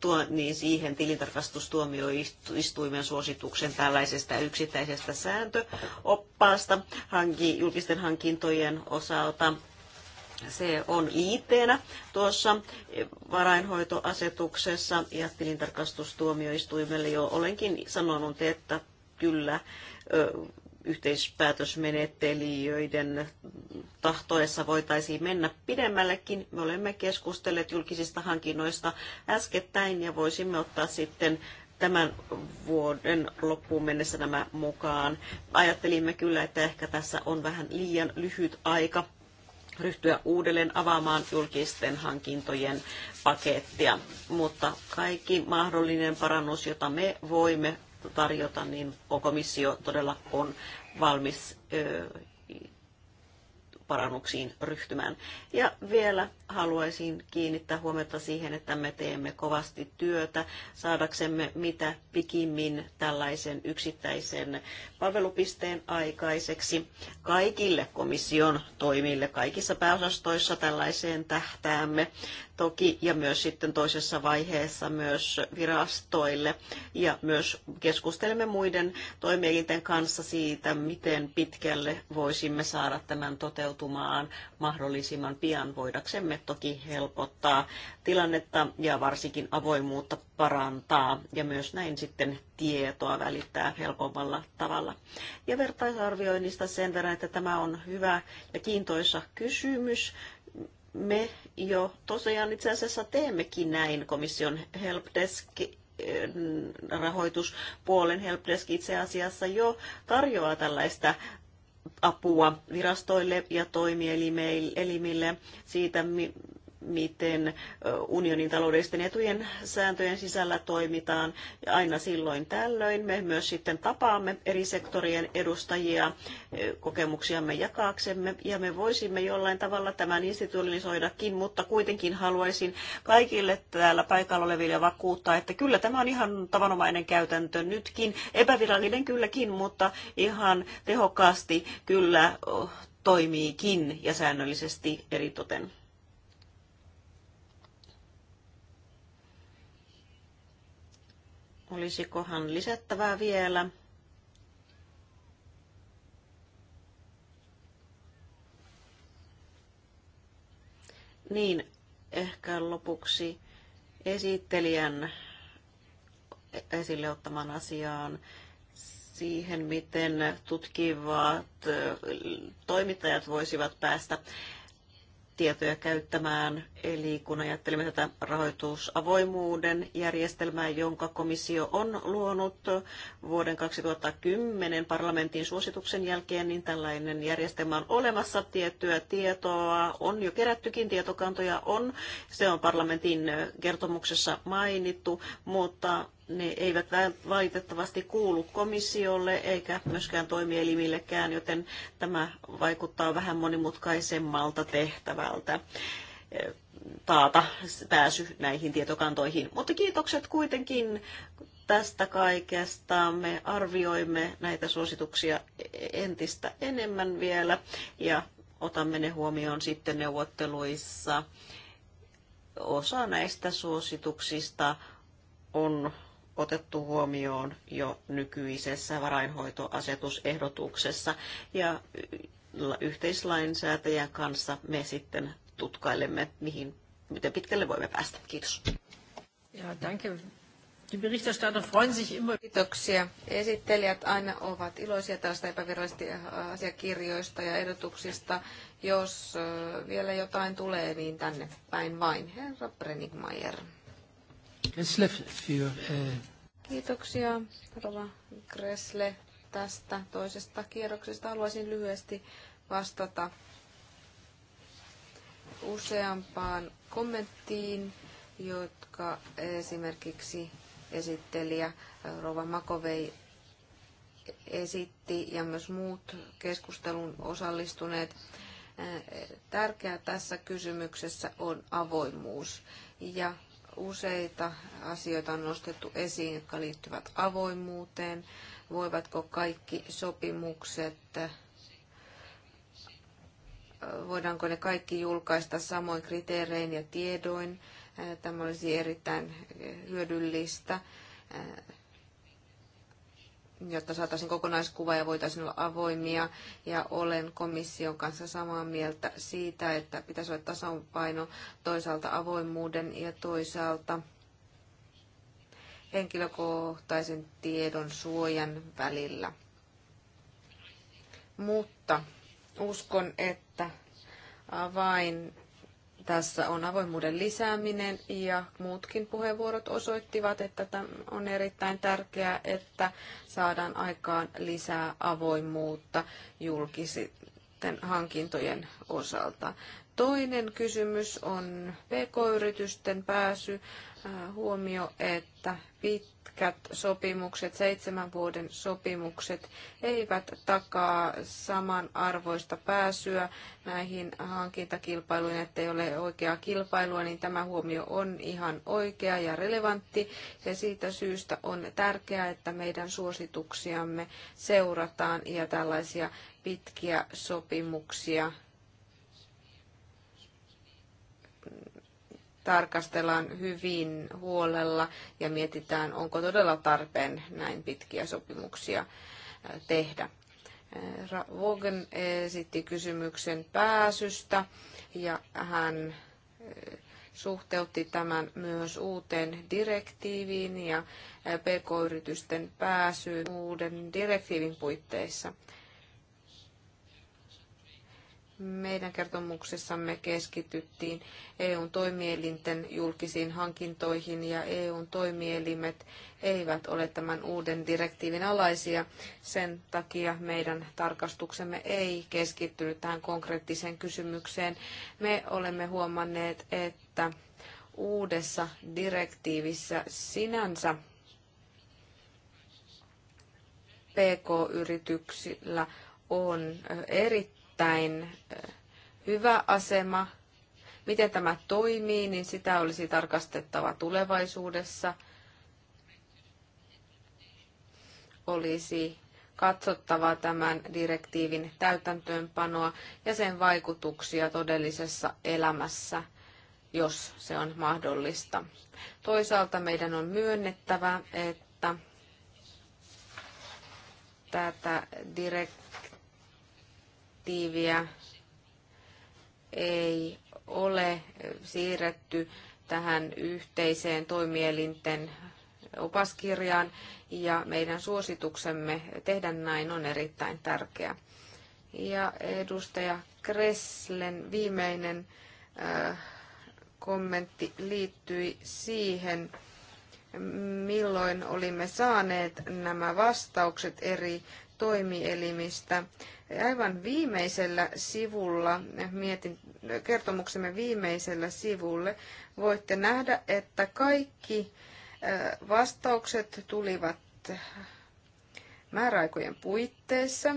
tuo, niin siihen tilintarkastustuomioistuimen suosituksen tällaisesta yksittäisestä sääntöoppaasta hanki, julkisten hankintojen osalta se on liitteenä tuossa varainhoitoasetuksessa ja tilintarkastustuomioistuimelle jo olenkin sanonut, että kyllä yhteispäätösmenettelijöiden tahtoessa voitaisiin mennä pidemmällekin. Me olemme keskustelleet julkisista hankinnoista äskettäin ja voisimme ottaa sitten tämän vuoden loppuun mennessä nämä mukaan. Ajattelimme kyllä, että ehkä tässä on vähän liian lyhyt aika ryhtyä uudelleen avaamaan julkisten hankintojen pakettia. Mutta kaikki mahdollinen parannus, jota me voimme tarjota, niin komissio todella on valmis parannuksiin ryhtymään. Ja vielä haluaisin kiinnittää huomiota siihen, että me teemme kovasti työtä saadaksemme mitä pikimmin tällaisen yksittäisen palvelupisteen aikaiseksi kaikille komission toimille, kaikissa pääosastoissa tällaiseen tähtäämme toki ja myös sitten toisessa vaiheessa myös virastoille ja myös keskustelemme muiden toimielinten kanssa siitä, miten pitkälle voisimme saada tämän toteutumaan mahdollisimman pian voidaksemme toki helpottaa tilannetta ja varsinkin avoimuutta parantaa ja myös näin sitten tietoa välittää helpommalla tavalla. Ja vertaisarvioinnista sen verran, että tämä on hyvä ja kiintoisa kysymys me jo tosiaan itse asiassa teemmekin näin komission helpdesk eh, rahoituspuolen helpdesk itse asiassa jo tarjoaa tällaista apua virastoille ja toimielimille siitä, miten unionin taloudellisten etujen sääntöjen sisällä toimitaan. Ja aina silloin tällöin me myös sitten tapaamme eri sektorien edustajia kokemuksiamme jakaaksemme ja me voisimme jollain tavalla tämän institutionalisoidakin, mutta kuitenkin haluaisin kaikille täällä paikalla oleville vakuuttaa, että kyllä tämä on ihan tavanomainen käytäntö nytkin, epävirallinen kylläkin, mutta ihan tehokkaasti kyllä toimiikin ja säännöllisesti eritoten. Olisikohan lisättävää vielä? Niin, ehkä lopuksi esittelijän esille ottaman asiaan siihen, miten tutkivat toimittajat voisivat päästä tietoja käyttämään. Eli kun ajattelemme tätä rahoitusavoimuuden järjestelmää, jonka komissio on luonut vuoden 2010 parlamentin suosituksen jälkeen, niin tällainen järjestelmä on olemassa. Tiettyä tietoa on jo kerättykin, tietokantoja on. Se on parlamentin kertomuksessa mainittu, mutta ne eivät valitettavasti kuulu komissiolle eikä myöskään toimielimillekään, joten tämä vaikuttaa vähän monimutkaisemmalta tehtävältä e, taata pääsy näihin tietokantoihin. Mutta kiitokset kuitenkin tästä kaikesta. Me arvioimme näitä suosituksia entistä enemmän vielä ja otamme ne huomioon sitten neuvotteluissa. Osa näistä suosituksista on otettu huomioon jo nykyisessä varainhoitoasetusehdotuksessa ja yhteislainsäätäjän kanssa me sitten tutkailemme, mihin, miten pitkälle voimme päästä. Kiitos. Ja, danke. Die Berichterstatter freuen sich immer. Kiitoksia. Esittelijät aina ovat iloisia tästä epävirallisista äh, asiakirjoista ja ehdotuksista. Jos äh, vielä jotain tulee, niin tänne päin vain. Herra Brenigmeier. Äh, Kiitoksia, Rova Gressle, tästä toisesta kierroksesta. Haluaisin lyhyesti vastata useampaan kommenttiin, jotka esimerkiksi esittelijä äh, Rova Makovei esitti ja myös muut keskustelun osallistuneet. Äh, tärkeää tässä kysymyksessä on avoimuus ja Useita asioita on nostettu esiin, jotka liittyvät avoimuuteen. Voivatko kaikki sopimukset, voidaanko ne kaikki julkaista samoin kriteerein ja tiedoin? Tämä olisi erittäin hyödyllistä jotta saataisiin kokonaiskuva ja voitaisiin olla avoimia. Ja olen komission kanssa samaa mieltä siitä, että pitäisi olla tasapaino toisaalta avoimuuden ja toisaalta henkilökohtaisen tiedon suojan välillä. Mutta uskon, että avain tässä on avoimuuden lisääminen ja muutkin puheenvuorot osoittivat, että on erittäin tärkeää, että saadaan aikaan lisää avoimuutta julkisten hankintojen osalta. Toinen kysymys on pk-yritysten pääsy Äh, huomio, että pitkät sopimukset, seitsemän vuoden sopimukset eivät takaa samanarvoista pääsyä näihin hankintakilpailuihin, ettei ole oikeaa kilpailua, niin tämä huomio on ihan oikea ja relevantti. Ja siitä syystä on tärkeää, että meidän suosituksiamme seurataan ja tällaisia pitkiä sopimuksia tarkastellaan hyvin huolella ja mietitään, onko todella tarpeen näin pitkiä sopimuksia tehdä. Vogen esitti kysymyksen pääsystä ja hän suhteutti tämän myös uuteen direktiiviin ja pk-yritysten pääsyyn uuden direktiivin puitteissa. Meidän kertomuksessamme keskityttiin EUn toimielinten julkisiin hankintoihin ja EUn toimielimet eivät ole tämän uuden direktiivin alaisia. Sen takia meidän tarkastuksemme ei keskittynyt tähän konkreettiseen kysymykseen. Me olemme huomanneet, että uudessa direktiivissä sinänsä PK-yrityksillä on erittäin erittäin hyvä asema. Miten tämä toimii, niin sitä olisi tarkastettava tulevaisuudessa. Olisi katsottava tämän direktiivin täytäntöönpanoa ja sen vaikutuksia todellisessa elämässä, jos se on mahdollista. Toisaalta meidän on myönnettävä, että tätä direktiiviä direktiiviä ei ole siirretty tähän yhteiseen toimielinten opaskirjaan ja meidän suosituksemme tehdä näin on erittäin tärkeä. Ja edustaja Kresslen viimeinen äh, kommentti liittyi siihen, milloin olimme saaneet nämä vastaukset eri toimielimistä. Aivan viimeisellä sivulla, mietin kertomuksemme viimeisellä sivulle, voitte nähdä, että kaikki vastaukset tulivat määräaikojen puitteissa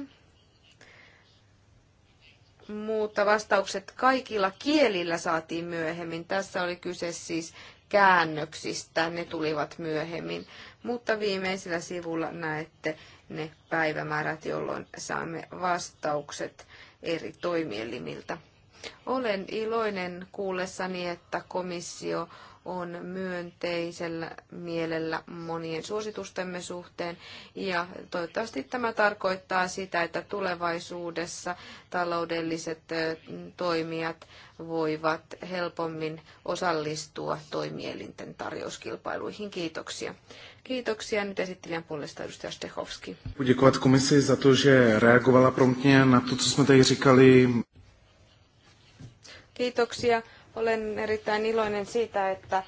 mutta vastaukset kaikilla kielillä saatiin myöhemmin. Tässä oli kyse siis käännöksistä, ne tulivat myöhemmin mutta viimeisellä sivulla näette ne päivämäärät, jolloin saamme vastaukset eri toimielimiltä. Olen iloinen kuullessani, että komissio on myönteisellä mielellä monien suositustemme suhteen. Ja toivottavasti tämä tarkoittaa sitä, että tulevaisuudessa taloudelliset toimijat voivat helpommin osallistua toimielinten tarjouskilpailuihin. Kiitoksia. Kiitoksia. Nyt esittelijän puolesta edustaja Stehovski. Poděkovat komisi za to, že reagovala promptně na to, co jsme tady říkali. Kiitoksia olen erittäin iloinen siitä, että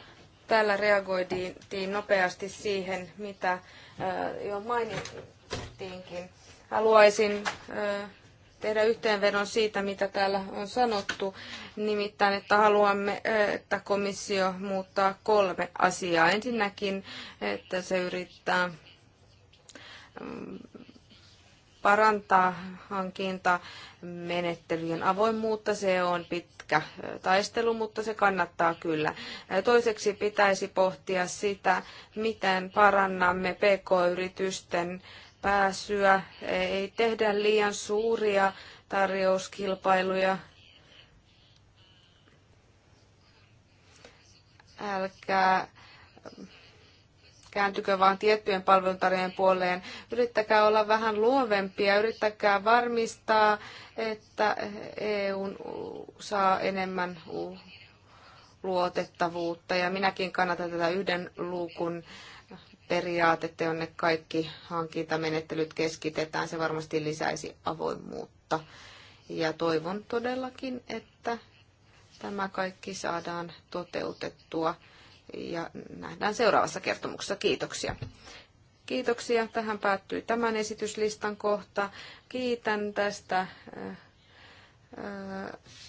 täällä reagoitiin nopeasti siihen, mitä jo mainittiinkin. Haluaisin tehdä yhteenvedon siitä, mitä täällä on sanottu, nimittäin, että haluamme, että komissio muuttaa kolme asiaa. Ensinnäkin, että se yrittää mm, parantaa hankintamenettelyjen avoimuutta. Se on pitkä taistelu, mutta se kannattaa kyllä. Toiseksi pitäisi pohtia sitä, miten parannamme pk-yritysten pääsyä. E, ei tehdä liian suuria tarjouskilpailuja. Älkää kääntykö vaan tiettyjen palveluntarjoajien puoleen. Yrittäkää olla vähän luovempia, yrittäkää varmistaa, että EU saa enemmän luotettavuutta. Ja minäkin kannatan tätä yhden luukun periaatetta, jonne kaikki hankintamenettelyt keskitetään. Se varmasti lisäisi avoimuutta. Ja toivon todellakin, että tämä kaikki saadaan toteutettua ja nähdään seuraavassa kertomuksessa. Kiitoksia. Kiitoksia. Tähän päättyy tämän esityslistan kohta. Kiitän tästä eh,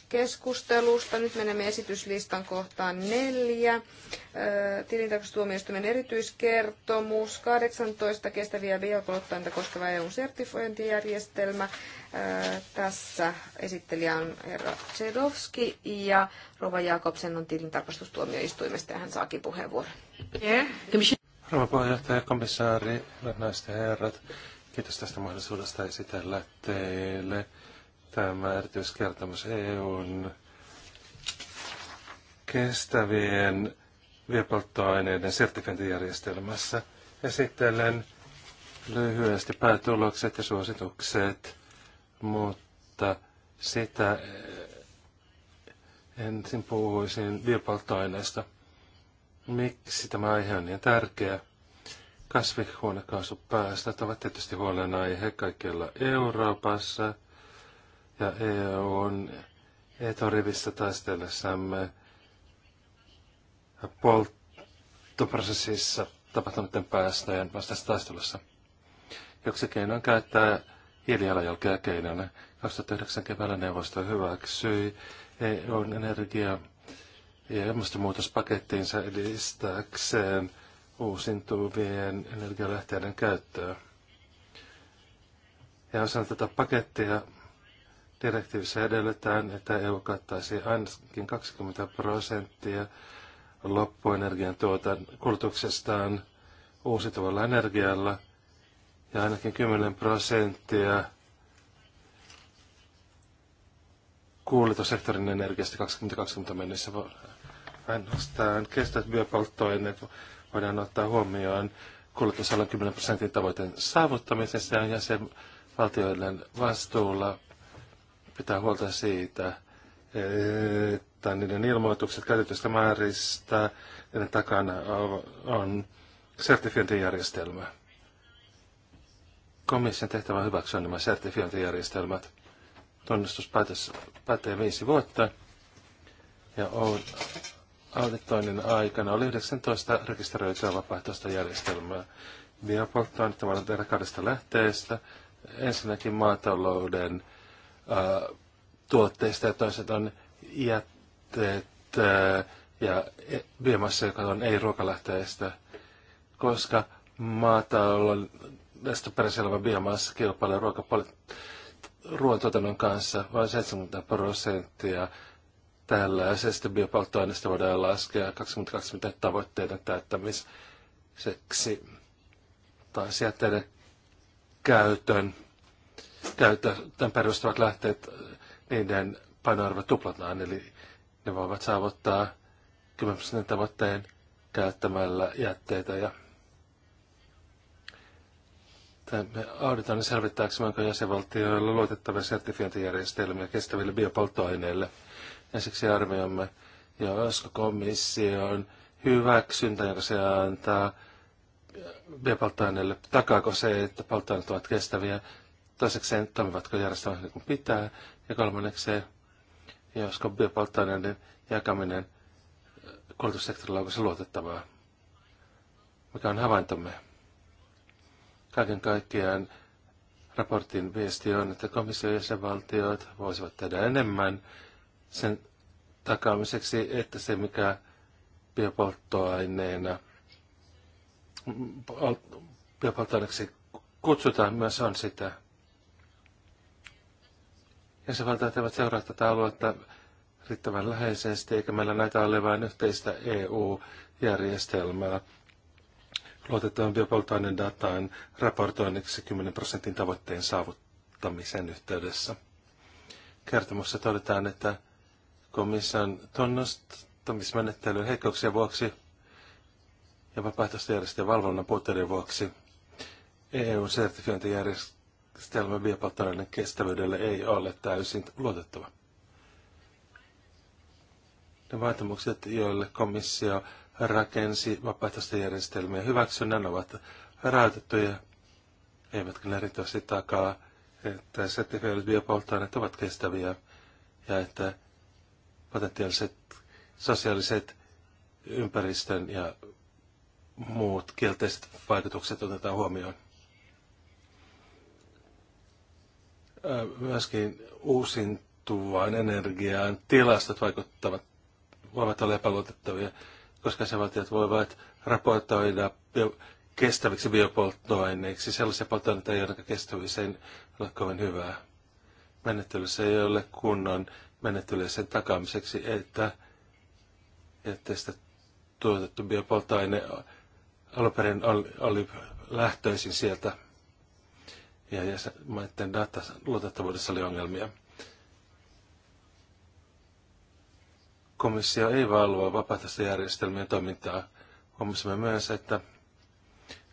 keskustelusta. Nyt menemme esityslistan kohtaan neljä. Tilintarkastustuomioistuimen erityiskertomus 18 kestäviä biopolttoaineita koskeva EU sertifiointijärjestelmä. Tässä esittelijä on herra Tsedowski ja Rova Jakobsen on tilintarkastustuomioistuimesta ja hän saakin puheenvuoron. Rova puheenjohtaja, komissaari, naiset ja herrat, kiitos tästä mahdollisuudesta esitellä teille tämä erityiskertomus EUn kestävien biopolttoaineiden sertifiointijärjestelmässä. Esittelen lyhyesti päätulokset ja suositukset, mutta sitä eh, ensin puhuisin biopolttoaineista. Miksi tämä aihe on niin tärkeä? Kasvihuonekaasupäästöt ovat tietysti huolenaihe kaikkialla Euroopassa – ja EU on etorivissä taistellessamme polttoprosessissa tapahtuneiden päästöjen vastaisessa taistelussa. Yksi keino on käyttää hiilijalanjälkeä keinona. 2009 keväällä neuvosto hyväksyi EUn energia- ja ilmastonmuutospakettiinsa edistääkseen uusintuvien energialähteiden käyttöä. Ja osana tätä pakettia Direktiivissä edellytetään, että EU kattaisi ainakin 20 prosenttia loppuenergian tuotan kulutuksestaan uusiutuvalla energialla ja ainakin 10 prosenttia kuulitosektorin energiasta 2020 mennessä. Ainoastaan kestävät biopolttoaineet voidaan ottaa huomioon kulutusalan 10 prosentin tavoitteen saavuttamisessa ja jäsenvaltioiden vastuulla pitää huolta siitä, että niiden ilmoitukset käytetystä määristä, niiden takana on sertifiointijärjestelmä. Komission tehtävä on hyväksyä nämä sertifiointijärjestelmät. Tunnustuspäätös pätee viisi vuotta ja auditoinnin aikana oli 19 rekisteröityä vapaaehtoista järjestelmää. Biopolttoainetta voidaan tehdä kahdesta lähteestä. Ensinnäkin maatalouden tuotteista ja toiset on jätteet ja e, biomassa, joka on ei-ruokalähteistä, koska maatalon tästä peräisin oleva biomassa kilpailee ruoantuotannon kanssa vain 70 prosenttia tällaisesta biopolttoaineesta voidaan laskea 2020 tavoitteiden täyttämiseksi tai sieltä käytön käytä tämän perustavat lähteet, niiden painoarvo tuplataan, eli ne voivat saavuttaa 10 prosentin tavoitteen käyttämällä jätteitä. Ja me auditaan niin selvittääksemme, onko jäsenvaltioilla luotettavia sertifiointijärjestelmiä kestäville biopolttoaineille. Ensiksi arvioimme, josko komission hyväksyntä, jonka se antaa biopolttoaineille, takaako se, että polttoaineet ovat kestäviä, toisekseen, toimivatko järjestelmät niin kuin pitää, ja kolmanneksi josko biopolttoaineiden jakaminen koulutussektorilla onko se luotettavaa, mikä on havaintomme. Kaiken kaikkiaan raportin viesti on, että komission jäsenvaltiot voisivat tehdä enemmän sen takaamiseksi, että se mikä biopolttoaineena biopolttoaineeksi kutsutaan myös on sitä jäsenvaltiot eivät seuraa tätä aluetta riittävän läheisesti, eikä meillä näitä ole vain yhteistä EU-järjestelmää luotettavan biopolttoaineen dataan raportoinniksi 10 prosentin tavoitteen saavuttamisen yhteydessä. Kertomuksessa todetaan, että komission tunnustamismenettelyn heikkouksien vuoksi ja vapaaehtoisten järjestöjen valvonnan puutteiden vuoksi EU-sertifiointijärjestelmä kestelmä biopolttoaineiden kestävyydelle ei ole täysin luotettava. Ne vaatimukset, joille komissio rakensi vapaaehtoista järjestelmiä hyväksynnän, ovat rajoitettuja, eivätkä ne erityisesti takaa, että sertifioidut biopolttoaineet ovat kestäviä ja että potentiaaliset sosiaaliset ympäristön ja muut kielteiset vaikutukset otetaan huomioon. myöskin uusintuvaan energiaan tilastot vaikuttavat, voivat olla epäluotettavia, koska se valtiot voivat raportoida bio, kestäviksi biopolttoaineiksi sellaisia polttoaineita, joiden kestävyys ei ole kovin hyvää. Menettelyssä ei ole kunnon menettelyä sen takaamiseksi, että, että sitä tuotettu biopolttoaine alun perin oli, oli lähtöisin sieltä ja jäsenmaiden datan luotettavuudessa oli ongelmia. Komissio ei valvoa vapaaehtoista järjestelmien toimintaa. Huomasimme myös, että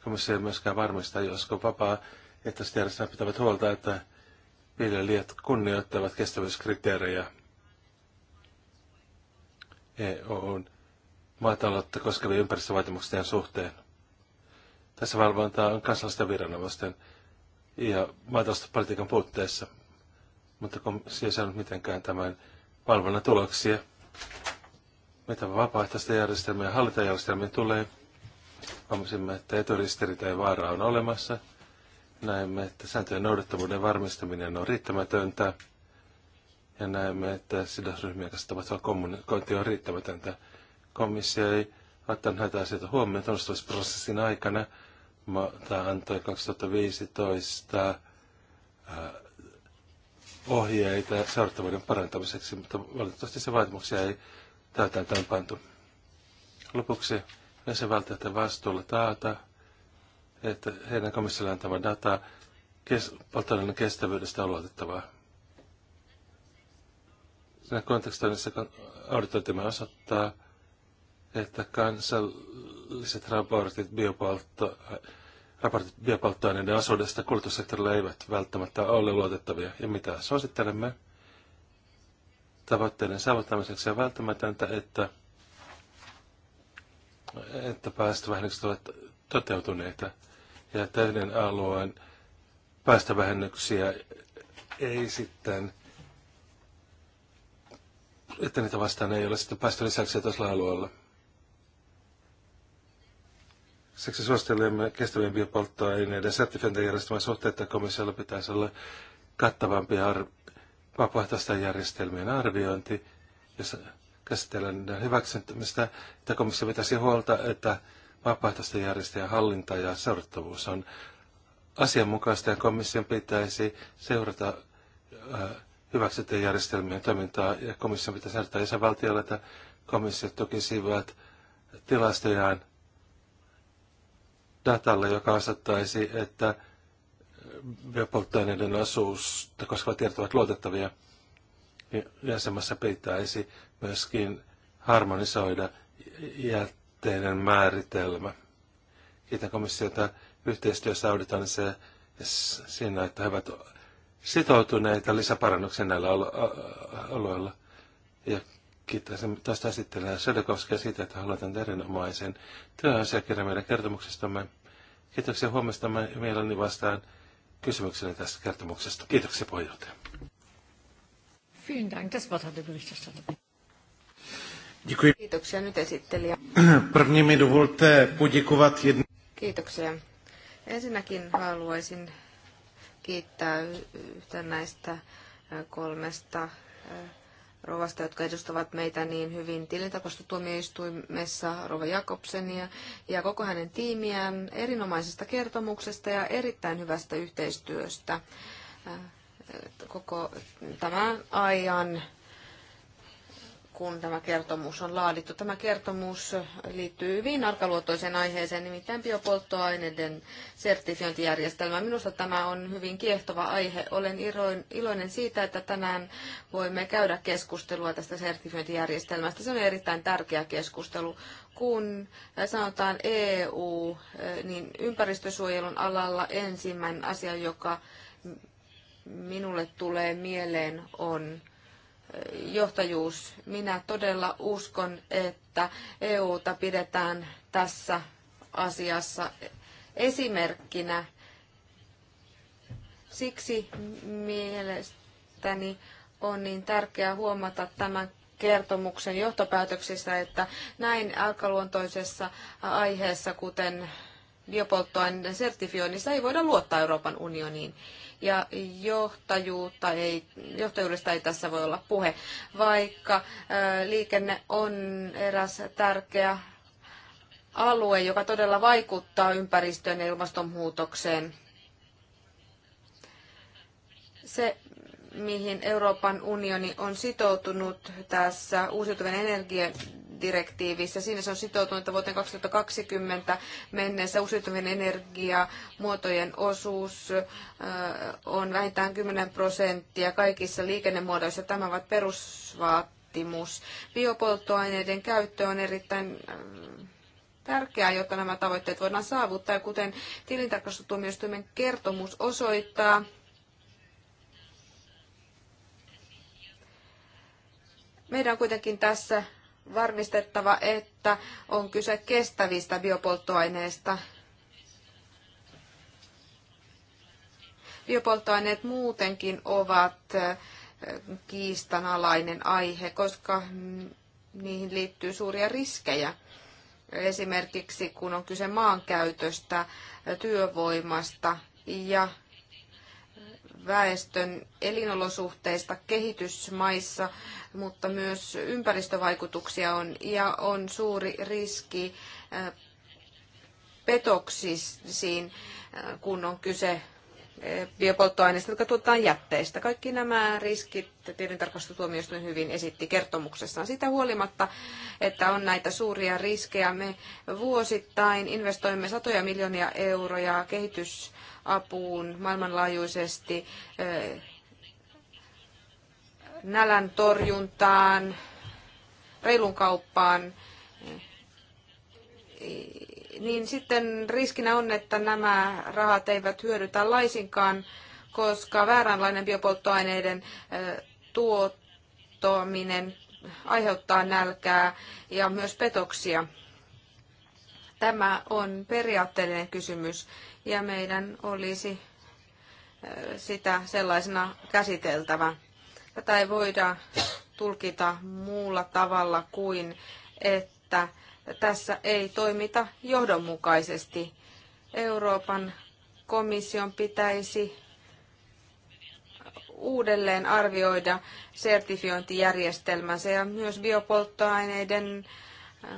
komissio ei myöskään varmista, josko vapaa että järjestelmät pitävät huolta, että viljelijät kunnioittavat kestävyyskriteerejä EUn maataloutta koskevien ympäristövaatimuksien suhteen. Tässä valvontaa on kansallisten viranomaisten ja maatalouspolitiikan puutteessa, mutta komissio ei saanut mitenkään tämän valvonnan tuloksia. Mitä vapaaehtoista järjestelmiä ja hallintajärjestelmiä tulee, huomasimme, että eturistiriita vaara on olemassa. Näemme, että sääntöjen noudattavuuden varmistaminen on riittämätöntä. Ja näemme, että sidosryhmien kanssa tapahtuva kommunikointi on riittämätöntä. Komissio ei ottanut näitä asioita huomioon tunnustamisprosessin aikana – tämä antoi 2015 ohjeita seurattavuuden parantamiseksi, mutta valitettavasti se vaatimuksia ei täytäntöön pantu. Lopuksi jäsenvaltioiden vastuulla taata, että heidän komissiolle antama data kes- polttoaineen kestävyydestä on luotettavaa. Siinä kontekstoinnissa auditointimme osoittaa, että kansalla Viimeaikaiset raportit, biopoltto, äh, raportit biopolttoaineiden asuudesta kulutussektorilla eivät välttämättä ole luotettavia. Ja mitä suosittelemme tavoitteiden saavuttamiseksi on välttämätöntä, että, että päästövähennykset ovat toteutuneita ja täyden alueen päästövähennyksiä ei sitten, että niitä vastaan ei ole sitten lisäksi toisella alueella. Siksi suosittelemme kestävien biopolttoaineiden sertifiointijärjestelmän että komissiolla pitäisi olla kattavampi vapaaehtoisten järjestelmien arviointi, jossa käsitellään hyväksyntämistä, että komissio pitäisi huolta, että vapaaehtoisten järjestelmien hallinta ja seurattavuus on asianmukaista ja komission pitäisi seurata äh, hyväksyttyjen järjestelmien toimintaa ja komission pitäisi näyttää jäsenvaltiolle, että komissiot tukisivat tilastojaan datalle, joka asettaisi, että biopolttoaineiden osuus koskevat tiedot ovat luotettavia. Jäsenmässä pitäisi myöskin harmonisoida jätteiden määritelmä. Kiitän komissiota yhteistyössä auditaan se siinä, että he ovat sitoutuneita lisäparannuksia näillä alueilla. Ja kiittäisin tästä esittelijää Söderkovskia siitä, että haluat tämän erinomaisen työasiakirjan meidän kertomuksestamme. Kiitoksia huomestamme ja mielelläni vastaan kysymykselle tästä kertomuksesta. Kiitoksia puheenjohtaja. Vielen Dank. Das Wort hat der Berichterstatter. Kiitoksia nyt esittelijä. Prvně mi dovolte poděkovat jedn... Kiitoksia. Ensinnäkin haluaisin kiittää yhtä näistä kolmesta rouvasta, jotka edustavat meitä niin hyvin tilintarkastustuomioistuimessa, Rova Jakobsenia ja koko hänen tiimiään erinomaisesta kertomuksesta ja erittäin hyvästä yhteistyöstä äh, koko tämän ajan kun tämä kertomus on laadittu. Tämä kertomus liittyy hyvin arkaluotoiseen aiheeseen, nimittäin biopolttoaineiden sertifiointijärjestelmä. Minusta tämä on hyvin kiehtova aihe. Olen iloinen siitä, että tänään voimme käydä keskustelua tästä sertifiointijärjestelmästä. Se on erittäin tärkeä keskustelu. Kun sanotaan EU, niin ympäristösuojelun alalla ensimmäinen asia, joka minulle tulee mieleen, on johtajuus. Minä todella uskon, että EUta pidetään tässä asiassa esimerkkinä. Siksi mielestäni on niin tärkeää huomata tämän kertomuksen johtopäätöksissä, että näin alkaluontoisessa aiheessa, kuten biopolttoaineiden sertifioinnissa, ei voida luottaa Euroopan unioniin ja johtajuutta ei, johtajuudesta ei tässä voi olla puhe, vaikka liikenne on eräs tärkeä alue, joka todella vaikuttaa ympäristöön ja ilmastonmuutokseen. Se, mihin Euroopan unioni on sitoutunut tässä uusiutuvien energian direktiivissä. Siinä se on sitoutunut, että vuoteen 2020 mennessä uusiutuvien energiamuotojen osuus on vähintään 10 prosenttia kaikissa liikennemuodoissa. Tämä ovat perusvaatimus. Biopolttoaineiden käyttö on erittäin tärkeää, jotta nämä tavoitteet voidaan saavuttaa. Ja kuten tilintarkastustuomioistuimen kertomus osoittaa, meidän on kuitenkin tässä varmistettava, että on kyse kestävistä biopolttoaineista. Biopolttoaineet muutenkin ovat kiistanalainen aihe, koska niihin liittyy suuria riskejä. Esimerkiksi kun on kyse maankäytöstä, työvoimasta ja väestön elinolosuhteista kehitysmaissa, mutta myös ympäristövaikutuksia on ja on suuri riski äh, petoksisiin, äh, kun on kyse biopolttoaineista, jotka tuotetaan jätteistä. Kaikki nämä riskit tilintarkastustuomioistuin hyvin esitti kertomuksessaan. Sitä huolimatta, että on näitä suuria riskejä, me vuosittain investoimme satoja miljoonia euroja kehitysapuun maailmanlaajuisesti, eh, nälän torjuntaan, reilun kauppaan eh, niin sitten riskinä on, että nämä rahat eivät hyödytä laisinkaan, koska vääränlainen biopolttoaineiden tuottaminen aiheuttaa nälkää ja myös petoksia. Tämä on periaatteellinen kysymys ja meidän olisi sitä sellaisena käsiteltävä. Tätä ei voida tulkita muulla tavalla kuin, että tässä ei toimita johdonmukaisesti. Euroopan komission pitäisi uudelleen arvioida sertifiointijärjestelmänsä ja myös biopolttoaineiden äh,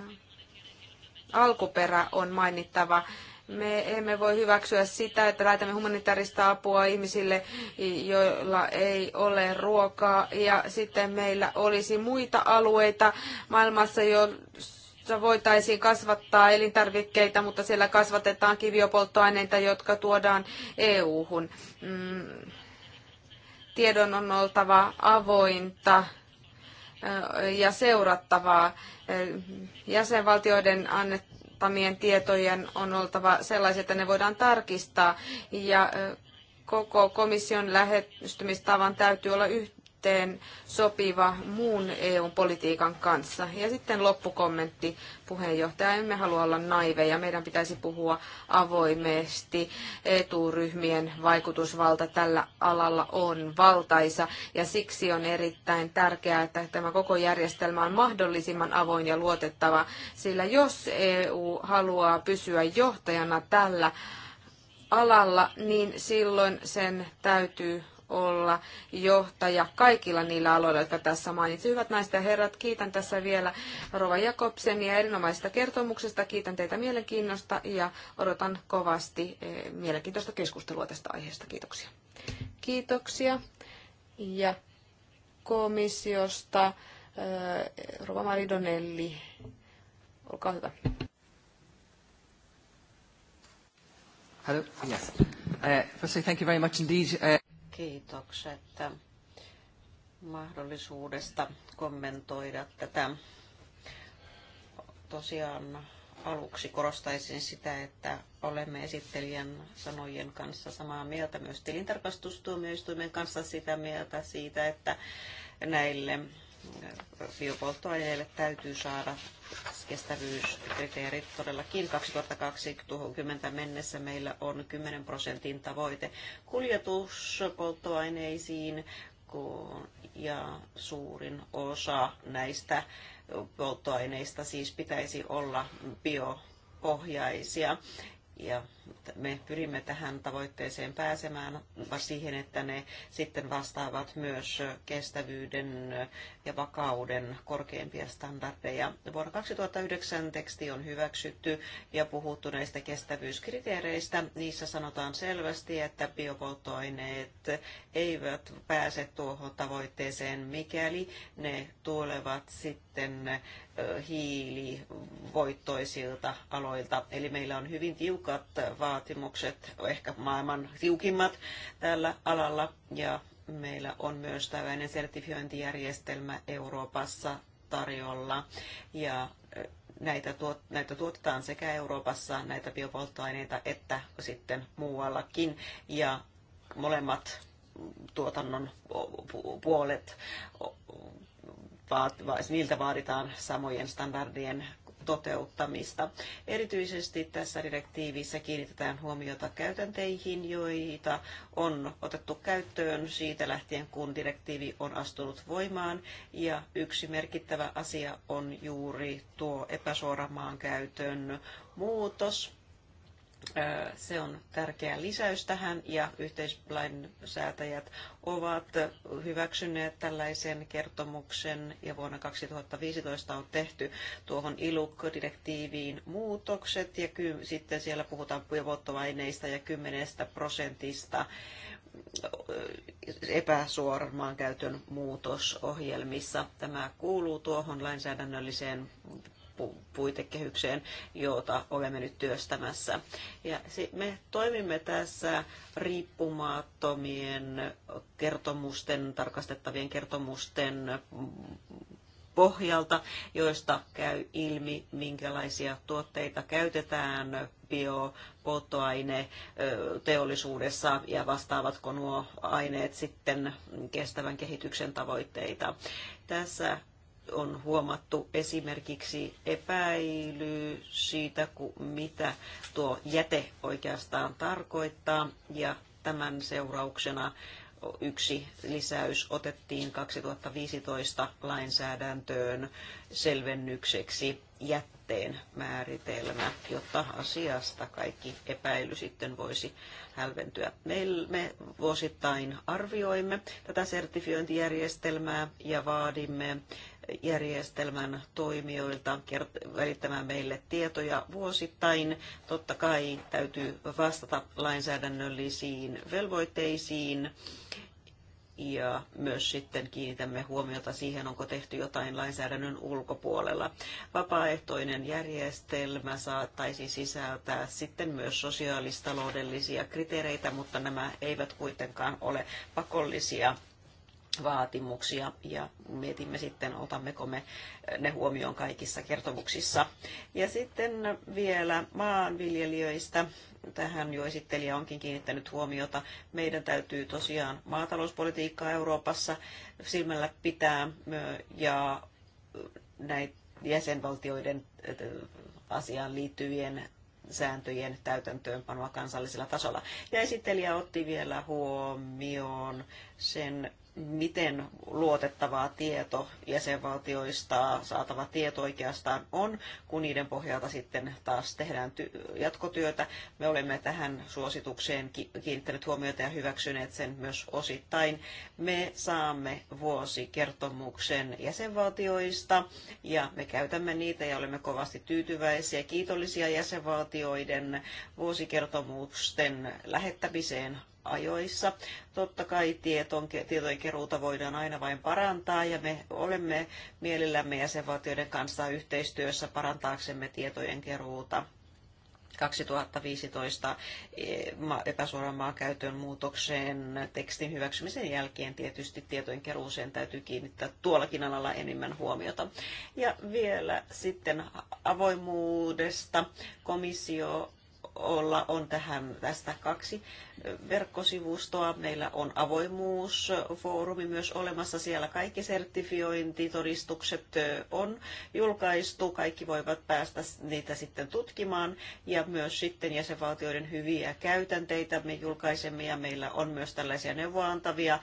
alkuperä on mainittava. Me emme voi hyväksyä sitä, että laitamme humanitaarista apua ihmisille, joilla ei ole ruokaa. Ja sitten meillä olisi muita alueita maailmassa, joissa voitaisiin kasvattaa elintarvikkeita, mutta siellä kasvatetaan kiviopolttoaineita, jotka tuodaan EU-hun. Mm, tiedon on oltava avointa ja seurattavaa. Jäsenvaltioiden annettamien tietojen on oltava sellaisia, että ne voidaan tarkistaa ja koko komission lähestymistavan täytyy olla yhtä yhteen sopiva muun EU-politiikan kanssa. Ja sitten loppukommentti puheenjohtaja. Emme halua olla naiveja. Meidän pitäisi puhua avoimesti. Eturyhmien vaikutusvalta tällä alalla on valtaisa ja siksi on erittäin tärkeää, että tämä koko järjestelmä on mahdollisimman avoin ja luotettava, sillä jos EU haluaa pysyä johtajana tällä alalla, niin silloin sen täytyy olla johtaja kaikilla niillä aloilla, jotka tässä mainitsin. Hyvät naiset ja herrat, kiitän tässä vielä Rova Jakobsenia erinomaisesta kertomuksesta. Kiitän teitä mielenkiinnosta ja odotan kovasti eh, mielenkiintoista keskustelua tästä aiheesta. Kiitoksia. Kiitoksia. Ja komissiosta eh, Rova Maridonelli, olkaa hyvä. Hello. Yes. Uh, firstly, thank you very much indeed. Uh... Kiitokset mahdollisuudesta kommentoida tätä. Tosiaan aluksi korostaisin sitä, että olemme esittelijän sanojen kanssa samaa mieltä myös tilintarkastustuomioistuimen kanssa sitä mieltä siitä, että näille biopolttoaineille täytyy saada kestävyyskriteerit todellakin 2020 mennessä meillä on 10 prosentin tavoite kuljetuspolttoaineisiin ja suurin osa näistä polttoaineista siis pitäisi olla biopohjaisia ja me pyrimme tähän tavoitteeseen pääsemään siihen, että ne sitten vastaavat myös kestävyyden ja vakauden korkeimpia standardeja. Vuonna 2009 teksti on hyväksytty ja puhuttu näistä kestävyyskriteereistä. Niissä sanotaan selvästi, että biopolttoaineet eivät pääse tuohon tavoitteeseen, mikäli ne tulevat sitten hiilivoittoisilta aloilta. Eli meillä on hyvin tiukat vaatimukset, ehkä maailman tiukimmat tällä alalla. Ja meillä on myös tällainen sertifiointijärjestelmä Euroopassa tarjolla. Ja näitä, tuot, näitä tuotetaan sekä Euroopassa näitä biopolttoaineita että sitten muuallakin. Ja molemmat tuotannon puolet, vaat niiltä vaaditaan samojen standardien toteuttamista. Erityisesti tässä direktiivissä kiinnitetään huomiota käytänteihin, joita on otettu käyttöön siitä lähtien, kun direktiivi on astunut voimaan. Ja yksi merkittävä asia on juuri tuo epäsuoramaan käytön muutos se on tärkeä lisäys tähän ja yhteislainsäätäjät ovat hyväksyneet tällaisen kertomuksen ja vuonna 2015 on tehty tuohon iluc direktiiviin muutokset ja ky- sitten siellä puhutaan puivottavaineista ja 10 prosentista epäsuoran käytön muutosohjelmissa. Tämä kuuluu tuohon lainsäädännölliseen puitekehykseen, jota olemme nyt työstämässä. Ja me toimimme tässä riippumattomien kertomusten, tarkastettavien kertomusten pohjalta, joista käy ilmi, minkälaisia tuotteita käytetään biopolttoaine teollisuudessa ja vastaavatko nuo aineet sitten kestävän kehityksen tavoitteita. Tässä on huomattu esimerkiksi epäily siitä, mitä tuo jäte oikeastaan tarkoittaa. Ja tämän seurauksena yksi lisäys otettiin 2015 lainsäädäntöön selvennykseksi jätteen määritelmä, jotta asiasta kaikki epäily sitten voisi hälventyä. Me vuosittain arvioimme tätä sertifiointijärjestelmää ja vaadimme järjestelmän toimijoilta välittämään meille tietoja vuosittain. Totta kai täytyy vastata lainsäädännöllisiin velvoitteisiin ja myös sitten kiinnitämme huomiota siihen, onko tehty jotain lainsäädännön ulkopuolella. Vapaaehtoinen järjestelmä saattaisi sisältää sitten myös sosiaalistaloudellisia kriteereitä, mutta nämä eivät kuitenkaan ole pakollisia vaatimuksia ja mietimme sitten, otammeko me ne huomioon kaikissa kertomuksissa. Ja sitten vielä maanviljelijöistä. Tähän jo esittelijä onkin kiinnittänyt huomiota. Meidän täytyy tosiaan maatalouspolitiikkaa Euroopassa silmällä pitää ja näitä jäsenvaltioiden asiaan liittyvien sääntöjen täytäntöönpanoa kansallisella tasolla. Ja esittelijä otti vielä huomioon sen miten luotettavaa tieto jäsenvaltioista saatava tieto oikeastaan on, kun niiden pohjalta sitten taas tehdään jatkotyötä. Me olemme tähän suositukseen kiinnittäneet huomiota ja hyväksyneet sen myös osittain. Me saamme vuosikertomuksen jäsenvaltioista ja me käytämme niitä ja olemme kovasti tyytyväisiä kiitollisia jäsenvaltioiden vuosikertomusten lähettämiseen ajoissa. Totta kai tieton, tietojen keruuta voidaan aina vain parantaa ja me olemme mielellämme jäsenvaltioiden kanssa yhteistyössä parantaaksemme tietojen keruuta. 2015 e, epäsuoran maankäytön muutokseen tekstin hyväksymisen jälkeen tietysti tietojen keruuseen täytyy kiinnittää tuollakin alalla enemmän huomiota. Ja vielä sitten avoimuudesta komissio olla on tähän tästä kaksi verkkosivustoa. Meillä on avoimuusfoorumi myös olemassa. Siellä kaikki sertifiointitodistukset on julkaistu. Kaikki voivat päästä niitä sitten tutkimaan. Ja myös sitten jäsenvaltioiden hyviä käytänteitä me julkaisemme. Ja meillä on myös tällaisia neuvoantavia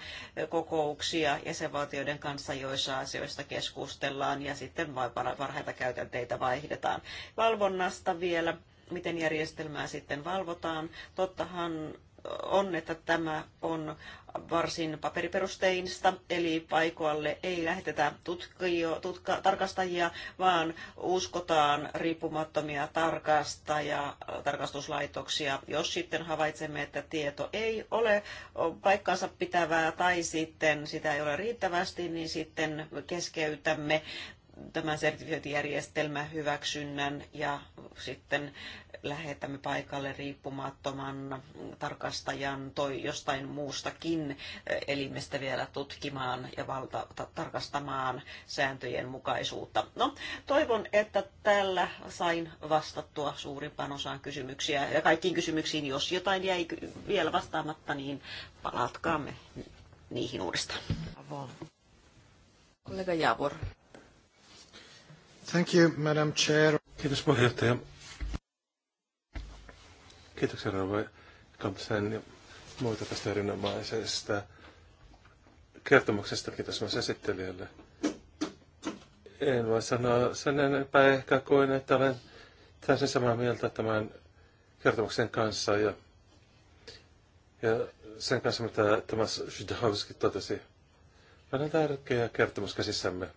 kokouksia jäsenvaltioiden kanssa, joissa asioista keskustellaan. Ja sitten varhaita käytänteitä vaihdetaan. Valvonnasta vielä miten järjestelmää sitten valvotaan. Tottahan on, että tämä on varsin paperiperusteista, eli paikoille ei lähetetä tutkio, tutka, tarkastajia, vaan uskotaan riippumattomia tarkastaja, tarkastuslaitoksia. Jos sitten havaitsemme, että tieto ei ole paikkaansa pitävää tai sitten sitä ei ole riittävästi, niin sitten keskeytämme tämän sertifiointijärjestelmän hyväksynnän ja sitten lähetämme paikalle riippumattoman tarkastajan toi jostain muustakin elimestä vielä tutkimaan ja valta, tarkastamaan sääntöjen mukaisuutta. No, toivon, että tällä sain vastattua suurimpaan osaan kysymyksiä ja kaikkiin kysymyksiin. Jos jotain jäi vielä vastaamatta, niin palatkaamme niihin uudestaan. Kollega Javor. Thank you, Madam Chair. Kiitos puheenjohtaja. Kiitoksia Rauva Kampsen ja muita tästä erinomaisesta kertomuksesta. Kiitos myös esittelijälle. En voi sanoa sen enempää ehkä kuin, että olen täysin samaa mieltä tämän kertomuksen kanssa ja, ja sen kanssa, mitä Thomas Zdowski totesi. Meillä on tärkeä kertomus käsissämme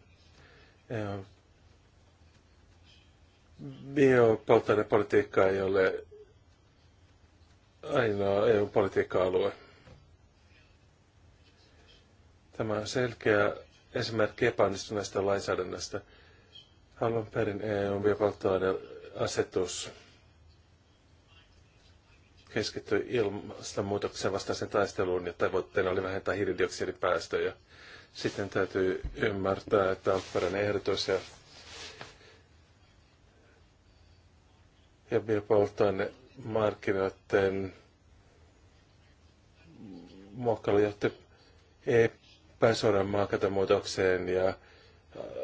politiikka ei ole ainoa EU-politiikka-alue. Tämä on selkeä esimerkki epäonnistuneesta lainsäädännöstä. Haluan perin EUn asetus keskittyi ilmastonmuutoksen vastaisen taisteluun ja tavoitteena oli vähentää hiilidioksidipäästöjä. Sitten täytyy ymmärtää, että alkuperäinen ehdotus ja ja biopolttoainemarkkinoiden markkinoiden muokkailu johti epäsuoran maakatamuutokseen ja äh,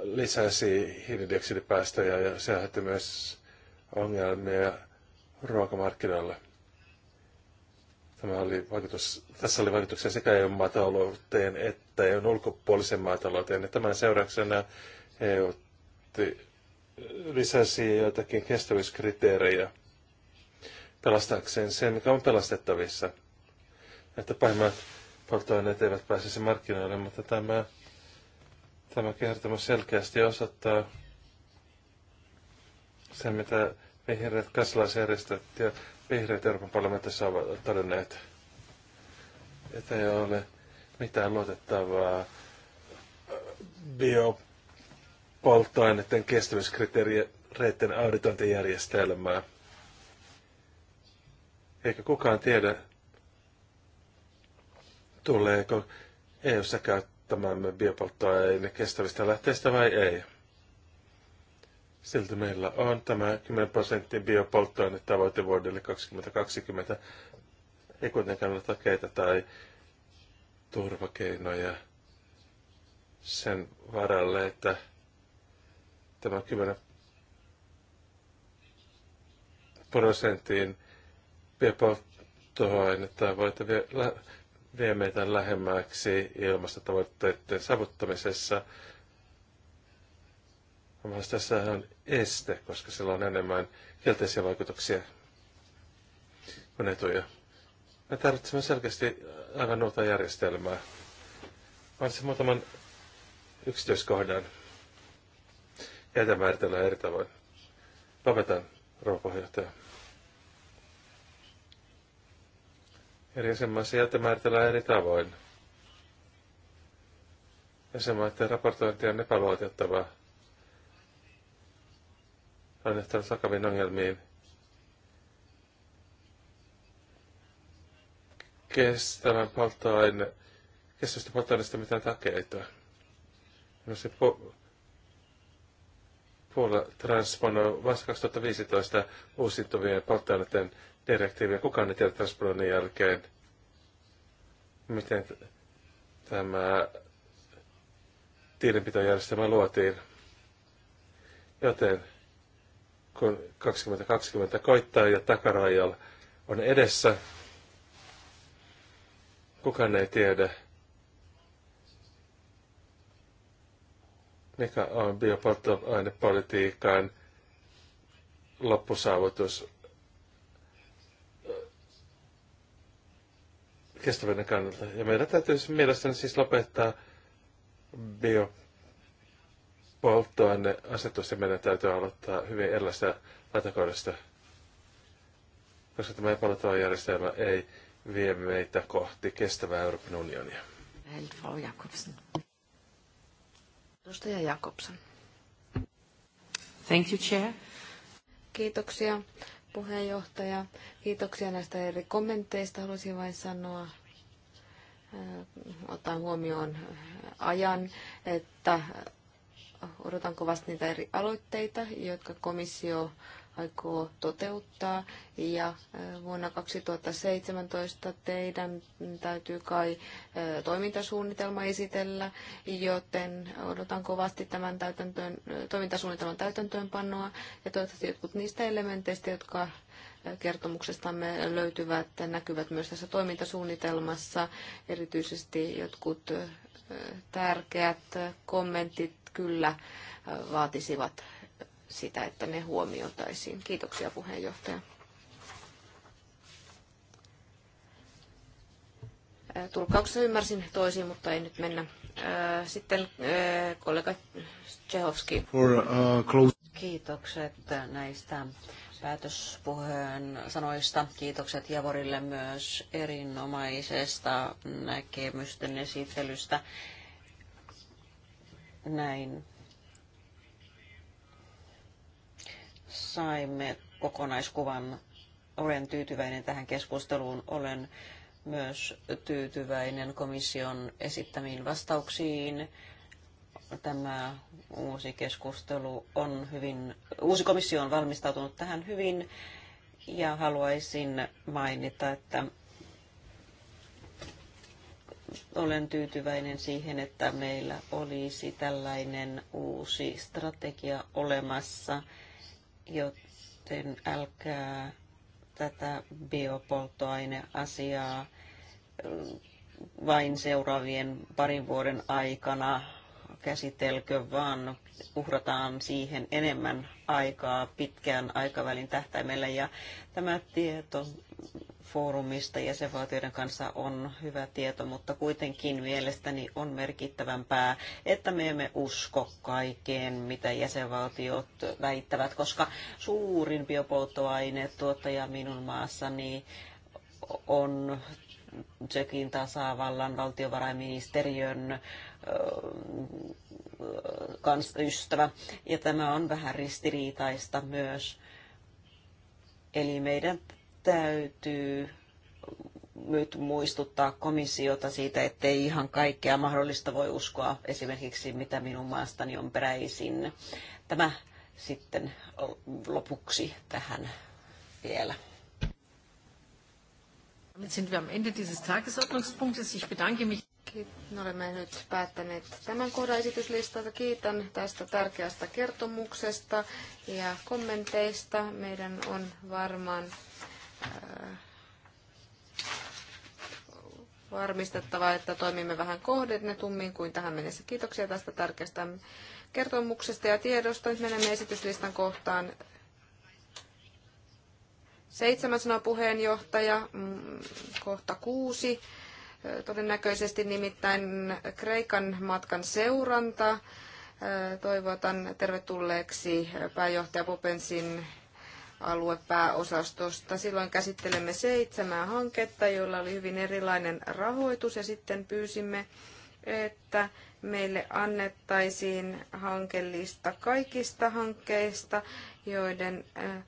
lisäsi hiilidioksidipäästöjä ja se aiheutti myös ongelmia ruokamarkkinoilla. Tämä oli vaikutus, tässä oli vaikutuksia sekä EU-maatalouteen että EUn ulkopuolisen maatalouteen. Ja tämän seurauksena EU lisäsi joitakin kestävyyskriteerejä pelastaakseen sen, mikä on pelastettavissa. Että pahimmat polttoaineet eivät pääsisi markkinoille, mutta tämä, tämä kertomus selkeästi osoittaa sen, mitä vihreät kansalaisjärjestöt ja vihreät Euroopan parlamentissa ovat todenneet, että ei ole mitään luotettavaa bio polttoaineiden kestävyyskriteereiden auditointijärjestelmää. Eikä kukaan tiedä, tuleeko EU-ssa käyttämämme biopolttoaine kestävistä lähteistä vai ei. Silti meillä on tämä 10 prosentin biopolttoainetavoite vuodelle 2020. Ei kuitenkaan ole takeita tai turvakeinoja sen varalle, että tämä 10 prosenttiin biopolttoainetta voitte vie, vie meitä lähemmäksi ilmastotavoitteiden saavuttamisessa. Vaan tässä on este, koska sillä on enemmän kielteisiä vaikutuksia kuin etuja. Me tarvitsemme selkeästi aivan uutta järjestelmää. Mainitsin muutaman yksityiskohdan jätä määritellään eri tavoin. Lopetan, rouva puheenjohtaja. Eri jäsenmaissa jätä määritellään eri tavoin. Jäsenmaiden raportointi on epäluotettavaa. On johtanut vakaviin ongelmiin. Kestävän polttoaine, kestävästä polttoaineesta mitään takeita. No se po- Puola transponoi vasta 2015 uusittuvien polttoaineiden direktiiviä. Kukaan ei tiedä transponoinnin jälkeen, miten tämä tiidenpitojärjestelmä luotiin. Joten kun 2020 koittaa ja takarajalla on edessä, kukaan ei tiedä, mikä on biopolttoainepolitiikan loppusaavutus kestävyyden kannalta. Ja meidän täytyisi siis mielestäni siis lopettaa biopolttoaineasetus ja meidän täytyy aloittaa hyvin erilaista lähtökohdasta, koska tämä epäluottava järjestelmä ei vie meitä kohti kestävää Euroopan unionia. Frau Jakobsen. Edustaja Jakobsen. Thank you, Chair. Kiitoksia puheenjohtaja. Kiitoksia näistä eri kommenteista. Haluaisin vain sanoa, äh, otan huomioon äh, ajan, että odotan kovasti niitä eri aloitteita, jotka komissio aikoo toteuttaa. Ja vuonna 2017 teidän täytyy kai toimintasuunnitelma esitellä, joten odotan kovasti tämän täytäntöön, toimintasuunnitelman täytäntöönpanoa ja toivottavasti jotkut niistä elementeistä, jotka kertomuksestamme löytyvät, näkyvät myös tässä toimintasuunnitelmassa, erityisesti jotkut tärkeät kommentit kyllä vaatisivat sitä, että ne huomioitaisiin. Kiitoksia puheenjohtaja. Tulkauksessa ymmärsin toisin, mutta ei nyt mennä. Sitten kollega Tsehovski. Uh, Kiitokset näistä päätöspuheen sanoista. Kiitokset Javorille myös erinomaisesta näkemysten esittelystä. Näin saimme kokonaiskuvan. Olen tyytyväinen tähän keskusteluun. Olen myös tyytyväinen komission esittämiin vastauksiin. Tämä uusi keskustelu on hyvin, uusi komissio on valmistautunut tähän hyvin ja haluaisin mainita, että olen tyytyväinen siihen, että meillä olisi tällainen uusi strategia olemassa joten älkää tätä biopolttoaineasiaa mm, vain seuraavien parin vuoden aikana käsitelkö, vaan uhrataan siihen enemmän aikaa pitkään aikavälin tähtäimellä. Ja tämä tieto foorumista jäsenvaltioiden kanssa on hyvä tieto, mutta kuitenkin mielestäni on merkittävämpää, että me emme usko kaikkeen, mitä jäsenvaltiot väittävät, koska suurin biopolttoainetuottaja minun maassani on Tsekin tasavallan valtiovarainministeriön ystävä. Ja tämä on vähän ristiriitaista myös. Eli meidän täytyy nyt muistuttaa komissiota siitä, ettei ihan kaikkea mahdollista voi uskoa, esimerkiksi mitä minun maastani on peräisin. Tämä sitten lopuksi tähän vielä. Nyt sind wir am Ende dieses Tagesordnungspunktes. Ich bedanke mich. Olemme nyt päättäneet tämän kohdan esityslistalta. Kiitän tästä tärkeästä kertomuksesta ja kommenteista. Meidän on varmaan varmistettava, että toimimme vähän kohdennetummin kuin tähän mennessä. Kiitoksia tästä tärkeästä kertomuksesta ja tiedosta. Nyt menemme esityslistan kohtaan. Seitsemän sanoo puheenjohtaja, mm, kohta kuusi. Todennäköisesti nimittäin Kreikan matkan seuranta. Toivotan tervetulleeksi pääjohtaja Popensin aluepääosastosta. Silloin käsittelemme seitsemää hanketta, joilla oli hyvin erilainen rahoitus ja sitten pyysimme, että meille annettaisiin hankelista kaikista hankkeista, joiden äh,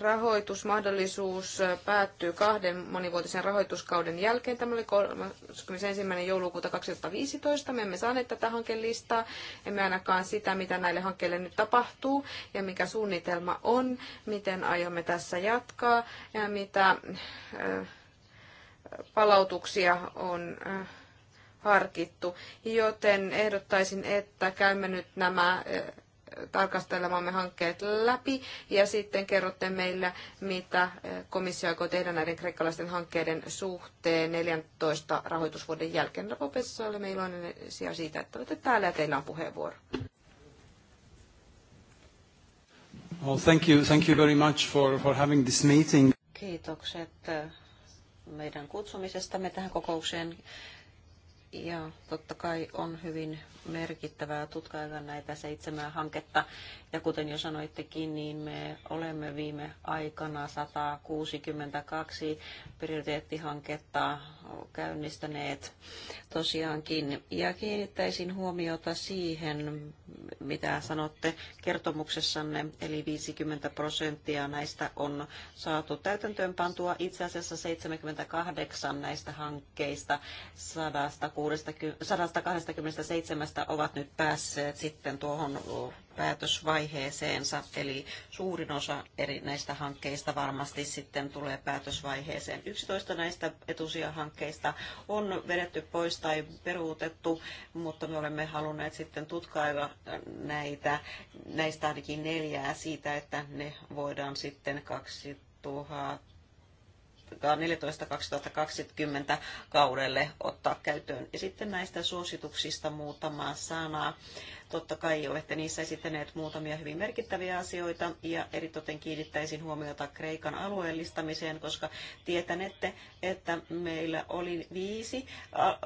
rahoitusmahdollisuus päättyy kahden monivuotisen rahoituskauden jälkeen. Tämä oli 31. joulukuuta 2015. Me emme saaneet tätä hankelistaa, emme ainakaan sitä, mitä näille hankkeille nyt tapahtuu ja mikä suunnitelma on, miten aiomme tässä jatkaa ja mitä palautuksia on harkittu. Joten ehdottaisin, että käymme nyt nämä tarkastelemamme hankkeet läpi ja sitten kerrotte meille, mitä eh, komissio aikoo tehdä näiden kreikkalaisten hankkeiden suhteen 14 rahoitusvuoden jälkeen. No, Professori, olemme iloinen siitä, että olette täällä ja teillä on puheenvuoro. Well, thank you. Thank you very much for, for having this meeting. Kiitokset eh, meidän kutsumisestamme tähän kokoukseen. Ja totta kai on hyvin merkittävää tutkailla näitä seitsemää hanketta. Ja kuten jo sanoittekin, niin me olemme viime aikana 162 prioriteettihanketta käynnistäneet tosiaankin. Ja kiinnittäisin huomiota siihen, mitä sanotte kertomuksessanne, eli 50 prosenttia näistä on saatu pantua. Itse asiassa 78 näistä hankkeista 160, 127 ovat nyt päässeet sitten tuohon päätösvaiheeseensa, eli suurin osa eri näistä hankkeista varmasti sitten tulee päätösvaiheeseen. 11 näistä hankkeista on vedetty pois tai peruutettu, mutta me olemme halunneet sitten tutkailla näitä, näistä ainakin neljää siitä, että ne voidaan sitten 2000 2014-2020 kaudelle ottaa käyttöön. Ja sitten näistä suosituksista muutama sana totta kai olette niissä esittäneet muutamia hyvin merkittäviä asioita ja eritoten kiinnittäisin huomiota Kreikan alueellistamiseen, koska tietänette, että meillä oli viisi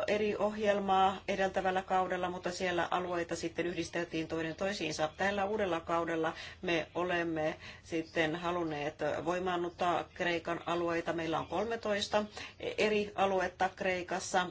eri ohjelmaa edeltävällä kaudella, mutta siellä alueita sitten yhdisteltiin toinen toisiinsa. Tällä uudella kaudella me olemme sitten halunneet voimaannuttaa Kreikan alueita. Meillä on 13 eri aluetta Kreikassa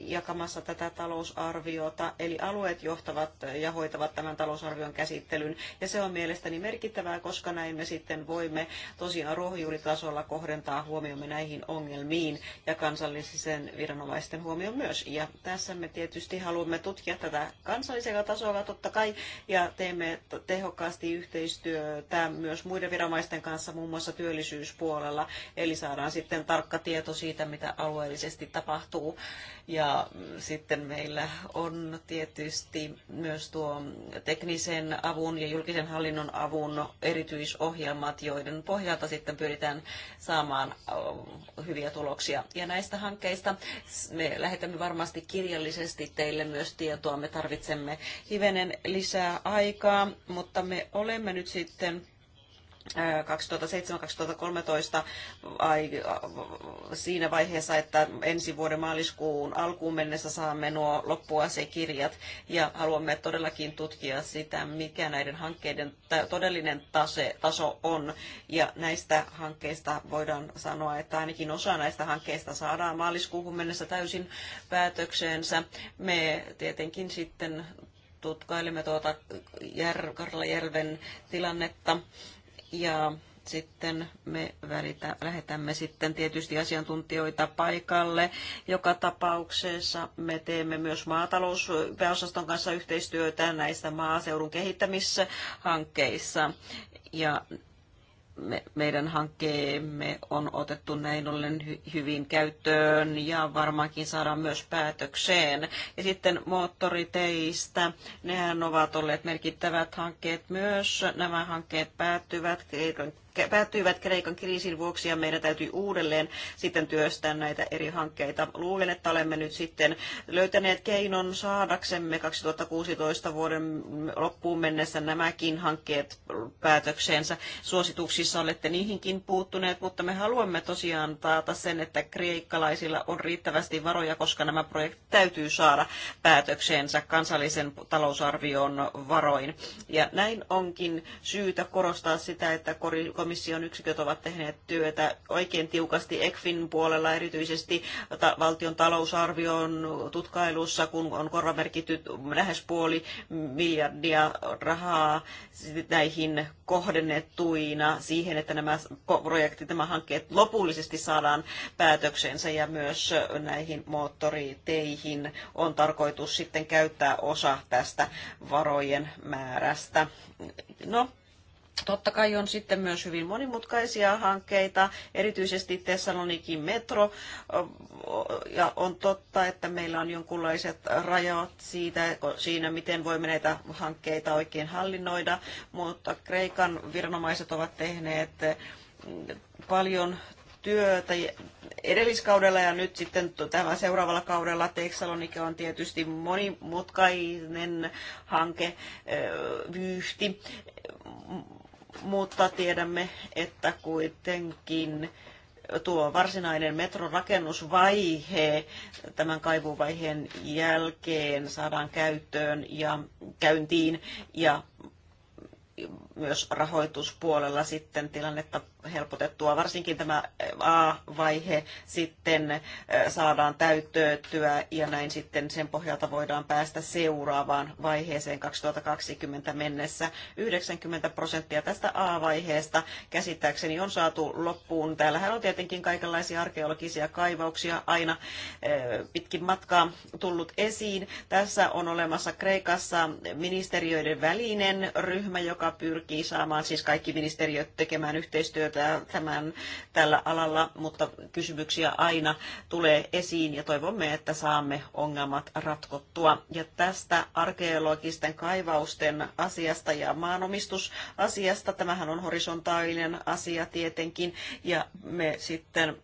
jakamassa tätä talousarviota, eli alueet johtavat ja hoitavat tämän talousarvion käsittelyn. Ja se on mielestäni merkittävää, koska näin me sitten voimme tosiaan ruohonjuuritasolla kohdentaa huomiomme näihin ongelmiin ja kansallisen viranomaisten huomioon myös. Ja tässä me tietysti haluamme tutkia tätä kansallisella tasolla totta kai ja teemme tehokkaasti yhteistyötä myös muiden viranomaisten kanssa, muun muassa työllisyyspuolella. Eli saadaan sitten tarkka tieto siitä, mitä alueellisesti tapahtuu. Ja sitten meillä on tietysti myös tuo teknisen avun ja julkisen hallinnon avun erityisohjelmat, joiden pohjalta sitten pyritään saamaan hyviä tuloksia. Ja näistä hankkeista me lähetämme varmasti kirjallisesti teille myös tietoa. Me tarvitsemme hivenen lisää aikaa, mutta me olemme nyt sitten 2007-2013 siinä vaiheessa, että ensi vuoden maaliskuun alkuun mennessä saamme nuo loppuasiakirjat ja haluamme todellakin tutkia sitä, mikä näiden hankkeiden todellinen tase, taso on. Ja näistä hankkeista voidaan sanoa, että ainakin osa näistä hankkeista saadaan maaliskuuhun mennessä täysin päätökseensä. Me tietenkin sitten tutkailemme tuota Jär, Karlajärven tilannetta ja sitten me välitä, lähetämme sitten tietysti asiantuntijoita paikalle. Joka tapauksessa me teemme myös maatalouspääosaston kanssa yhteistyötä näissä maaseudun kehittämishankkeissa. Ja me, meidän hankkeemme on otettu näin ollen hy, hyvin käyttöön ja varmaankin saadaan myös päätökseen. Ja sitten moottoriteistä, nehän ovat olleet merkittävät hankkeet myös. Nämä hankkeet päättyvät päättyivät Kreikan kriisin vuoksi ja meidän täytyy uudelleen sitten työstää näitä eri hankkeita. Luulen, että olemme nyt sitten löytäneet keinon saadaksemme 2016 vuoden loppuun mennessä nämäkin hankkeet päätökseensä. Suosituksissa olette niihinkin puuttuneet, mutta me haluamme tosiaan taata sen, että kreikkalaisilla on riittävästi varoja, koska nämä projektit täytyy saada päätökseensä kansallisen talousarvion varoin. Ja näin onkin syytä korostaa sitä, että komission yksiköt ovat tehneet työtä oikein tiukasti ECFin puolella, erityisesti valtion talousarvion tutkailussa, kun on korvamerkitty lähes puoli miljardia rahaa näihin kohdennettuina siihen, että nämä projektit, nämä hankkeet lopullisesti saadaan päätöksensä ja myös näihin moottoriteihin on tarkoitus sitten käyttää osa tästä varojen määrästä. No, Totta kai on sitten myös hyvin monimutkaisia hankkeita, erityisesti Thessalonikin metro. Ja on totta, että meillä on jonkunlaiset rajat siitä, siinä, miten voimme näitä hankkeita oikein hallinnoida, mutta Kreikan viranomaiset ovat tehneet paljon työtä edelliskaudella ja nyt sitten tämä seuraavalla kaudella Teksalonike on tietysti monimutkainen hanke, vyyhti, mutta tiedämme, että kuitenkin tuo varsinainen metrorakennusvaihe tämän kaivuvaiheen jälkeen saadaan käyttöön ja käyntiin ja myös rahoituspuolella sitten tilannetta helpotettua. Varsinkin tämä A-vaihe sitten saadaan täyttöötyä ja näin sitten sen pohjalta voidaan päästä seuraavaan vaiheeseen 2020 mennessä. 90 prosenttia tästä A-vaiheesta käsittääkseni on saatu loppuun. Täällähän on tietenkin kaikenlaisia arkeologisia kaivauksia aina pitkin matkaa tullut esiin. Tässä on olemassa Kreikassa ministeriöiden välinen ryhmä, joka pyrkii saamaan siis kaikki ministeriöt tekemään yhteistyötä työtä tämän, tällä alalla, mutta kysymyksiä aina tulee esiin ja toivomme, että saamme ongelmat ratkottua. Ja tästä arkeologisten kaivausten asiasta ja maanomistusasiasta, tämähän on horisontaalinen asia tietenkin, ja me sitten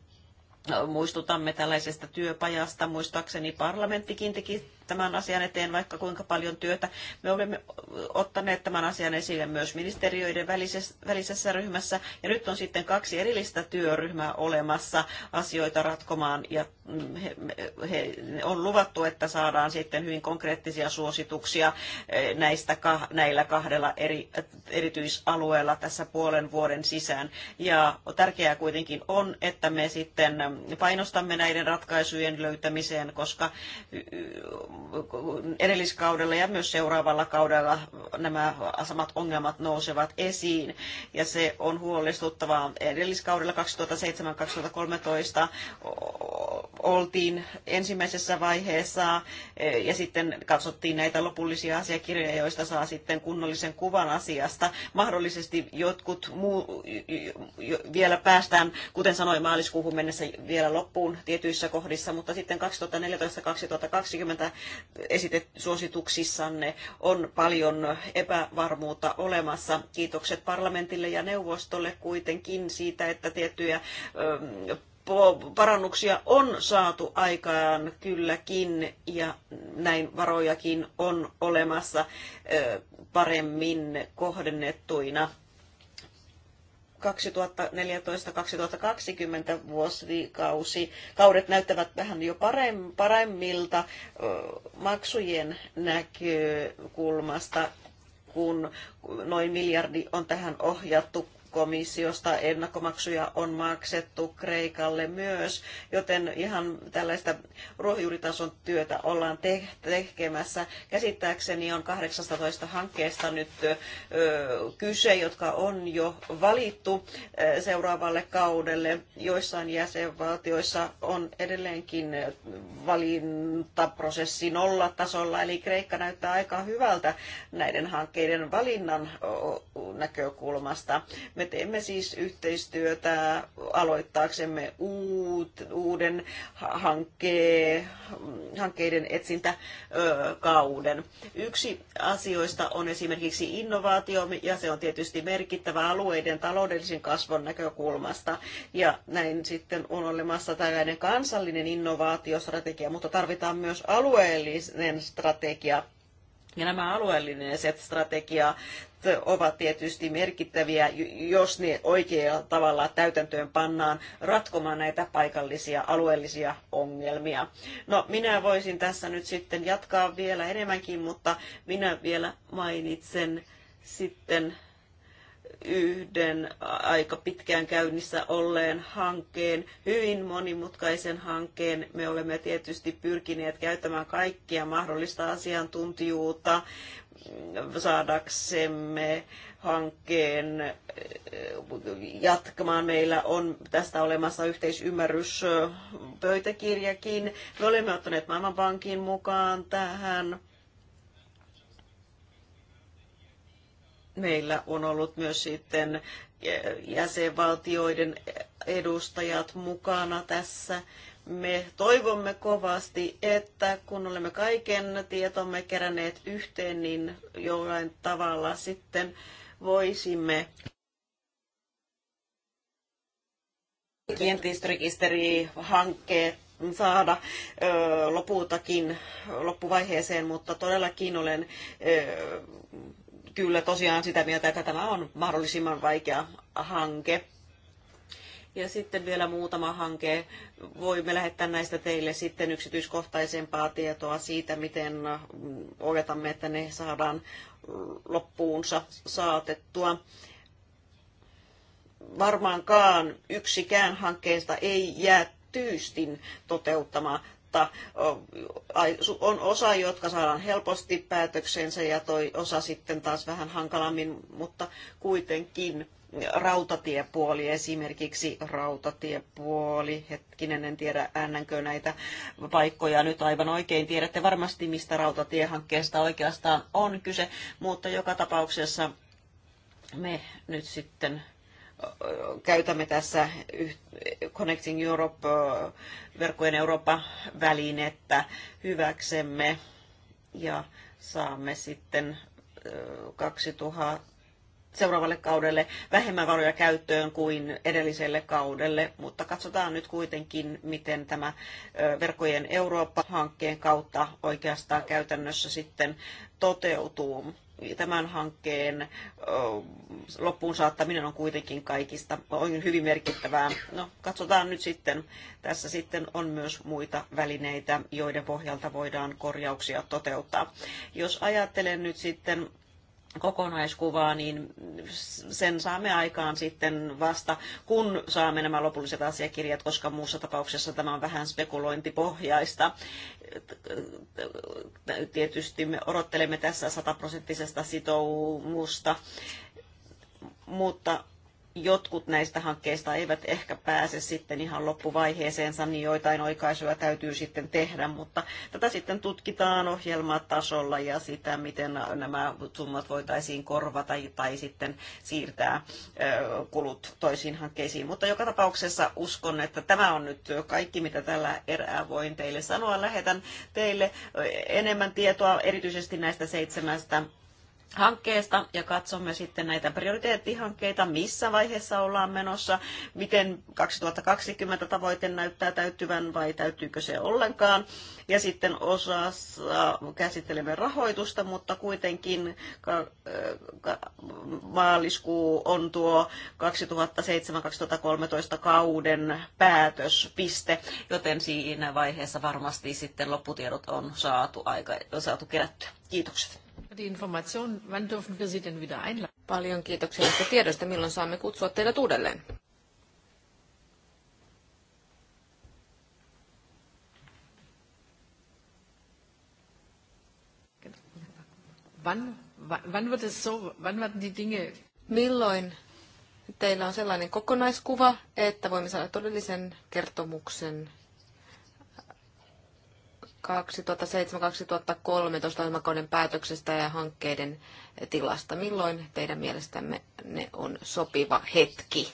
muistutamme tällaisesta työpajasta. Muistaakseni parlamenttikin teki tämän asian eteen vaikka kuinka paljon työtä. Me olemme ottaneet tämän asian esille myös ministeriöiden välisessä, välisessä ryhmässä ja nyt on sitten kaksi erillistä työryhmää olemassa asioita ratkomaan ja mm, he, he, on luvattu, että saadaan sitten hyvin konkreettisia suosituksia eh, näistä näillä kahdella eri, erityisalueella tässä puolen vuoden sisään. Ja tärkeää kuitenkin on, että me sitten painostamme näiden ratkaisujen löytämiseen, koska edelliskaudella ja myös seuraavalla kaudella nämä samat ongelmat nousevat esiin. Ja se on huolestuttavaa. Edelliskaudella 2007-2013 oltiin ensimmäisessä vaiheessa e, ja sitten katsottiin näitä lopullisia asiakirjoja, joista saa sitten kunnollisen kuvan asiasta. Mahdollisesti jotkut muu, vielä päästään, kuten sanoin, maaliskuuhun mennessä vielä loppuun tietyissä kohdissa, mutta sitten 2014-2020 esitet suosituksissanne on paljon epävarmuutta olemassa. Kiitokset parlamentille ja neuvostolle kuitenkin siitä, että tiettyjä parannuksia on saatu aikaan kylläkin ja näin varojakin on olemassa paremmin kohdennettuina 2014-2020 vuosikausi, kaudet näyttävät vähän jo paremmilta maksujen näkökulmasta, kun noin miljardi on tähän ohjattu komissiosta ennakkomaksuja on maksettu Kreikalle myös, joten ihan tällaista ruohonjuuritason työtä ollaan te- tekemässä. Käsittääkseni on 18 hankkeesta nyt ö, kyse, jotka on jo valittu ö, seuraavalle kaudelle. Joissain jäsenvaltioissa on edelleenkin valintaprosessi nollatasolla, eli Kreikka näyttää aika hyvältä näiden hankkeiden valinnan näkökulmasta. Me me teemme siis yhteistyötä aloittaaksemme uut, uuden hankkeen, hankkeiden etsintäkauden. Yksi asioista on esimerkiksi innovaatio, ja se on tietysti merkittävä alueiden taloudellisen kasvun näkökulmasta. Ja näin sitten on olemassa tällainen kansallinen innovaatiostrategia, mutta tarvitaan myös alueellinen strategia ja nämä alueelliset strategia ovat tietysti merkittäviä, jos ne oikealla tavalla täytäntöön pannaan ratkomaan näitä paikallisia alueellisia ongelmia. No, minä voisin tässä nyt sitten jatkaa vielä enemmänkin, mutta minä vielä mainitsen sitten yhden aika pitkään käynnissä olleen hankkeen, hyvin monimutkaisen hankkeen. Me olemme tietysti pyrkineet käyttämään kaikkia mahdollista asiantuntijuutta saadaksemme hankkeen äh, jatkamaan. Meillä on tästä olemassa yhteisymmärrys pöytäkirjakin. Me olemme ottaneet Maailmanpankin mukaan tähän. Meillä on ollut myös sitten äh, jäsenvaltioiden edustajat mukana tässä me toivomme kovasti, että kun olemme kaiken tietomme keränneet yhteen, niin jollain tavalla sitten voisimme kiinteistörekisterihankkeet saada ö, lopultakin loppuvaiheeseen, mutta todellakin olen ö, kyllä tosiaan sitä mieltä, että tämä on mahdollisimman vaikea hanke. Ja sitten vielä muutama hanke. Voimme lähettää näistä teille sitten yksityiskohtaisempaa tietoa siitä, miten oletamme, että ne saadaan loppuunsa saatettua. Varmaankaan yksikään hankkeesta ei jää tyystin toteuttamaan on osa, jotka saadaan helposti päätöksensä ja toi osa sitten taas vähän hankalammin, mutta kuitenkin rautatiepuoli, esimerkiksi rautatiepuoli. Hetkinen, en tiedä äännänkö näitä paikkoja nyt aivan oikein. Tiedätte varmasti, mistä rautatiehankkeesta oikeastaan on kyse, mutta joka tapauksessa me nyt sitten käytämme tässä Connecting Europe, verkkojen Eurooppa-välinettä hyväksemme ja saamme sitten 2000 seuraavalle kaudelle vähemmän varoja käyttöön kuin edelliselle kaudelle, mutta katsotaan nyt kuitenkin, miten tämä verkkojen Eurooppa-hankkeen kautta oikeastaan käytännössä sitten toteutuu. Tämän hankkeen loppuun saattaminen on kuitenkin kaikista on hyvin merkittävää. No, katsotaan nyt sitten. Tässä sitten on myös muita välineitä, joiden pohjalta voidaan korjauksia toteuttaa. Jos ajattelen nyt sitten kokonaiskuvaa, niin sen saamme aikaan sitten vasta, kun saamme nämä lopulliset asiakirjat, koska muussa tapauksessa tämä on vähän spekulointipohjaista. Tietysti me odottelemme tässä sataprosenttisesta sitoumusta, mutta jotkut näistä hankkeista eivät ehkä pääse sitten ihan loppuvaiheeseensa, niin joitain oikaisuja täytyy sitten tehdä, mutta tätä sitten tutkitaan ohjelmatasolla ja sitä, miten nämä summat voitaisiin korvata tai sitten siirtää kulut toisiin hankkeisiin. Mutta joka tapauksessa uskon, että tämä on nyt kaikki, mitä tällä erää voin teille sanoa. Lähetän teille enemmän tietoa erityisesti näistä seitsemästä hankkeesta ja katsomme sitten näitä prioriteettihankkeita, missä vaiheessa ollaan menossa, miten 2020 tavoite näyttää täyttyvän vai täyttyykö se ollenkaan. Ja sitten osassa käsittelemme rahoitusta, mutta kuitenkin maaliskuu on tuo 2007-2013 kauden päätöspiste, joten siinä vaiheessa varmasti sitten lopputiedot on saatu, aika, saatu kerättyä. Kiitokset die Information, wann dürfen wir Sie denn wieder einladen? Paljon kiitoksia tästä tiedosta. Milloin saamme kutsua teidät uudelleen? Wann, wann wird es so, wann werden die Dinge... Milloin teillä on sellainen kokonaiskuva, että voimme saada todellisen kertomuksen 2007-2013 ohjelmakauden päätöksestä ja hankkeiden tilasta. Milloin teidän mielestämme ne on sopiva hetki?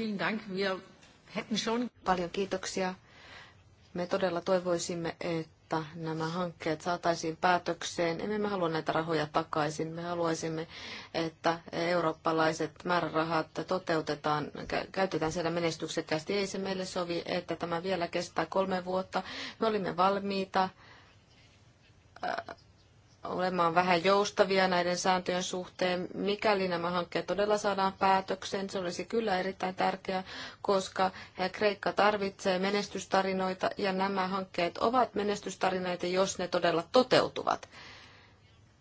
vielen Dank. Wir hätten schon... Paljon kiitoksia. Me todella toivoisimme, että nämä hankkeet saataisiin päätökseen. Emme me halua näitä rahoja takaisin. Me haluaisimme, että eurooppalaiset määrärahat toteutetaan, käytetään siellä menestyksekkäästi. Ei se meille sovi, että tämä vielä kestää kolme vuotta. Me olimme valmiita olemaan vähän joustavia näiden sääntöjen suhteen. Mikäli nämä hankkeet todella saadaan päätökseen, se olisi kyllä erittäin tärkeää, koska Kreikka tarvitsee menestystarinoita ja nämä hankkeet ovat menestystarinoita, jos ne todella toteutuvat.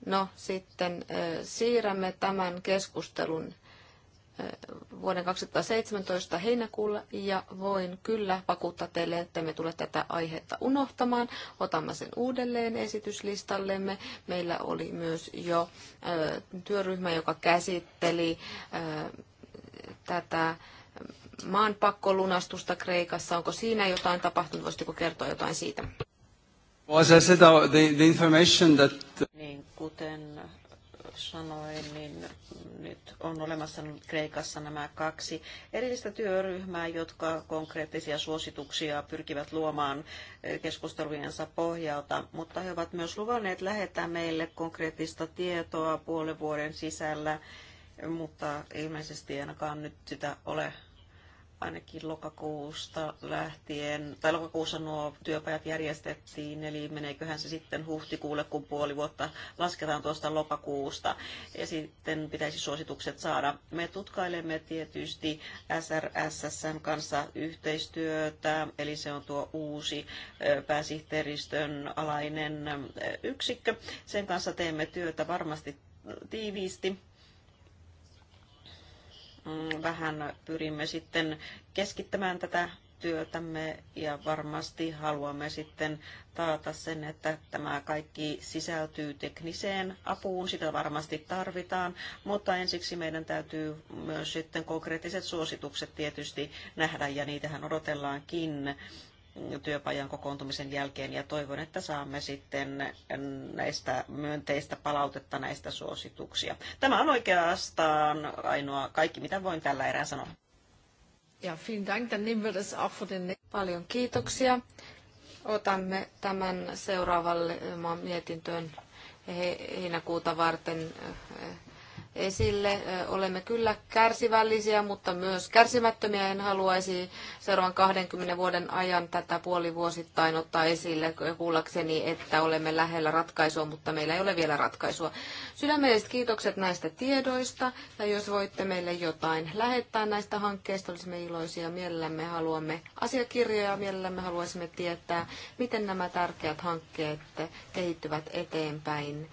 No sitten eh, siirrämme tämän keskustelun vuoden 2017 heinäkuulla ja voin kyllä vakuuttaa teille, että me tule tätä aihetta unohtamaan. Otamme sen uudelleen esityslistallemme. Meillä oli myös jo työryhmä, joka käsitteli tätä maan pakkolunastusta Kreikassa. Onko siinä jotain tapahtunut? Voisitko kertoa jotain siitä? I said, the, the information that... Niin, kuten sanoi, niin nyt on olemassa Kreikassa nämä kaksi erillistä työryhmää, jotka konkreettisia suosituksia pyrkivät luomaan eh, keskustelujensa pohjalta, mutta he ovat myös luvanneet lähettää meille konkreettista tietoa puolen vuoden sisällä, mutta ilmeisesti ainakaan nyt sitä ole ainakin lokakuusta lähtien, tai lokakuussa nuo työpajat järjestettiin, eli meneeköhän se sitten huhtikuulle, kun puoli vuotta lasketaan tuosta lokakuusta, ja sitten pitäisi suositukset saada. Me tutkailemme tietysti SRSSn kanssa yhteistyötä, eli se on tuo uusi pääsihteeristön alainen yksikkö. Sen kanssa teemme työtä varmasti tiiviisti Mm, vähän pyrimme sitten keskittämään tätä työtämme ja varmasti haluamme sitten taata sen, että tämä kaikki sisältyy tekniseen apuun, sitä varmasti tarvitaan, mutta ensiksi meidän täytyy myös sitten konkreettiset suositukset tietysti nähdä ja niitähän odotellaankin työpajan kokoontumisen jälkeen ja toivon, että saamme sitten näistä myönteistä palautetta näistä suosituksia. Tämä on oikeastaan ainoa kaikki, mitä voin tällä erää sanoa. Ja, vielen Dank. Dann nehmen das auch für den... Paljon kiitoksia. Otamme tämän seuraavalle äh, mietintöön heinäkuuta varten äh, esille. Olemme kyllä kärsivällisiä, mutta myös kärsimättömiä. En haluaisi seuraavan 20 vuoden ajan tätä puolivuosittain ottaa esille kuullakseni, että olemme lähellä ratkaisua, mutta meillä ei ole vielä ratkaisua. Sydämelliset kiitokset näistä tiedoista ja jos voitte meille jotain lähettää näistä hankkeista, olisimme iloisia. Mielellämme haluamme asiakirjoja, mielellämme haluaisimme tietää, miten nämä tärkeät hankkeet kehittyvät eteenpäin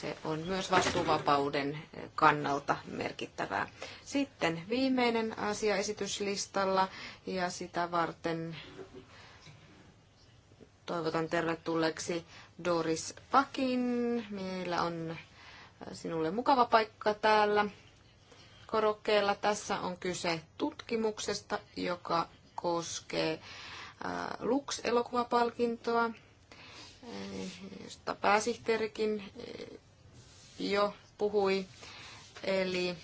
se on myös vastuuvapauden kannalta merkittävää. Sitten viimeinen asia esityslistalla ja sitä varten toivotan tervetulleeksi Doris Pakin. Meillä on sinulle mukava paikka täällä korokkeella. Tässä on kyse tutkimuksesta, joka koskee äh, Lux-elokuvapalkintoa eh, josta pääsihteerikin eh, jo puhui. Eli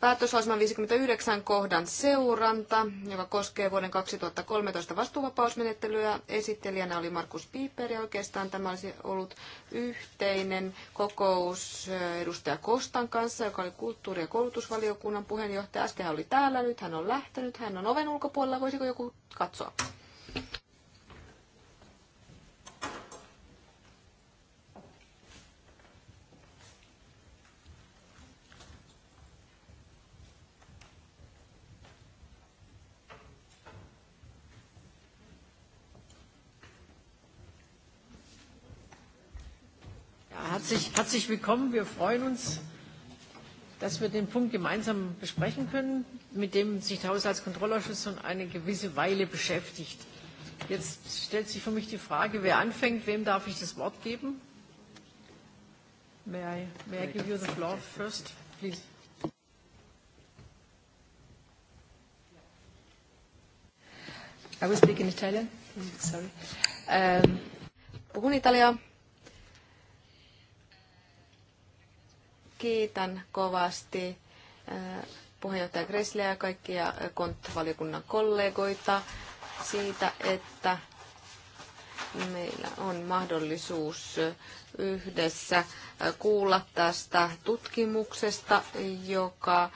Päätöslausuma 59 kohdan seuranta, joka koskee vuoden 2013 vastuuvapausmenettelyä. Esittelijänä oli Markus Piiper ja oikeastaan tämä olisi ollut yhteinen kokous eh, edustaja Kostan kanssa, joka oli kulttuuri- ja koulutusvaliokunnan puheenjohtaja. Äsken hän oli täällä, nyt hän on lähtenyt, hän on oven ulkopuolella. Voisiko joku katsoa? herzlich, herzlich willkommen. Wir freuen uns, dass wir den Punkt gemeinsam besprechen können, mit dem sich der Haushaltskontrollausschuss schon eine gewisse Weile beschäftigt. Jetzt stellt sich für mich die Frage, wer anfängt, wem darf ich das Wort geben? May I, may I give you the floor first, please? I will speak in Italian. Sorry. Um, Puhun italiaa. Kiitän kovasti eh, puheenjohtaja Gresleä ja kaikkia eh, konttavaliokunnan kollegoita siitä, että meillä on mahdollisuus yhdessä eh, kuulla tästä tutkimuksesta, joka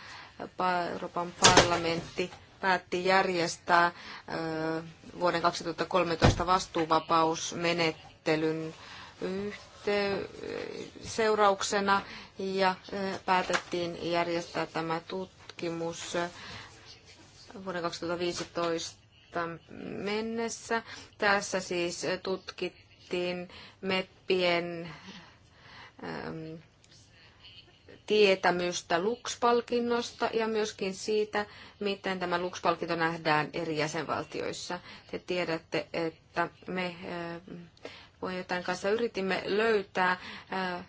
Euroopan parlamentti päätti järjestää vuoden 2013 vastuuvapausmenettelyn yhteydessä seurauksena ja päätettiin järjestää tämä tutkimus vuoden 2015 mennessä. Tässä siis tutkittiin MEPPien tietämystä Lux-palkinnosta ja myöskin siitä, miten tämä Lux-palkinto nähdään eri jäsenvaltioissa. Te tiedätte, että me puheenjohtajan kanssa yritimme löytää äh,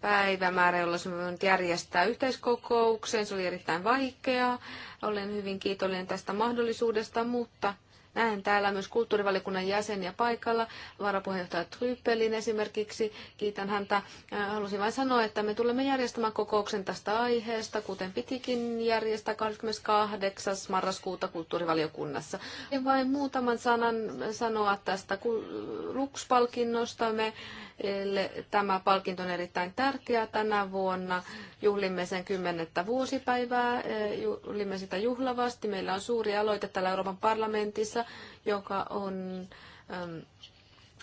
päivämäärä, jolla olisimme voineet järjestää yhteiskokouksen. Se oli erittäin vaikeaa. Olen hyvin kiitollinen tästä mahdollisuudesta, mutta Näen täällä myös kulttuurivaliokunnan jäseniä paikalla, varapuheenjohtaja Tryppelin esimerkiksi. Kiitän häntä. Äh, halusin vain sanoa, että me tulemme järjestämään kokouksen tästä aiheesta, kuten pitikin järjestää 28. marraskuuta kulttuurivaliokunnassa. Ja vain muutaman sanan sanoa tästä Lux-palkinnosta. Me Tämä palkinto on erittäin tärkeä tänä vuonna. Juhlimme sen kymmenettä vuosipäivää, äh, juhlimme sitä juhlavasti. Meillä on suuri aloite täällä Euroopan parlamentissa joka on ähm,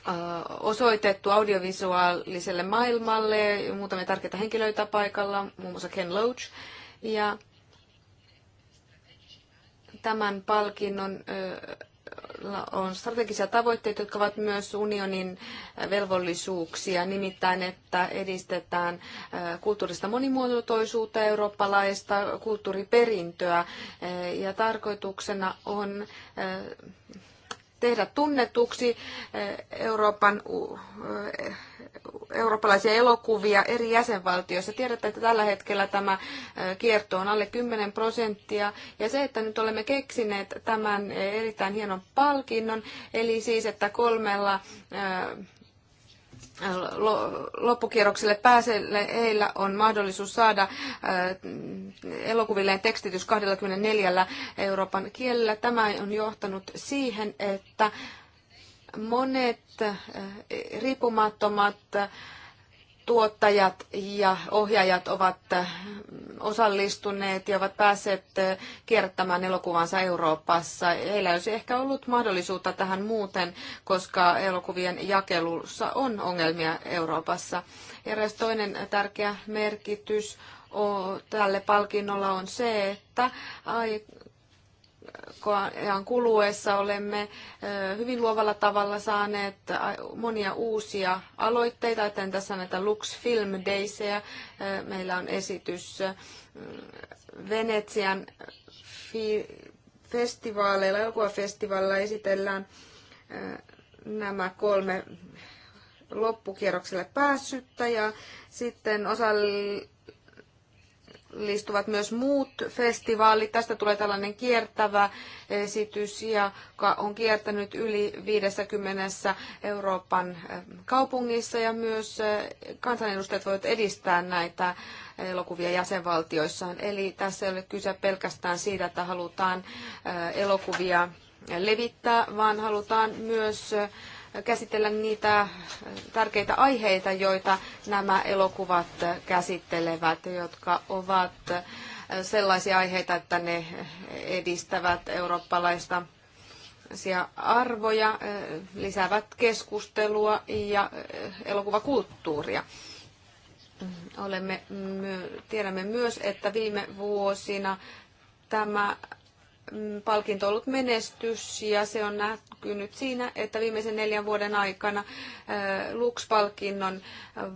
äh, osoitettu audiovisuaaliselle maailmalle. Muutamia tärkeitä henkilöitä paikalla, muun muassa Ken Loach. Ja tämän palkinnon äh, on strategisia tavoitteita, jotka ovat myös unionin äh, velvollisuuksia, nimittäin että edistetään äh, kulttuurista monimuotoisuutta, eurooppalaista kulttuuriperintöä äh, ja tarkoituksena on tehdä tunnetuksi eh, Euroopan, eh, eurooppalaisia elokuvia eri jäsenvaltioissa. Tiedätte, että tällä hetkellä tämä eh, kierto on alle 10 prosenttia. Ja se, että nyt olemme keksineet tämän erittäin hienon palkinnon, eli siis, että kolmella loppukierrokselle pääselle heillä on mahdollisuus saada äh, elokuvilleen tekstitys 24 Euroopan kielellä. Tämä on johtanut siihen, että monet äh, riippumattomat tuottajat ja ohjaajat ovat äh, osallistuneet ja ovat päässeet eh, kierrättämään elokuvansa Euroopassa. Heillä olisi ehkä ollut mahdollisuutta tähän muuten, koska elokuvien jakelussa on ongelmia Euroopassa. Eräs toinen tärkeä merkitys tälle palkinnolla on se, että ajan kuluessa olemme hyvin luovalla tavalla saaneet monia uusia aloitteita. Tän tässä näitä Lux Film Daysia. Meillä on esitys Venetsian festivaaleilla, elokuvafestivaaleilla esitellään nämä kolme loppukierrokselle päässyttä ja sitten osallistujat osallistuvat myös muut festivaalit. Tästä tulee tällainen kiertävä esitys, joka on kiertänyt yli 50 Euroopan eh, kaupungissa ja myös eh, kansanedustajat voivat edistää näitä elokuvia jäsenvaltioissaan. Eli tässä ei ole kyse pelkästään siitä, että halutaan eh, elokuvia levittää, vaan halutaan myös käsitellä niitä äh, tärkeitä aiheita, joita nämä elokuvat käsittelevät, jotka ovat äh, sellaisia aiheita, että ne edistävät eurooppalaista arvoja, äh, lisäävät keskustelua ja elokuvakulttuuria. Olemme, tiedämme myös, että viime vuosina tämä Mm, palkinto ollut menestys ja se on näkynyt siinä, että viimeisen neljän vuoden aikana äh, Lux-palkinnon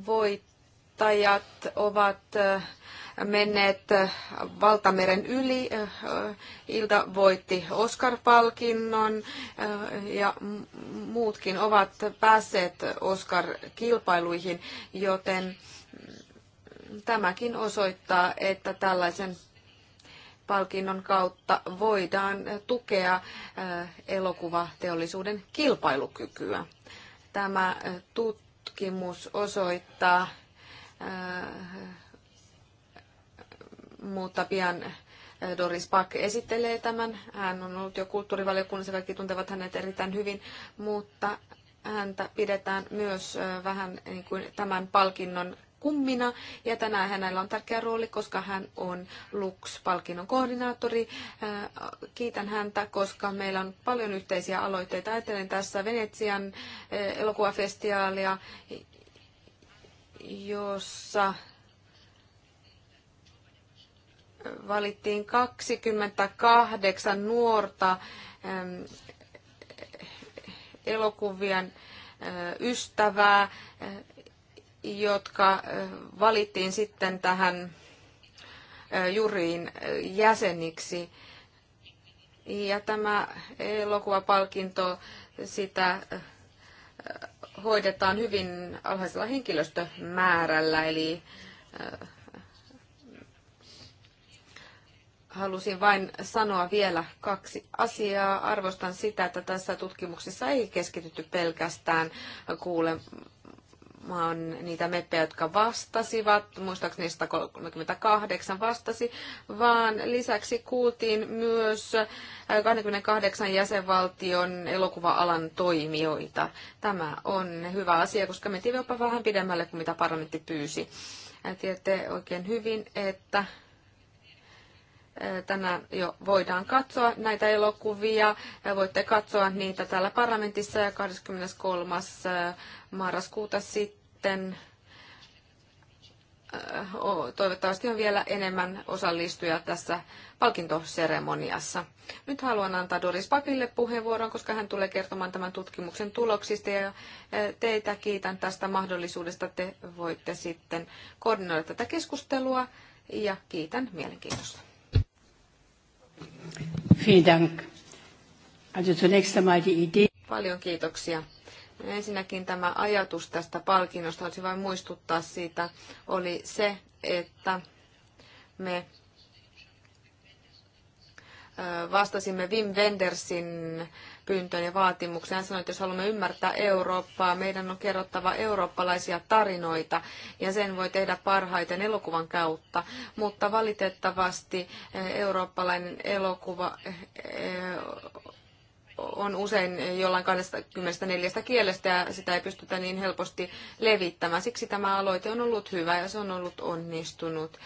voittajat ovat äh, menneet äh, valtameren yli. Ilta voitti Oscar-palkinnon ja muutkin ovat päässeet Oscar-kilpailuihin, joten mm, tämäkin osoittaa, että tällaisen palkinnon kautta voidaan tukea äh, elokuvateollisuuden kilpailukykyä. Tämä äh, tutkimus osoittaa, äh, mutta pian Doris Pack esittelee tämän. Hän on ollut jo kulttuurivaliokunnassa, kaikki tuntevat hänet erittäin hyvin, mutta häntä pidetään myös vähän niin kuin tämän palkinnon kummina. Ja tänään hänellä on tärkeä rooli, koska hän on Lux-palkinnon koordinaattori. Äh, kiitän häntä, koska meillä on paljon yhteisiä aloitteita. Ajattelen tässä Venetsian äh, elokuvafestiaalia, jossa valittiin 28 nuorta ähm, elokuvien äh, ystävää jotka eh, valittiin sitten tähän eh, juriin eh, jäseniksi. Ja tämä elokuvapalkinto, sitä hoidetaan hyvin alhaisella henkilöstömäärällä, eli halusin vain sanoa vielä kaksi asiaa. Arvostan sitä, että tässä tutkimuksessa ei keskitytty pelkästään kuule Mä on niitä meppejä, jotka vastasivat, muistaakseni 138 vastasi, vaan lisäksi kuultiin myös 28 äh, jäsenvaltion elokuva-alan toimijoita. Tämä on hyvä asia, koska mentiin jopa vähän pidemmälle kuin mitä parlamentti pyysi. Äh, tiedätte oikein hyvin, että Tänään jo voidaan katsoa näitä elokuvia. Voitte katsoa niitä täällä parlamentissa ja 23. marraskuuta sitten toivottavasti on vielä enemmän osallistujia tässä palkintoseremoniassa. Nyt haluan antaa Doris Papille puheenvuoron, koska hän tulee kertomaan tämän tutkimuksen tuloksista ja teitä kiitän tästä mahdollisuudesta. Te voitte sitten koordinoida tätä keskustelua ja kiitän mielenkiinnosta. Vielen Dank. Also zunächst einmal die Idee. Paljon kiitoksia. Ensinnäkin tämä ajatus tästä palkinnosta, olisi vain muistuttaa siitä, oli se, että me vastasimme Wim Wendersin pyyntöön ja vaatimukseen. Hän sanoi, että jos haluamme ymmärtää Eurooppaa, meidän on kerrottava eurooppalaisia tarinoita ja sen voi tehdä parhaiten elokuvan kautta. Mutta valitettavasti eurooppalainen elokuva on usein jollain 24 kielestä ja sitä ei pystytä niin helposti levittämään. Siksi tämä aloite on ollut hyvä ja se on ollut onnistunut.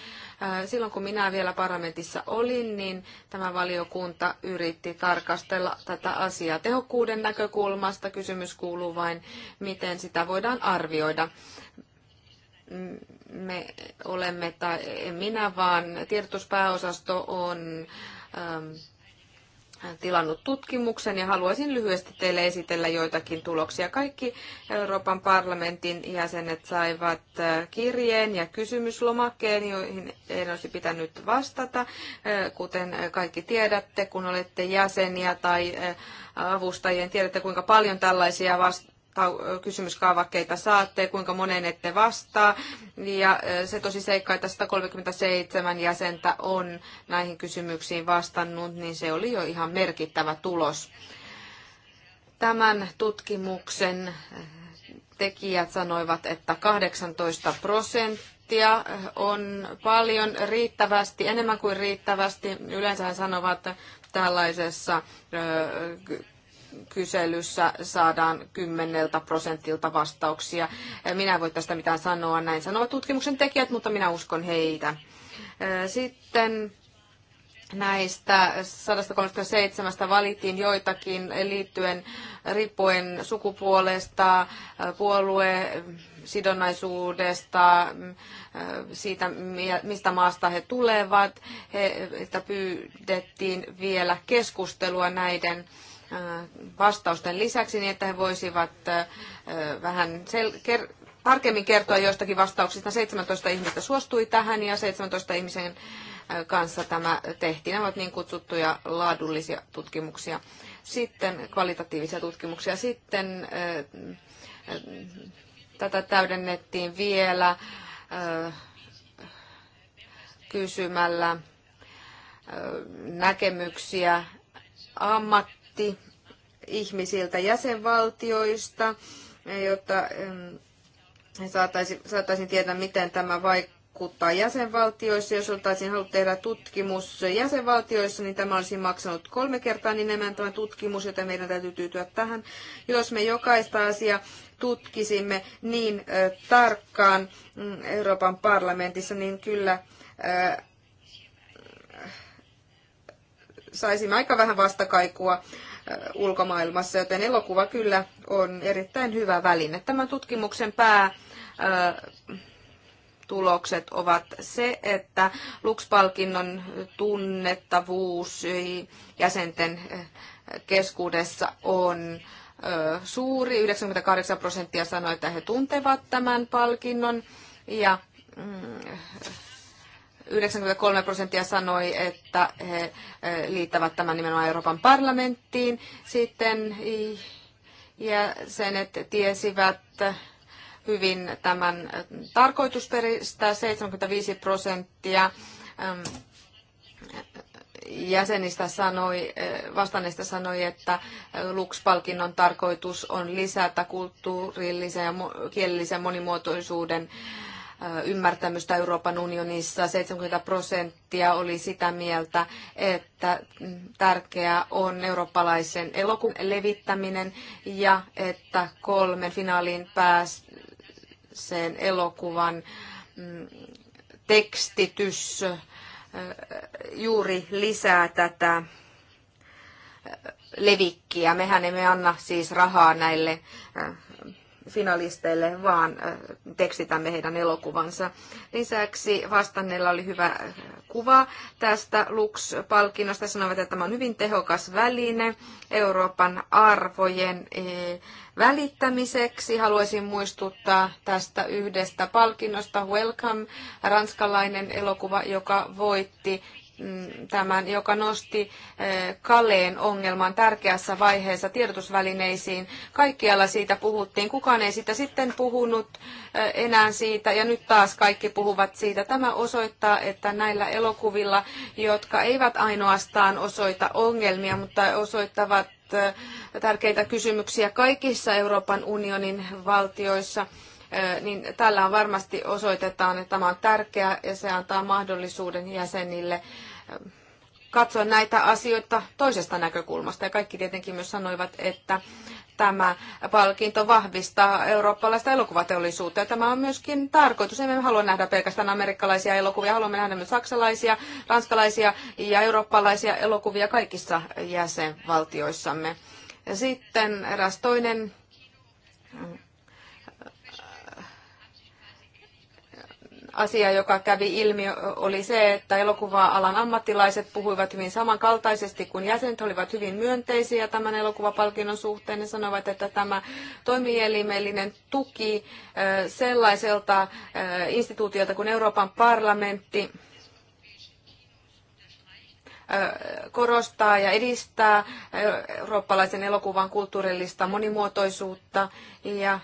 Äh, silloin kun minä vielä parlamentissa olin, niin tämä valiokunta yritti tarkastella tätä asiaa tehokkuuden näkökulmasta. Kysymys kuuluu vain, miten sitä voidaan arvioida me olemme, tai en minä vaan, tiedotuspääosasto on ähm, tilannut tutkimuksen ja haluaisin lyhyesti teille esitellä joitakin tuloksia. Kaikki Euroopan parlamentin jäsenet saivat äh, kirjeen ja kysymyslomakkeen, joihin ei olisi pitänyt vastata. Äh, kuten kaikki tiedätte, kun olette jäseniä tai äh, avustajien, niin tiedätte kuinka paljon tällaisia vast- kysymyskaavakkeita saatte, kuinka moneen ette vastaa. Ja se tosi seikka, että 137 jäsentä on näihin kysymyksiin vastannut, niin se oli jo ihan merkittävä tulos. Tämän tutkimuksen tekijät sanoivat, että 18 prosenttia on paljon riittävästi, enemmän kuin riittävästi. Yleensä sanovat tällaisessa kyselyssä saadaan kymmeneltä prosentilta vastauksia. Minä en voi tästä mitään sanoa, näin sanovat tutkimuksen tekijät, mutta minä uskon heitä. Sitten näistä 137 valittiin joitakin liittyen riippuen sukupuolesta, puolue sidonnaisuudesta, siitä mistä maasta he tulevat. että pyydettiin vielä keskustelua näiden Äh, vastausten lisäksi, niin että he voisivat äh, vähän sel- ker- tarkemmin kertoa joistakin vastauksista. 17 ihmistä suostui tähän ja 17 ihmisen äh, kanssa tämä tehtiin. Nämä ovat niin kutsuttuja laadullisia tutkimuksia. Sitten kvalitatiivisia tutkimuksia. Sitten tätä täydennettiin vielä kysymällä näkemyksiä ammat kontakti ihmisiltä jäsenvaltioista, jotta saataisiin, saataisiin tietää, miten tämä vaikuttaa jäsenvaltioissa. Jos oltaisiin halunnut tehdä tutkimus jäsenvaltioissa, niin tämä olisi maksanut kolme kertaa niin enemmän tämä tutkimus, joten meidän täytyy tyytyä tähän. Jos me jokaista asiaa tutkisimme niin tarkkaan mm, Euroopan parlamentissa, niin kyllä saisimme aika vähän vastakaikua ulkomaailmassa, joten elokuva kyllä on erittäin hyvä väline. Tämän tutkimuksen pää tulokset ovat se, että Lux-palkinnon tunnettavuus jäsenten keskuudessa on suuri. 98 prosenttia sanoi, että he tuntevat tämän palkinnon ja mm, 93 prosenttia sanoi, että he eh, liittävät tämän nimenomaan Euroopan parlamenttiin. Sitten jäsenet tiesivät hyvin tämän tarkoitusperistä 75 prosenttia jäsenistä sanoi, eh, vastanneista sanoi, että Lux-palkinnon tarkoitus on lisätä kulttuurillisen ja kielellisen monimuotoisuuden ymmärtämystä Euroopan unionissa. 70 prosenttia oli sitä mieltä, että tärkeää on eurooppalaisen elokuvan levittäminen ja että kolmen finaaliin pääseen elokuvan mm, tekstitys juuri lisää tätä levikkiä. Mehän emme anna siis rahaa näille finalisteille, vaan tekstitämme heidän elokuvansa. Lisäksi vastanneella oli hyvä kuva tästä Lux-palkinnosta. Sanoivat, että tämä on hyvin tehokas väline Euroopan arvojen e, välittämiseksi. Haluaisin muistuttaa tästä yhdestä palkinnosta Welcome, ranskalainen elokuva, joka voitti Mm, tämän, joka nosti eh, Kaleen ongelman tärkeässä vaiheessa tiedotusvälineisiin. Kaikkialla siitä puhuttiin. Kukaan ei sitä sitten puhunut eh, enää siitä, ja nyt taas kaikki puhuvat siitä. Tämä osoittaa, että näillä elokuvilla, jotka eivät ainoastaan osoita ongelmia, mutta osoittavat eh, tärkeitä kysymyksiä kaikissa Euroopan unionin valtioissa, niin tällä varmasti osoitetaan, että tämä on tärkeää ja se antaa mahdollisuuden jäsenille katsoa näitä asioita toisesta näkökulmasta. Ja kaikki tietenkin myös sanoivat, että tämä palkinto vahvistaa eurooppalaista elokuvateollisuutta. Ja tämä on myöskin tarkoitus. Emme halua nähdä pelkästään amerikkalaisia elokuvia, haluamme nähdä myös saksalaisia, ranskalaisia ja eurooppalaisia elokuvia kaikissa jäsenvaltioissamme. Ja sitten eräs toinen asia, joka kävi ilmi, oli se, että elokuva-alan ammattilaiset puhuivat hyvin samankaltaisesti, kun jäsenet olivat hyvin myönteisiä tämän elokuvapalkinnon suhteen. Ne sanoivat, että tämä toimielimellinen tuki sellaiselta instituutiolta kuin Euroopan parlamentti korostaa ja edistää eurooppalaisen elokuvan kulttuurillista monimuotoisuutta ja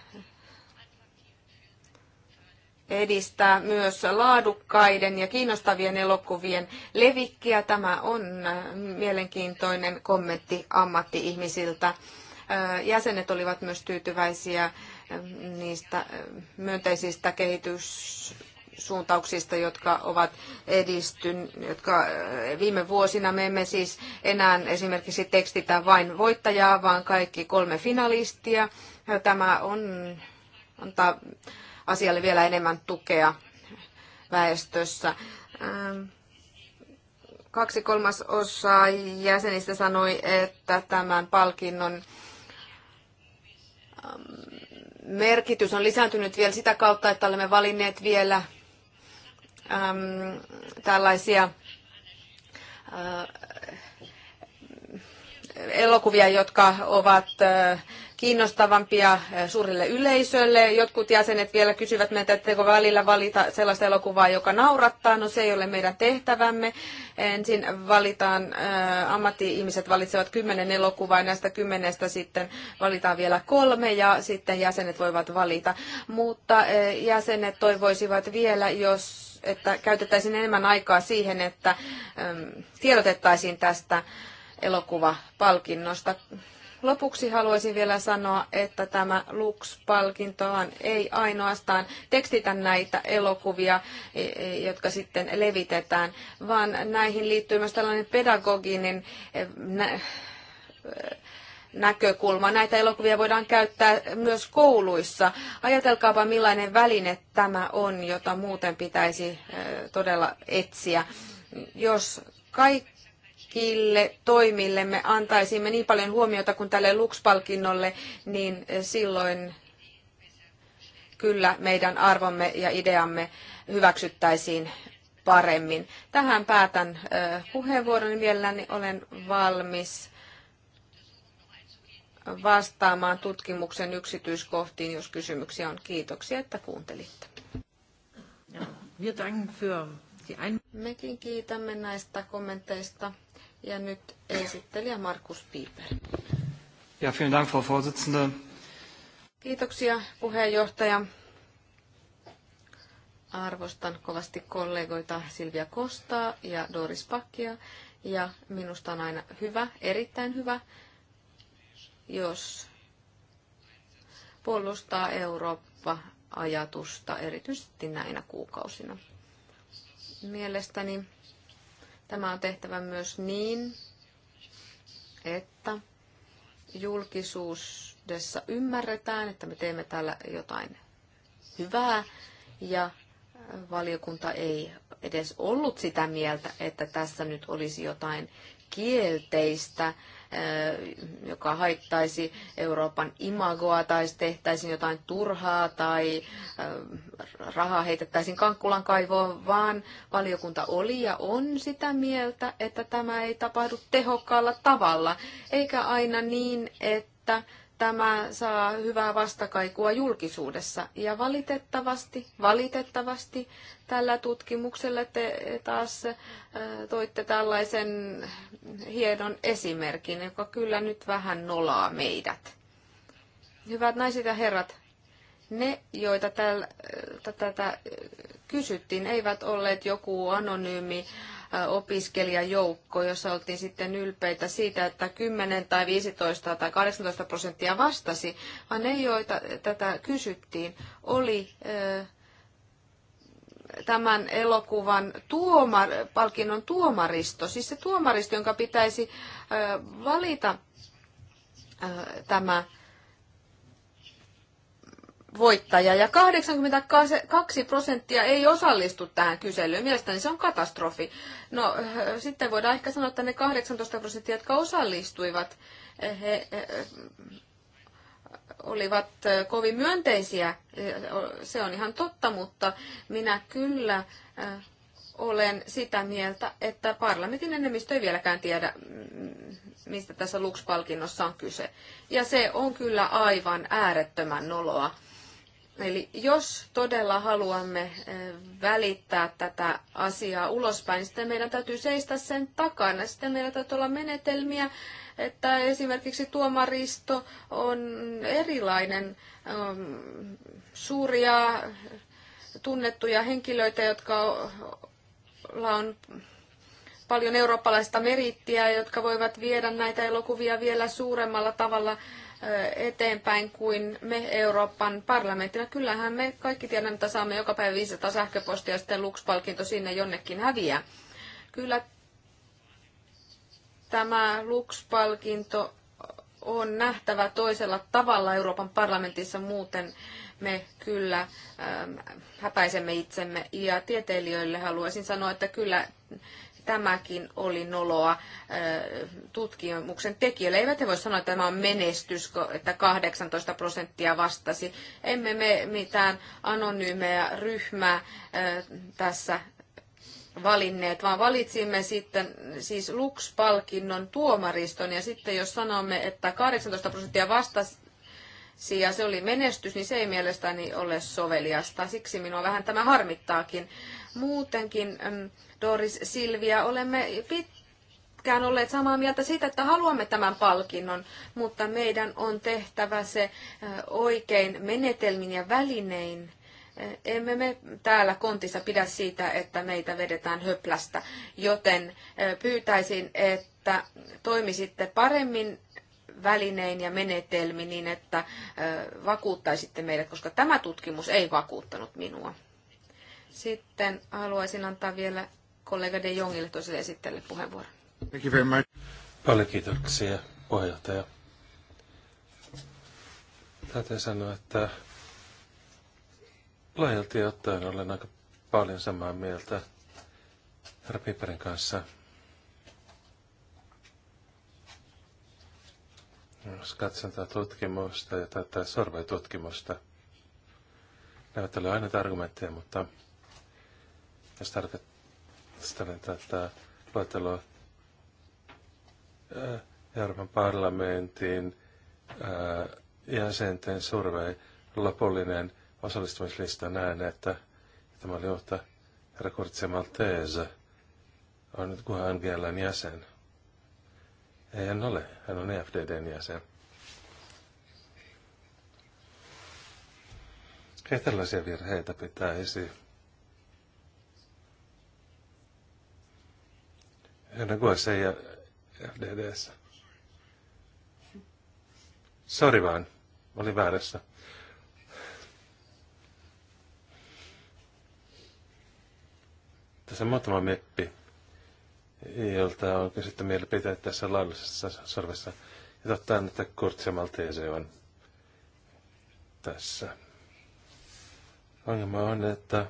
edistää myös laadukkaiden ja kiinnostavien elokuvien levikkiä. Tämä on äh, mielenkiintoinen kommentti ammattiihmisiltä äh, Jäsenet olivat myös tyytyväisiä äh, niistä myönteisistä kehityssuuntauksista jotka ovat edistyn, jotka viime vuosina me emme siis enää esimerkiksi tekstitä vain voittajaa, vaan kaikki kolme finalistia. Tämä on, antaa asialle vielä enemmän tukea väestössä. Ähm, kaksi kolmasosaa jäsenistä sanoi, että tämän palkinnon ähm, merkitys on lisääntynyt vielä sitä kautta, että olemme valinneet vielä äm, tällaisia ä, äh, elokuvia, jotka ovat ä, äh, kiinnostavampia eh, suurille yleisölle. Jotkut jäsenet vielä kysyvät meiltä, että välillä valita sellaista elokuvaa, joka naurattaa. No se ei ole meidän tehtävämme. Ensin valitaan, eh, ammatti-ihmiset valitsevat kymmenen elokuvaa ja näistä kymmenestä sitten valitaan vielä kolme ja sitten jäsenet voivat valita. Mutta eh, jäsenet toivoisivat vielä, jos että käytettäisiin enemmän aikaa siihen, että tiedotettaisiin tästä elokuvapalkinnosta. Lopuksi haluaisin vielä sanoa, että tämä Lux-palkintohan ei ainoastaan tekstitä näitä elokuvia, e, e, jotka sitten levitetään, vaan näihin liittyy myös tällainen pedagoginen e, näkökulma. Näitä elokuvia voidaan käyttää myös kouluissa. Ajatelkaapa millainen väline tämä on, jota muuten pitäisi todella etsiä. Jos kaikki kaikille toimillemme antaisimme niin paljon huomiota kuin tälle Lux-palkinnolle, niin silloin kyllä meidän arvomme ja ideamme hyväksyttäisiin paremmin. Tähän päätän puheenvuoroni mielelläni. Olen valmis vastaamaan tutkimuksen yksityiskohtiin, jos kysymyksiä on. Kiitoksia, että kuuntelitte. Mekin kiitämme näistä kommenteista. Ja nyt esittelijä Markus Piper. Ja, vielen Dank, Frau Vorsitzende. Kiitoksia puheenjohtaja. Arvostan kovasti kollegoita Silvia Kostaa ja Doris Pakkia. Ja minusta on aina hyvä, erittäin hyvä, jos puolustaa Eurooppa-ajatusta erityisesti näinä kuukausina. Mielestäni Tämä on tehtävä myös niin, että julkisuudessa ymmärretään, että me teemme täällä jotain hyvää ja valiokunta ei edes ollut sitä mieltä, että tässä nyt olisi jotain kielteistä Eh, joka haittaisi Euroopan imagoa tai tehtäisiin jotain turhaa tai eh, rahaa heitettäisiin kankkulan kaivoon, vaan valiokunta oli ja on sitä mieltä, että tämä ei tapahdu tehokkaalla tavalla, eikä aina niin, että tämä saa hyvää vastakaikua julkisuudessa. Ja valitettavasti, valitettavasti tällä tutkimuksella te taas toitte tällaisen hienon esimerkin, joka kyllä nyt vähän nolaa meidät. Hyvät naiset ja herrat, ne, joita tätä kysyttiin, eivät olleet joku anonyymi äh, Äh, opiskelijajoukko, jossa oltiin sitten ylpeitä siitä, että 10 tai 15 tai 18 prosenttia vastasi, vaan ne, joita tätä kysyttiin, oli äh, tämän elokuvan tuomar, palkinnon tuomaristo, siis se tuomaristo, jonka pitäisi äh, valita tämä voittaja ja 82 prosenttia ei osallistu tähän kyselyyn. Mielestäni se on katastrofi. No äh, sitten voidaan ehkä sanoa, että ne 18 prosenttia, jotka osallistuivat, eh, he, eh, olivat eh, kovin myönteisiä. Se on ihan totta, mutta minä kyllä olen sitä mieltä, että parlamentin enemmistö ei vieläkään tiedä, mm, mistä tässä Lux-palkinnossa on kyse. Ja se on kyllä aivan äärettömän noloa. Eli jos todella haluamme eh, välittää tätä asiaa ulospäin, niin sitten meidän täytyy seistä sen takana. Sitten meillä täytyy olla menetelmiä, että esimerkiksi tuomaristo on erilainen. Um, suuria tunnettuja henkilöitä, jotka on paljon eurooppalaista merittiä, jotka voivat viedä näitä elokuvia vielä suuremmalla tavalla eteenpäin kuin me Euroopan parlamenttina. Kyllähän me kaikki tiedämme, että saamme joka päivä 500 sähköpostia ja sitten Lux-palkinto sinne jonnekin häviää. Kyllä tämä Lux-palkinto on nähtävä toisella tavalla Euroopan parlamentissa, muuten me kyllä ähm, häpäisemme itsemme. Ja tieteilijöille haluaisin sanoa, että kyllä tämäkin oli noloa tutkimuksen tekijöille. Eivät he voi sanoa, että tämä on menestys, että 18 prosenttia vastasi. Emme me mitään anonyymeja ryhmää tässä valinneet, vaan valitsimme sitten siis Lux-palkinnon tuomariston ja sitten jos sanomme, että 18 prosenttia vastasi ja se oli menestys, niin se ei mielestäni ole soveliasta. Siksi minua vähän tämä harmittaakin. Muutenkin, Doris Silvia, olemme pitkään olleet samaa mieltä siitä, että haluamme tämän palkinnon, mutta meidän on tehtävä se oikein menetelmin ja välinein emme me täällä kontissa pidä siitä, että meitä vedetään höplästä, joten pyytäisin, että toimisitte paremmin välinein ja menetelmin niin, että vakuuttaisitte meidät, koska tämä tutkimus ei vakuuttanut minua. Sitten haluaisin antaa vielä kollega De Jongille toiselle esittelylle puheenvuoron. Thank you very much. Paljon kiitoksia, puheenjohtaja. Täytyy sanoa, että laajalti ottaen olen aika paljon samaa mieltä herra Piperin kanssa. Jos katson tätä tutkimusta ja tätä sorvetutkimusta, ne ovat aina argumentteja, mutta jos tarkastelen tätä luetteloa Euroopan parlamentin jäsenten survei lopullinen osallistumislista näen, että tämä oli johta herra Maltese on nyt Guhan Gellan jäsen. Ei hän ole, hän on EFDDn jäsen. Ja tällaisia virheitä pitäisi NKC ja FDDssä. Sorry vaan, oli väärässä. Tässä on muutama meppi, jolta on kysytty mielipiteet tässä laillisessa sorvessa. Ja totta on, että Kurtsia Maltese on tässä. Ongelma on, että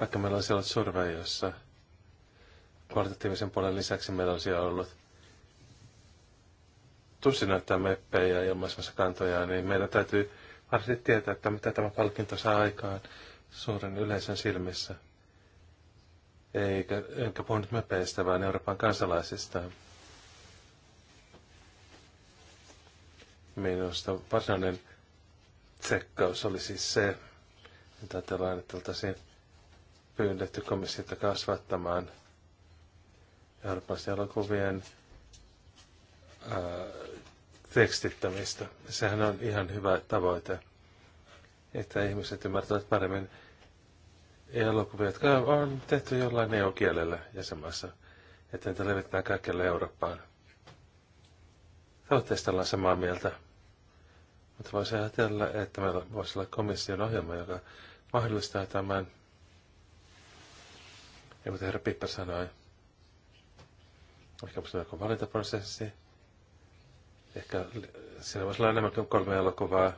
vaikka meillä on siellä sorve, jossa kvalitatiivisen puolen lisäksi meillä siellä ollut näyttää meppejä ilmaisemassa kantoja, niin meidän täytyy varsin tietää, että mitä tämä palkinto saa aikaan suuren yleisön silmissä. Eikä, enkä puhu nyt mepeistä, vaan Euroopan kansalaisista. Minusta varsinainen tsekkaus oli siis se, ajatellaan, että oltaisiin pyydetty komissiota kasvattamaan – eurooppalaisten elokuvien ää, tekstittämistä. Sehän on ihan hyvä tavoite, että ihmiset ymmärtävät paremmin elokuvia, jotka on tehty jollain neokielellä kielellä jäsenmaassa, että niitä levittää kaikille Eurooppaan. Tavoitteista ollaan samaa mieltä, mutta voisi ajatella, että meillä voisi olla komission ohjelma, joka mahdollistaa tämän. Ja mitä herra Pippa sanoi, se joku valintaprosessi? Ehkä siinä voisi olla enemmän kuin kolme elokuvaa.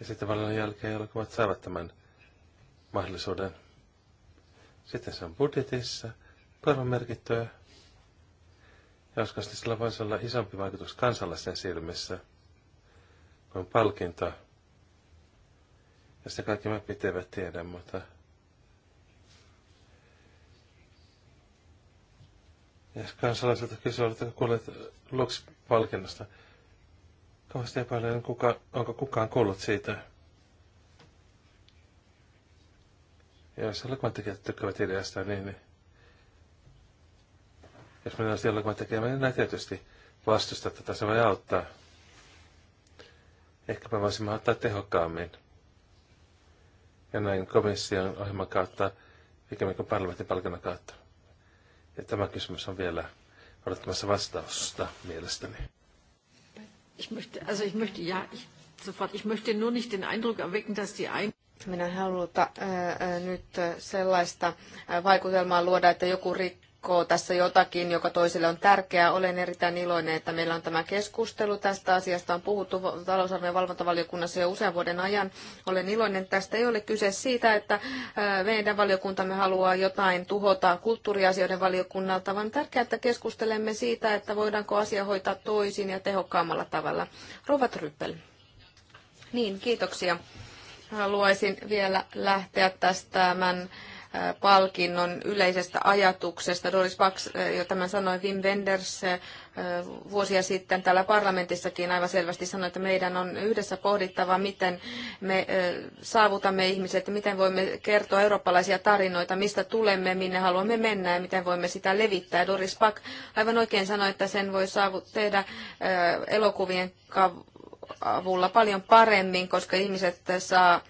Ja sitten valinnan jälkeen elokuvat saavat tämän mahdollisuuden. Sitten se on budjetissa, merkittyä. Ja joskus sillä voisi olla isompi vaikutus kansalaisten silmissä kuin palkinta. Ja sitä kaikki me pitävät tiedä, mutta kansalaiset kansalaisilta kysyivät, että kuulet Lux-palkinnosta. Kauheasti epäilen, kuka, onko kukaan kuullut siitä. Ja jos elokuvantekijät tykkäävät ideasta, niin, niin jos minä olisin elokuvantekijä, niin näin tietysti vastusta tätä, se voi auttaa. Ehkäpä voisin ottaa tehokkaammin. Ja näin komission ohjelman kautta, ikään kuin parlamentin palkinnon kautta. Ja tämä kysymys on vielä odottamassa vastausta mielestäni. Ich möchte, also ich möchte, ja, ich, sofort, ich möchte nur nicht den Eindruck erwecken, dass die ein Minä haluan äh, äh, nyt äh, sellaista äh, vaikutelmaa luoda, että joku rikkoo rikkoo tässä jotakin, joka toiselle on tärkeää. Olen erittäin iloinen, että meillä on tämä keskustelu tästä asiasta. On puhuttu talousarvion valvontavaliokunnassa jo usean vuoden ajan. Olen iloinen, että tästä ei ole kyse siitä, että meidän valiokuntamme haluaa jotain tuhota kulttuuriasioiden valiokunnalta, vaan tärkeää, että keskustelemme siitä, että voidaanko asia hoitaa toisin ja tehokkaammalla tavalla. Rovat Ryppel. Niin, kiitoksia. Haluaisin vielä lähteä tästä tämän palkinnon yleisestä ajatuksesta. Doris Bax eh, jo tämän sanoi, Wim Wenders eh, vuosia sitten täällä parlamentissakin aivan selvästi sanoi, että meidän on yhdessä pohdittava, miten me eh, saavutamme ihmiset, miten voimme kertoa eurooppalaisia tarinoita, mistä tulemme, minne haluamme mennä ja miten voimme sitä levittää. Doris Back aivan oikein sanoi, että sen voi saavut- tehdä elokuvien avulla paljon paremmin, koska ihmiset saa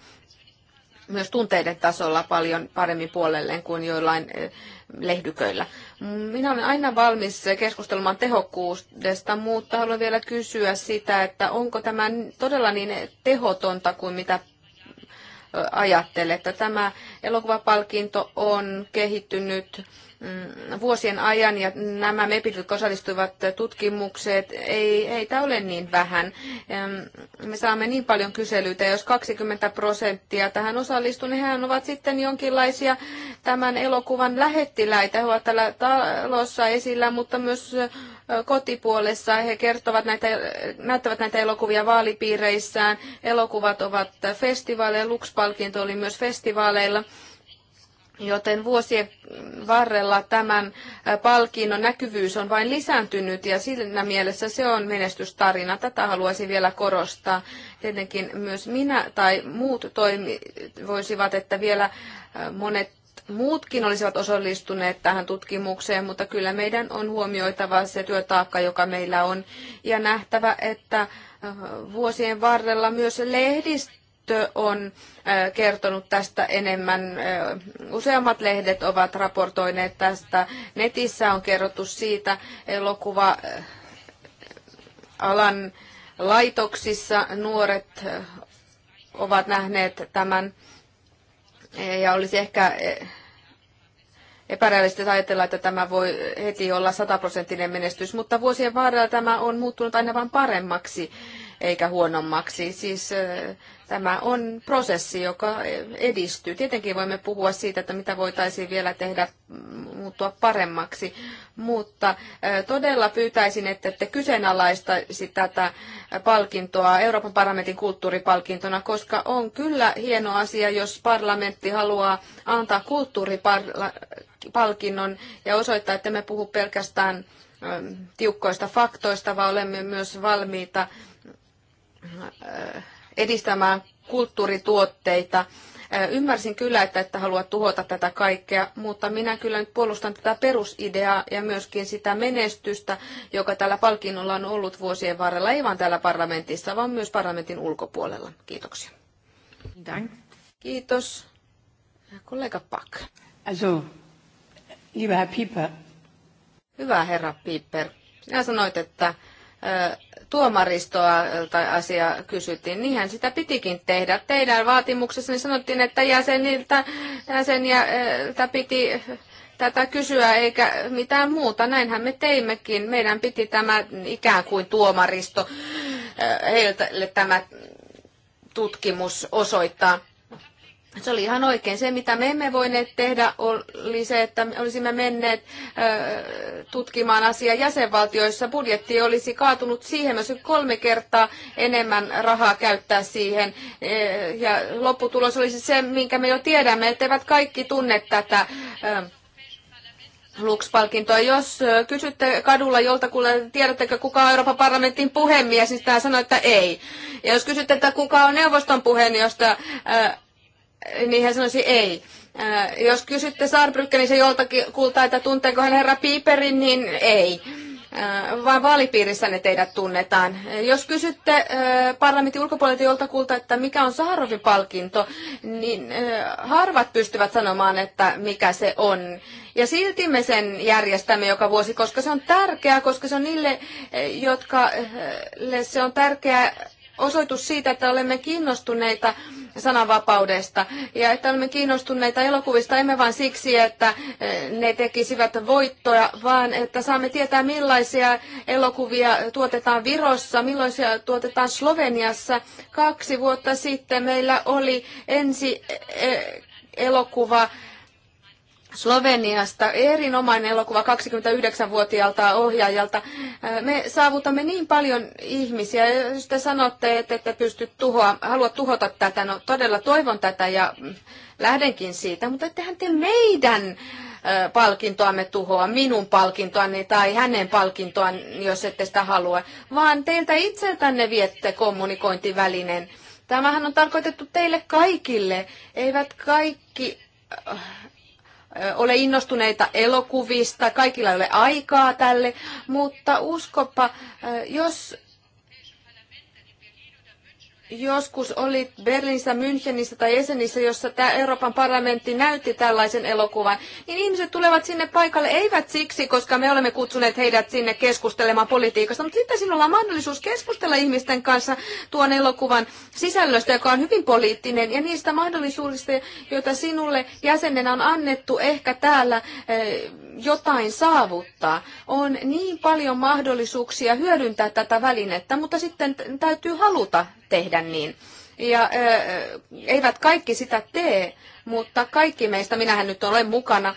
myös tunteiden tasolla paljon paremmin puolelleen kuin joillain eh, lehdyköillä. Minä olen aina valmis keskustelemaan tehokkuudesta, mutta haluan vielä kysyä sitä, että onko tämä todella niin tehotonta kuin mitä eh, ajattelet. Tämä elokuvapalkinto on kehittynyt Mm, vuosien ajan ja nämä mepit, jotka osallistuivat tutkimukseen, ei, ei tämä ole niin vähän. Me saamme niin paljon kyselyitä, jos 20 prosenttia tähän osallistuu, niin hän ovat sitten jonkinlaisia tämän elokuvan lähettiläitä. He ovat täällä talossa esillä, mutta myös kotipuolessa. He kertovat näitä, näyttävät näitä elokuvia vaalipiireissään. Elokuvat ovat festivaaleja, Lux-palkinto oli myös festivaaleilla Joten vuosien varrella tämän palkinnon näkyvyys on vain lisääntynyt ja siinä mielessä se on menestystarina. Tätä haluaisin vielä korostaa. Tietenkin myös minä tai muut toimi, voisivat, että vielä monet muutkin olisivat osallistuneet tähän tutkimukseen, mutta kyllä meidän on huomioitava se työtaakka, joka meillä on, ja nähtävä, että vuosien varrella myös lehdistä on kertonut tästä enemmän. Useammat lehdet ovat raportoineet tästä. Netissä on kerrottu siitä elokuva-alan laitoksissa nuoret ovat nähneet tämän ja olisi ehkä epärealistista ajatella, että tämä voi heti olla sataprosenttinen menestys, mutta vuosien varrella tämä on muuttunut aina vain paremmaksi eikä huonommaksi. Siis tämä on prosessi, joka edistyy. Tietenkin voimme puhua siitä, että mitä voitaisiin vielä tehdä mm, muuttua paremmaksi, mutta todella pyytäisin, että te kyseenalaistaisi tätä palkintoa Euroopan parlamentin kulttuuripalkintona, koska on kyllä hieno asia, jos parlamentti haluaa antaa kulttuuripalkinnon ja osoittaa, että me puhu pelkästään tiukkoista faktoista, vaan olemme myös valmiita edistämään kulttuurituotteita. Ymmärsin kyllä, että, että haluat tuhota tätä kaikkea, mutta minä kyllä nyt puolustan tätä perusideaa ja myöskin sitä menestystä, joka tällä palkinnolla on ollut vuosien varrella, ei vain täällä parlamentissa, vaan myös parlamentin ulkopuolella. Kiitoksia. Dank. Kiitos. Kollega Pak. Also, lieber Herr Pieper. Hyvä herra Piper. Sinä sanoit, että tuomaristoa tai asia kysyttiin. Niinhän sitä pitikin tehdä. Teidän vaatimuksessanne sanottiin, että jäseniltä, jäseniltä piti tätä kysyä eikä mitään muuta. Näinhän me teimmekin. Meidän piti tämä ikään kuin tuomaristo heille tämä tutkimus osoittaa. Se oli ihan oikein. Se, mitä me emme voineet tehdä, oli se, että olisimme menneet tutkimaan asiaa jäsenvaltioissa. Budjetti olisi kaatunut siihen, myös kolme kertaa enemmän rahaa käyttää siihen. E, ja lopputulos olisi se, minkä me jo tiedämme, etteivät kaikki tunne tätä Lux-palkintoa. Jos kysytte kadulla jolta tiedättekö kuka on Euroopan parlamentin puhemies, niin tämä sanoo, että ei. Ja jos kysytte, että kuka on neuvoston puheenjohtaja, niin niin hän sanoisi ei. Äh, jos kysytte Saarbrückenissä niin joltakin kultaa, että tunteeko hän herra Piiperin, niin ei äh, vaan vaalipiirissä ne teidät tunnetaan. Jos kysytte äh, parlamentin ulkopuolelta joltakulta, että mikä on Saarovin palkinto, niin harvat pystyvät sanomaan, että mikä se on. Ja silti me sen järjestämme joka vuosi, koska se on tärkeää, koska se on niille, jotka se on tärkeä osoitus siitä, että olemme kiinnostuneita sananvapaudesta ja että olemme kiinnostuneita elokuvista emme vain siksi, että eh, ne tekisivät voittoja, vaan että saamme tietää millaisia elokuvia tuotetaan Virossa, millaisia tuotetaan Sloveniassa. Kaksi vuotta sitten meillä oli ensi eh, eh, elokuva Sloveniasta erinomainen elokuva 29-vuotiaalta ohjaajalta. Äh, me saavutamme niin paljon ihmisiä, jos te sanotte, että ette pysty tuhoa, haluat tuhota tätä, no todella toivon tätä ja lähdenkin siitä, mutta ettehän te meidän äh, palkintoamme tuhoa, minun palkintoani tai hänen palkintoani, jos ette sitä halua, vaan teiltä itseltänne viette kommunikointivälineen. Tämähän on tarkoitettu teille kaikille, eivät kaikki äh, ole innostuneita elokuvista, kaikilla ei ole aikaa tälle, mutta uskopa, jos Joskus oli Berliinissä, Münchenissä tai Esenissä, jossa tämä Euroopan parlamentti näytti tällaisen elokuvan, niin ihmiset tulevat sinne paikalle eivät siksi, koska me olemme kutsuneet heidät sinne keskustelemaan politiikasta, mutta sitten sinulla on mahdollisuus keskustella ihmisten kanssa tuon elokuvan sisällöstä, joka on hyvin poliittinen, ja niistä mahdollisuuksista, joita sinulle jäsenenä on annettu ehkä täällä eh, jotain saavuttaa. On niin paljon mahdollisuuksia hyödyntää tätä välinettä, mutta sitten täytyy haluta tehdä tehdä niin. Ja ö, eivät kaikki sitä tee, mutta kaikki meistä, minähän nyt olen mukana,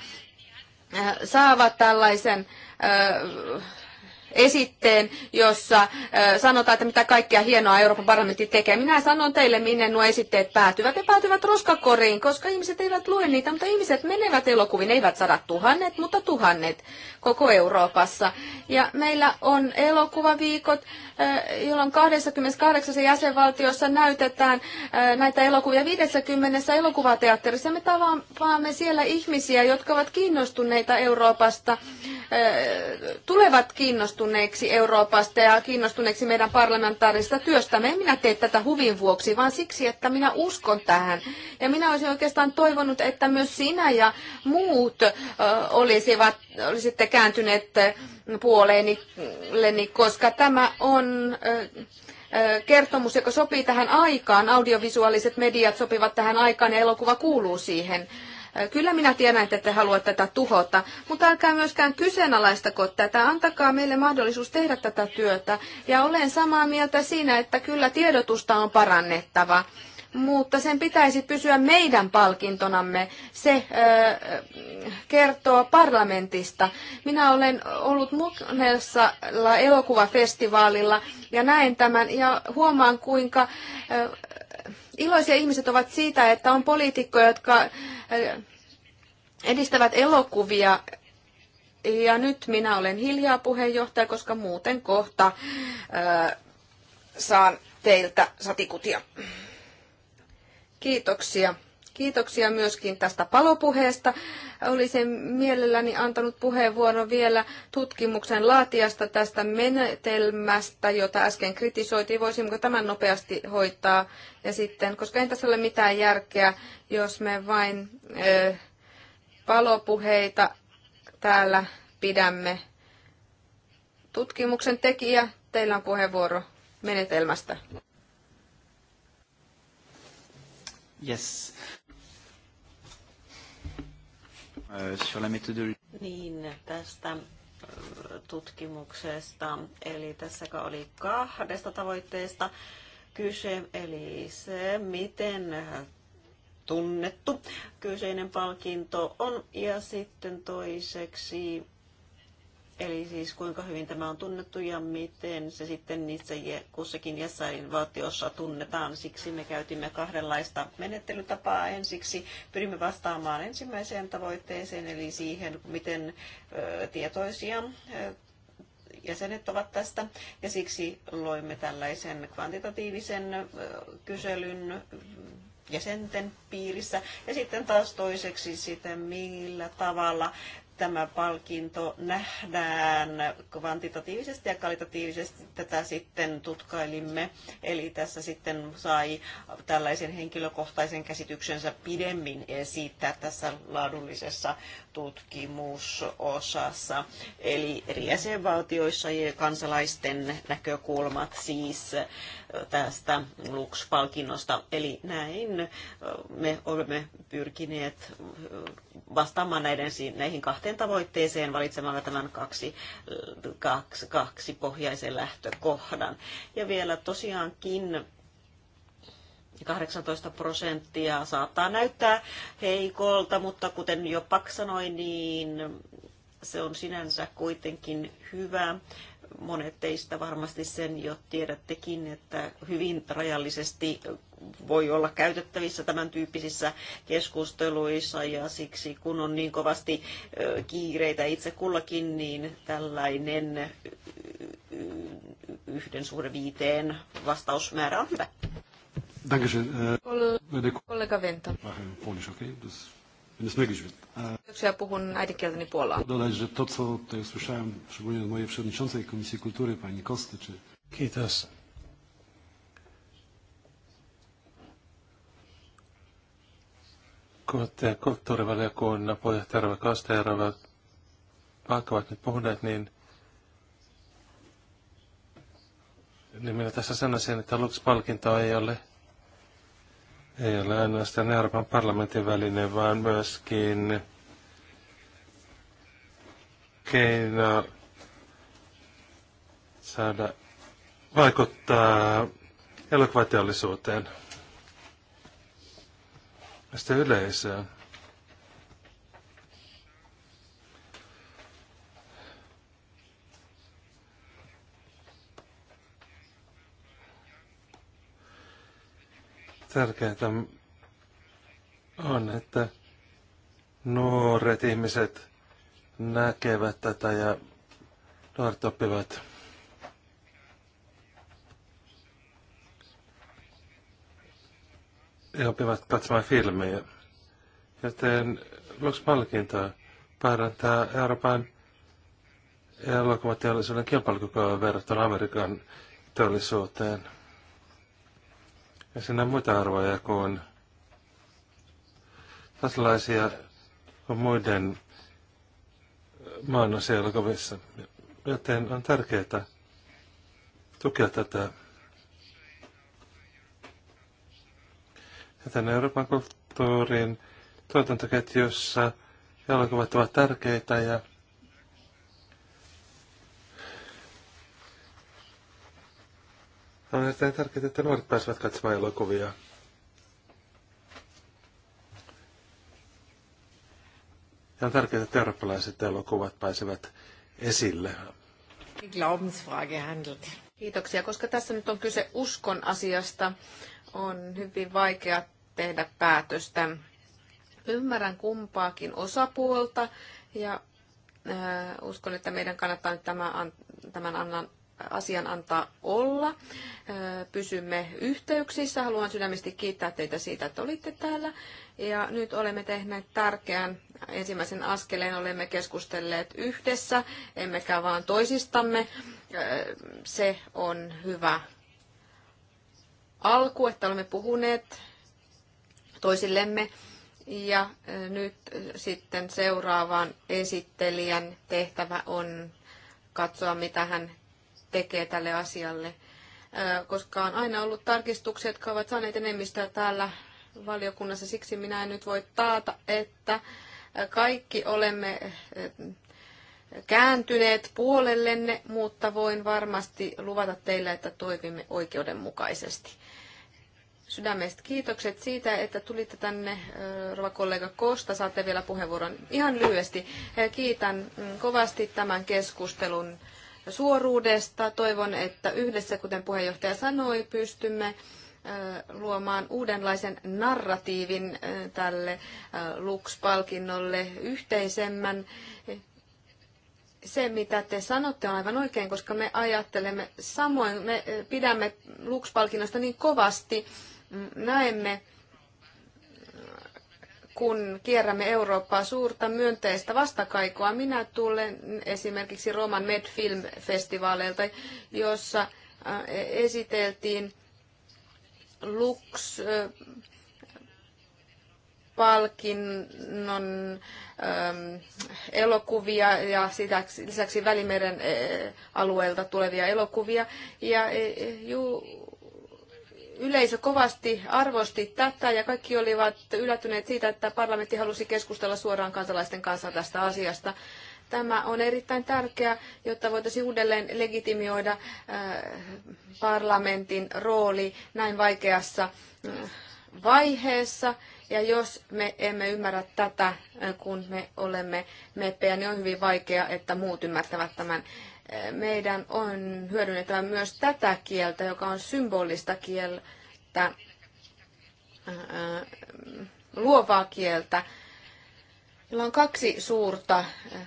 saavat tällaisen ö, esitteen, jossa sanotaan, että mitä kaikkea hienoa Euroopan parlamentti tekee. Minä sanon teille, minne nuo esitteet päätyvät. Ne päätyvät roskakoriin, koska ihmiset eivät lue niitä, mutta ihmiset menevät elokuviin, ne eivät saada tuhannet, mutta tuhannet koko Euroopassa. Ja meillä on elokuvaviikot, jolloin 28 jäsenvaltiossa näytetään näitä elokuvia 50 elokuvateatterissa. Me tavaamme siellä ihmisiä, jotka ovat kiinnostuneita Euroopasta, tulevat kiinnostuneita kiinnostuneeksi Euroopasta ja kiinnostuneeksi meidän parlamentaarista työstämme. En minä tee tätä huvin vuoksi, vaan siksi, että minä uskon tähän. Ja minä olisin oikeastaan toivonut, että myös sinä ja muut olisivat, olisitte kääntyneet puoleeni, koska tämä on kertomus, joka sopii tähän aikaan. Audiovisuaaliset mediat sopivat tähän aikaan ja elokuva kuuluu siihen. Kyllä minä tiedän, että te haluatte tätä tuhota, mutta älkää myöskään kyseenalaistako tätä. Antakaa meille mahdollisuus tehdä tätä työtä. Ja olen samaa mieltä siinä, että kyllä tiedotusta on parannettava mutta sen pitäisi pysyä meidän palkintonamme. Se ö, kertoo parlamentista. Minä olen ollut monessa elokuvafestivaalilla ja näen tämän ja huomaan kuinka ö, Iloisia ihmiset ovat siitä, että on poliitikkoja, jotka äh, edistävät elokuvia. Ja nyt minä olen hiljaa puheenjohtaja, koska muuten kohta ää, äh, saan teiltä satikutia. Kiitoksia. Kiitoksia myöskin tästä palopuheesta. Olisin mielelläni antanut puheenvuoron vielä tutkimuksen laatiasta tästä menetelmästä, jota äsken kritisoitiin. Voisimmeko tämän nopeasti hoitaa? Ja sitten, koska ei tässä ole mitään järkeä, jos me vain ö, palopuheita täällä pidämme. Tutkimuksen tekijä, teillä on puheenvuoro menetelmästä. Yes. Äh, sur la méthodologie. Niin, tästä äh, tutkimuksesta. Eli tässä oli kahdesta tavoitteesta kyse, eli se, miten äh, tunnettu kyseinen palkinto on. Ja sitten toiseksi Eli siis kuinka hyvin tämä on tunnettu ja miten se sitten itse kussakin jessain valtiossa tunnetaan. Siksi me käytimme kahdenlaista menettelytapaa. Ensiksi pyrimme vastaamaan ensimmäiseen tavoitteeseen, eli siihen, miten tietoisia jäsenet ovat tästä. Ja siksi loimme tällaisen kvantitatiivisen kyselyn jäsenten piirissä. Ja sitten taas toiseksi sitten millä tavalla tämä palkinto nähdään kvantitatiivisesti ja kvalitatiivisesti. Tätä sitten tutkailimme, eli tässä sitten sai tällaisen henkilökohtaisen käsityksensä pidemmin esittää tässä laadullisessa tutkimusosassa, eli eri jäsenvaltioissa ja kansalaisten näkökulmat siis tästä Lux-palkinnosta. Eli näin me olemme pyrkineet vastaamaan näiden, näihin kahteen tavoitteeseen valitsemalla tämän kaksi, kaksi, kaksi pohjaisen lähtökohdan. Ja vielä tosiaankin 18 prosenttia saattaa näyttää heikolta, mutta kuten jo Pak sanoi, niin se on sinänsä kuitenkin hyvä. Monet teistä varmasti sen jo tiedättekin, että hyvin rajallisesti voi olla käytettävissä tämän tyyppisissä keskusteluissa ja siksi kun on niin kovasti kiireitä itse kullakin, niin tällainen yhden suhde viiteen vastausmäärä on hyvä. Dankeschön. Äh, äh, kollega Venta. Vähän puolish, okei? Okay? Więc möglich wird. Äh, Kiitoksia, puhun äidinkieltäni puolaa. Dodać, że to, co tutaj usłyszałem, szczególnie od mojej przewodniczącej Komisji Kultury, pani Kosty, czy... Kiitos. Kote kulttuurivaliokunnan puheenjohtaja Rova Kosta ja Rova Paakka ovat nyt puhuneet, niin, niin minä tässä sanoisin, että Lux-palkinto ei ole ei ole ainoastaan Euroopan parlamentin väline, vaan myöskin keino saada vaikuttaa elokuvateollisuuteen ja yleisöön. tärkeintä on, että nuoret ihmiset näkevät tätä ja nuoret oppivat. He oppivat katsomaan filmejä. Joten Lux-palkinto parantaa Euroopan elokuvateollisuuden kilpailukykyä verrattuna Amerikan teollisuuteen. Ja siinä muita arvoja kuin tällaisia kuin muiden maan kovissa. Joten on tärkeää tukea tätä. Joten Euroopan kulttuurin tuotantoketjussa jalkuvat ovat tärkeitä ja On erittäin tärkeää, että nuoret pääsevät katsomaan elokuvia. Ja on tärkeää, että eurooppalaiset elokuvat pääsevät esille. Glaubensfrage Kiitoksia, koska tässä nyt on kyse uskon asiasta, on hyvin vaikea tehdä päätöstä. Ymmärrän kumpaakin osapuolta ja äh, uskon, että meidän kannattaa nyt tämän, tämän annan asian antaa olla. Pysymme yhteyksissä. Haluan sydämesti kiittää teitä siitä, että olitte täällä. Ja nyt olemme tehneet tärkeän ensimmäisen askeleen. Olemme keskustelleet yhdessä, emmekä vaan toisistamme. Se on hyvä alku, että olemme puhuneet toisillemme. Ja nyt sitten seuraavan esittelijän tehtävä on katsoa, mitä hän tekee tälle asialle, koska on aina ollut tarkistuksia, jotka ovat saaneet enemmistöä täällä valiokunnassa. Siksi minä en nyt voi taata, että kaikki olemme kääntyneet puolellenne, mutta voin varmasti luvata teille, että toimimme oikeudenmukaisesti. Sydämestä kiitokset siitä, että tulitte tänne, rova kollega Kosta. Saatte vielä puheenvuoron ihan lyhyesti. Kiitän mm, kovasti tämän keskustelun suoruudesta. Toivon, että yhdessä, kuten puheenjohtaja sanoi, pystymme luomaan uudenlaisen narratiivin tälle Lux-palkinnolle yhteisemmän. Se, mitä te sanotte, on aivan oikein, koska me ajattelemme samoin, me pidämme Lux-palkinnosta niin kovasti, näemme kun kierrämme Eurooppaa suurta myönteistä vastakaikoa. Minä tulen esimerkiksi Roman Medfilm-festivaaleilta, jossa äh, esiteltiin Lux palkinnon ähm, elokuvia ja sitä, lisäksi Välimeren äh, alueelta tulevia elokuvia. Ja ä, äh, ju, yleisö kovasti arvosti tätä ja kaikki olivat yllättyneet siitä, että parlamentti halusi keskustella suoraan kansalaisten kanssa tästä asiasta. Tämä on erittäin tärkeää, jotta voitaisiin uudelleen legitimioida äh, parlamentin rooli näin vaikeassa äh, vaiheessa. Ja jos me emme ymmärrä tätä, äh, kun me olemme meppejä, niin on hyvin vaikea, että muut ymmärtävät tämän meidän on hyödynnettävä myös tätä kieltä, joka on symbolista kieltä, äh, äh, luovaa kieltä, jolla on kaksi suurta äh,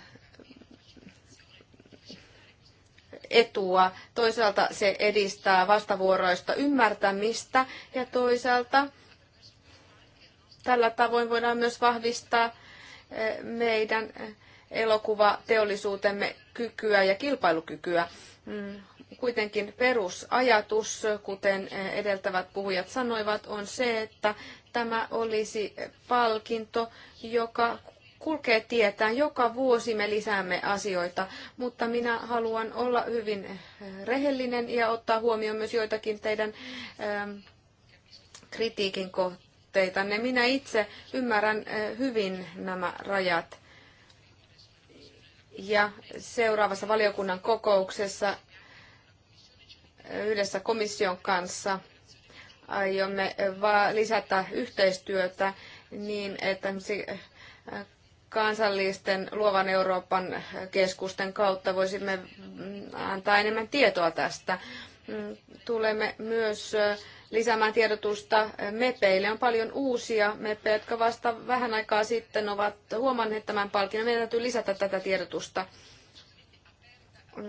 etua. Toisaalta se edistää vastavuoroista ymmärtämistä ja toisaalta tällä tavoin voidaan myös vahvistaa meidän elokuvateollisuutemme kykyä ja kilpailukykyä. Mm, kuitenkin perusajatus, kuten edeltävät puhujat sanoivat, on se, että tämä olisi palkinto, joka kulkee tietään. Joka vuosi me lisäämme asioita, mutta minä haluan olla hyvin rehellinen ja ottaa huomioon myös joitakin teidän ähm, kritiikin kohteitanne. Minä itse ymmärrän äh, hyvin nämä rajat. Ja seuraavassa valiokunnan kokouksessa yhdessä komission kanssa aiomme lisätä yhteistyötä niin, että äh, kansallisten luovan Euroopan keskusten kautta voisimme mm, antaa enemmän tietoa tästä. Mm, tulemme myös äh, lisäämään tiedotusta MEPEille. On paljon uusia MEPEjä, jotka vasta vähän aikaa sitten ovat huomanneet tämän palkinnon. Meidän täytyy lisätä tätä tiedotusta.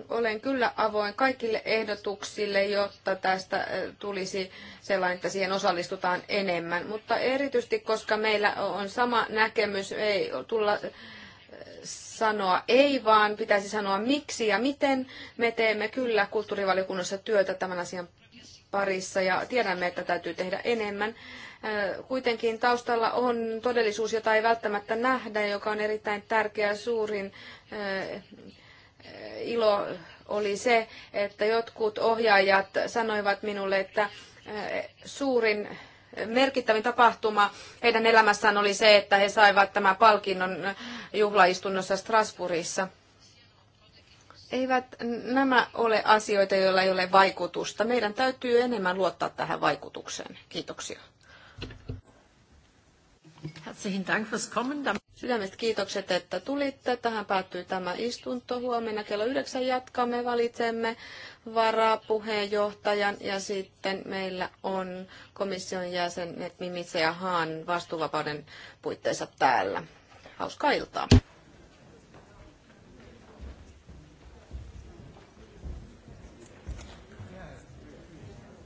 Olen kyllä avoin kaikille ehdotuksille, jotta tästä eh, tulisi sellainen, että siihen osallistutaan enemmän. Mutta erityisesti, koska meillä on sama näkemys, ei tulla eh, sanoa ei, vaan pitäisi sanoa miksi ja miten. Me teemme kyllä kulttuurivaliokunnassa työtä tämän asian parissa ja tiedämme, että täytyy tehdä enemmän. Kuitenkin taustalla on todellisuus, jota ei välttämättä nähdä, joka on erittäin tärkeä suurin ilo oli se, että jotkut ohjaajat sanoivat minulle, että suurin merkittävin tapahtuma heidän elämässään oli se, että he saivat tämän palkinnon juhlaistunnossa Strasbourgissa. Eivät nämä ole asioita, joilla ei ole vaikutusta. Meidän täytyy enemmän luottaa tähän vaikutukseen. Kiitoksia. Herzlichen Dank fürs Kommen. Sydämestä kiitokset, että tulitte. Tähän päättyy tämä istunto. Huomenna kello yhdeksän jatkamme, valitsemme varapuheenjohtajan ja sitten meillä on komission jäsenet Mimitse ja Haan vastuuvapauden puitteissa täällä. Hauskaa iltaa.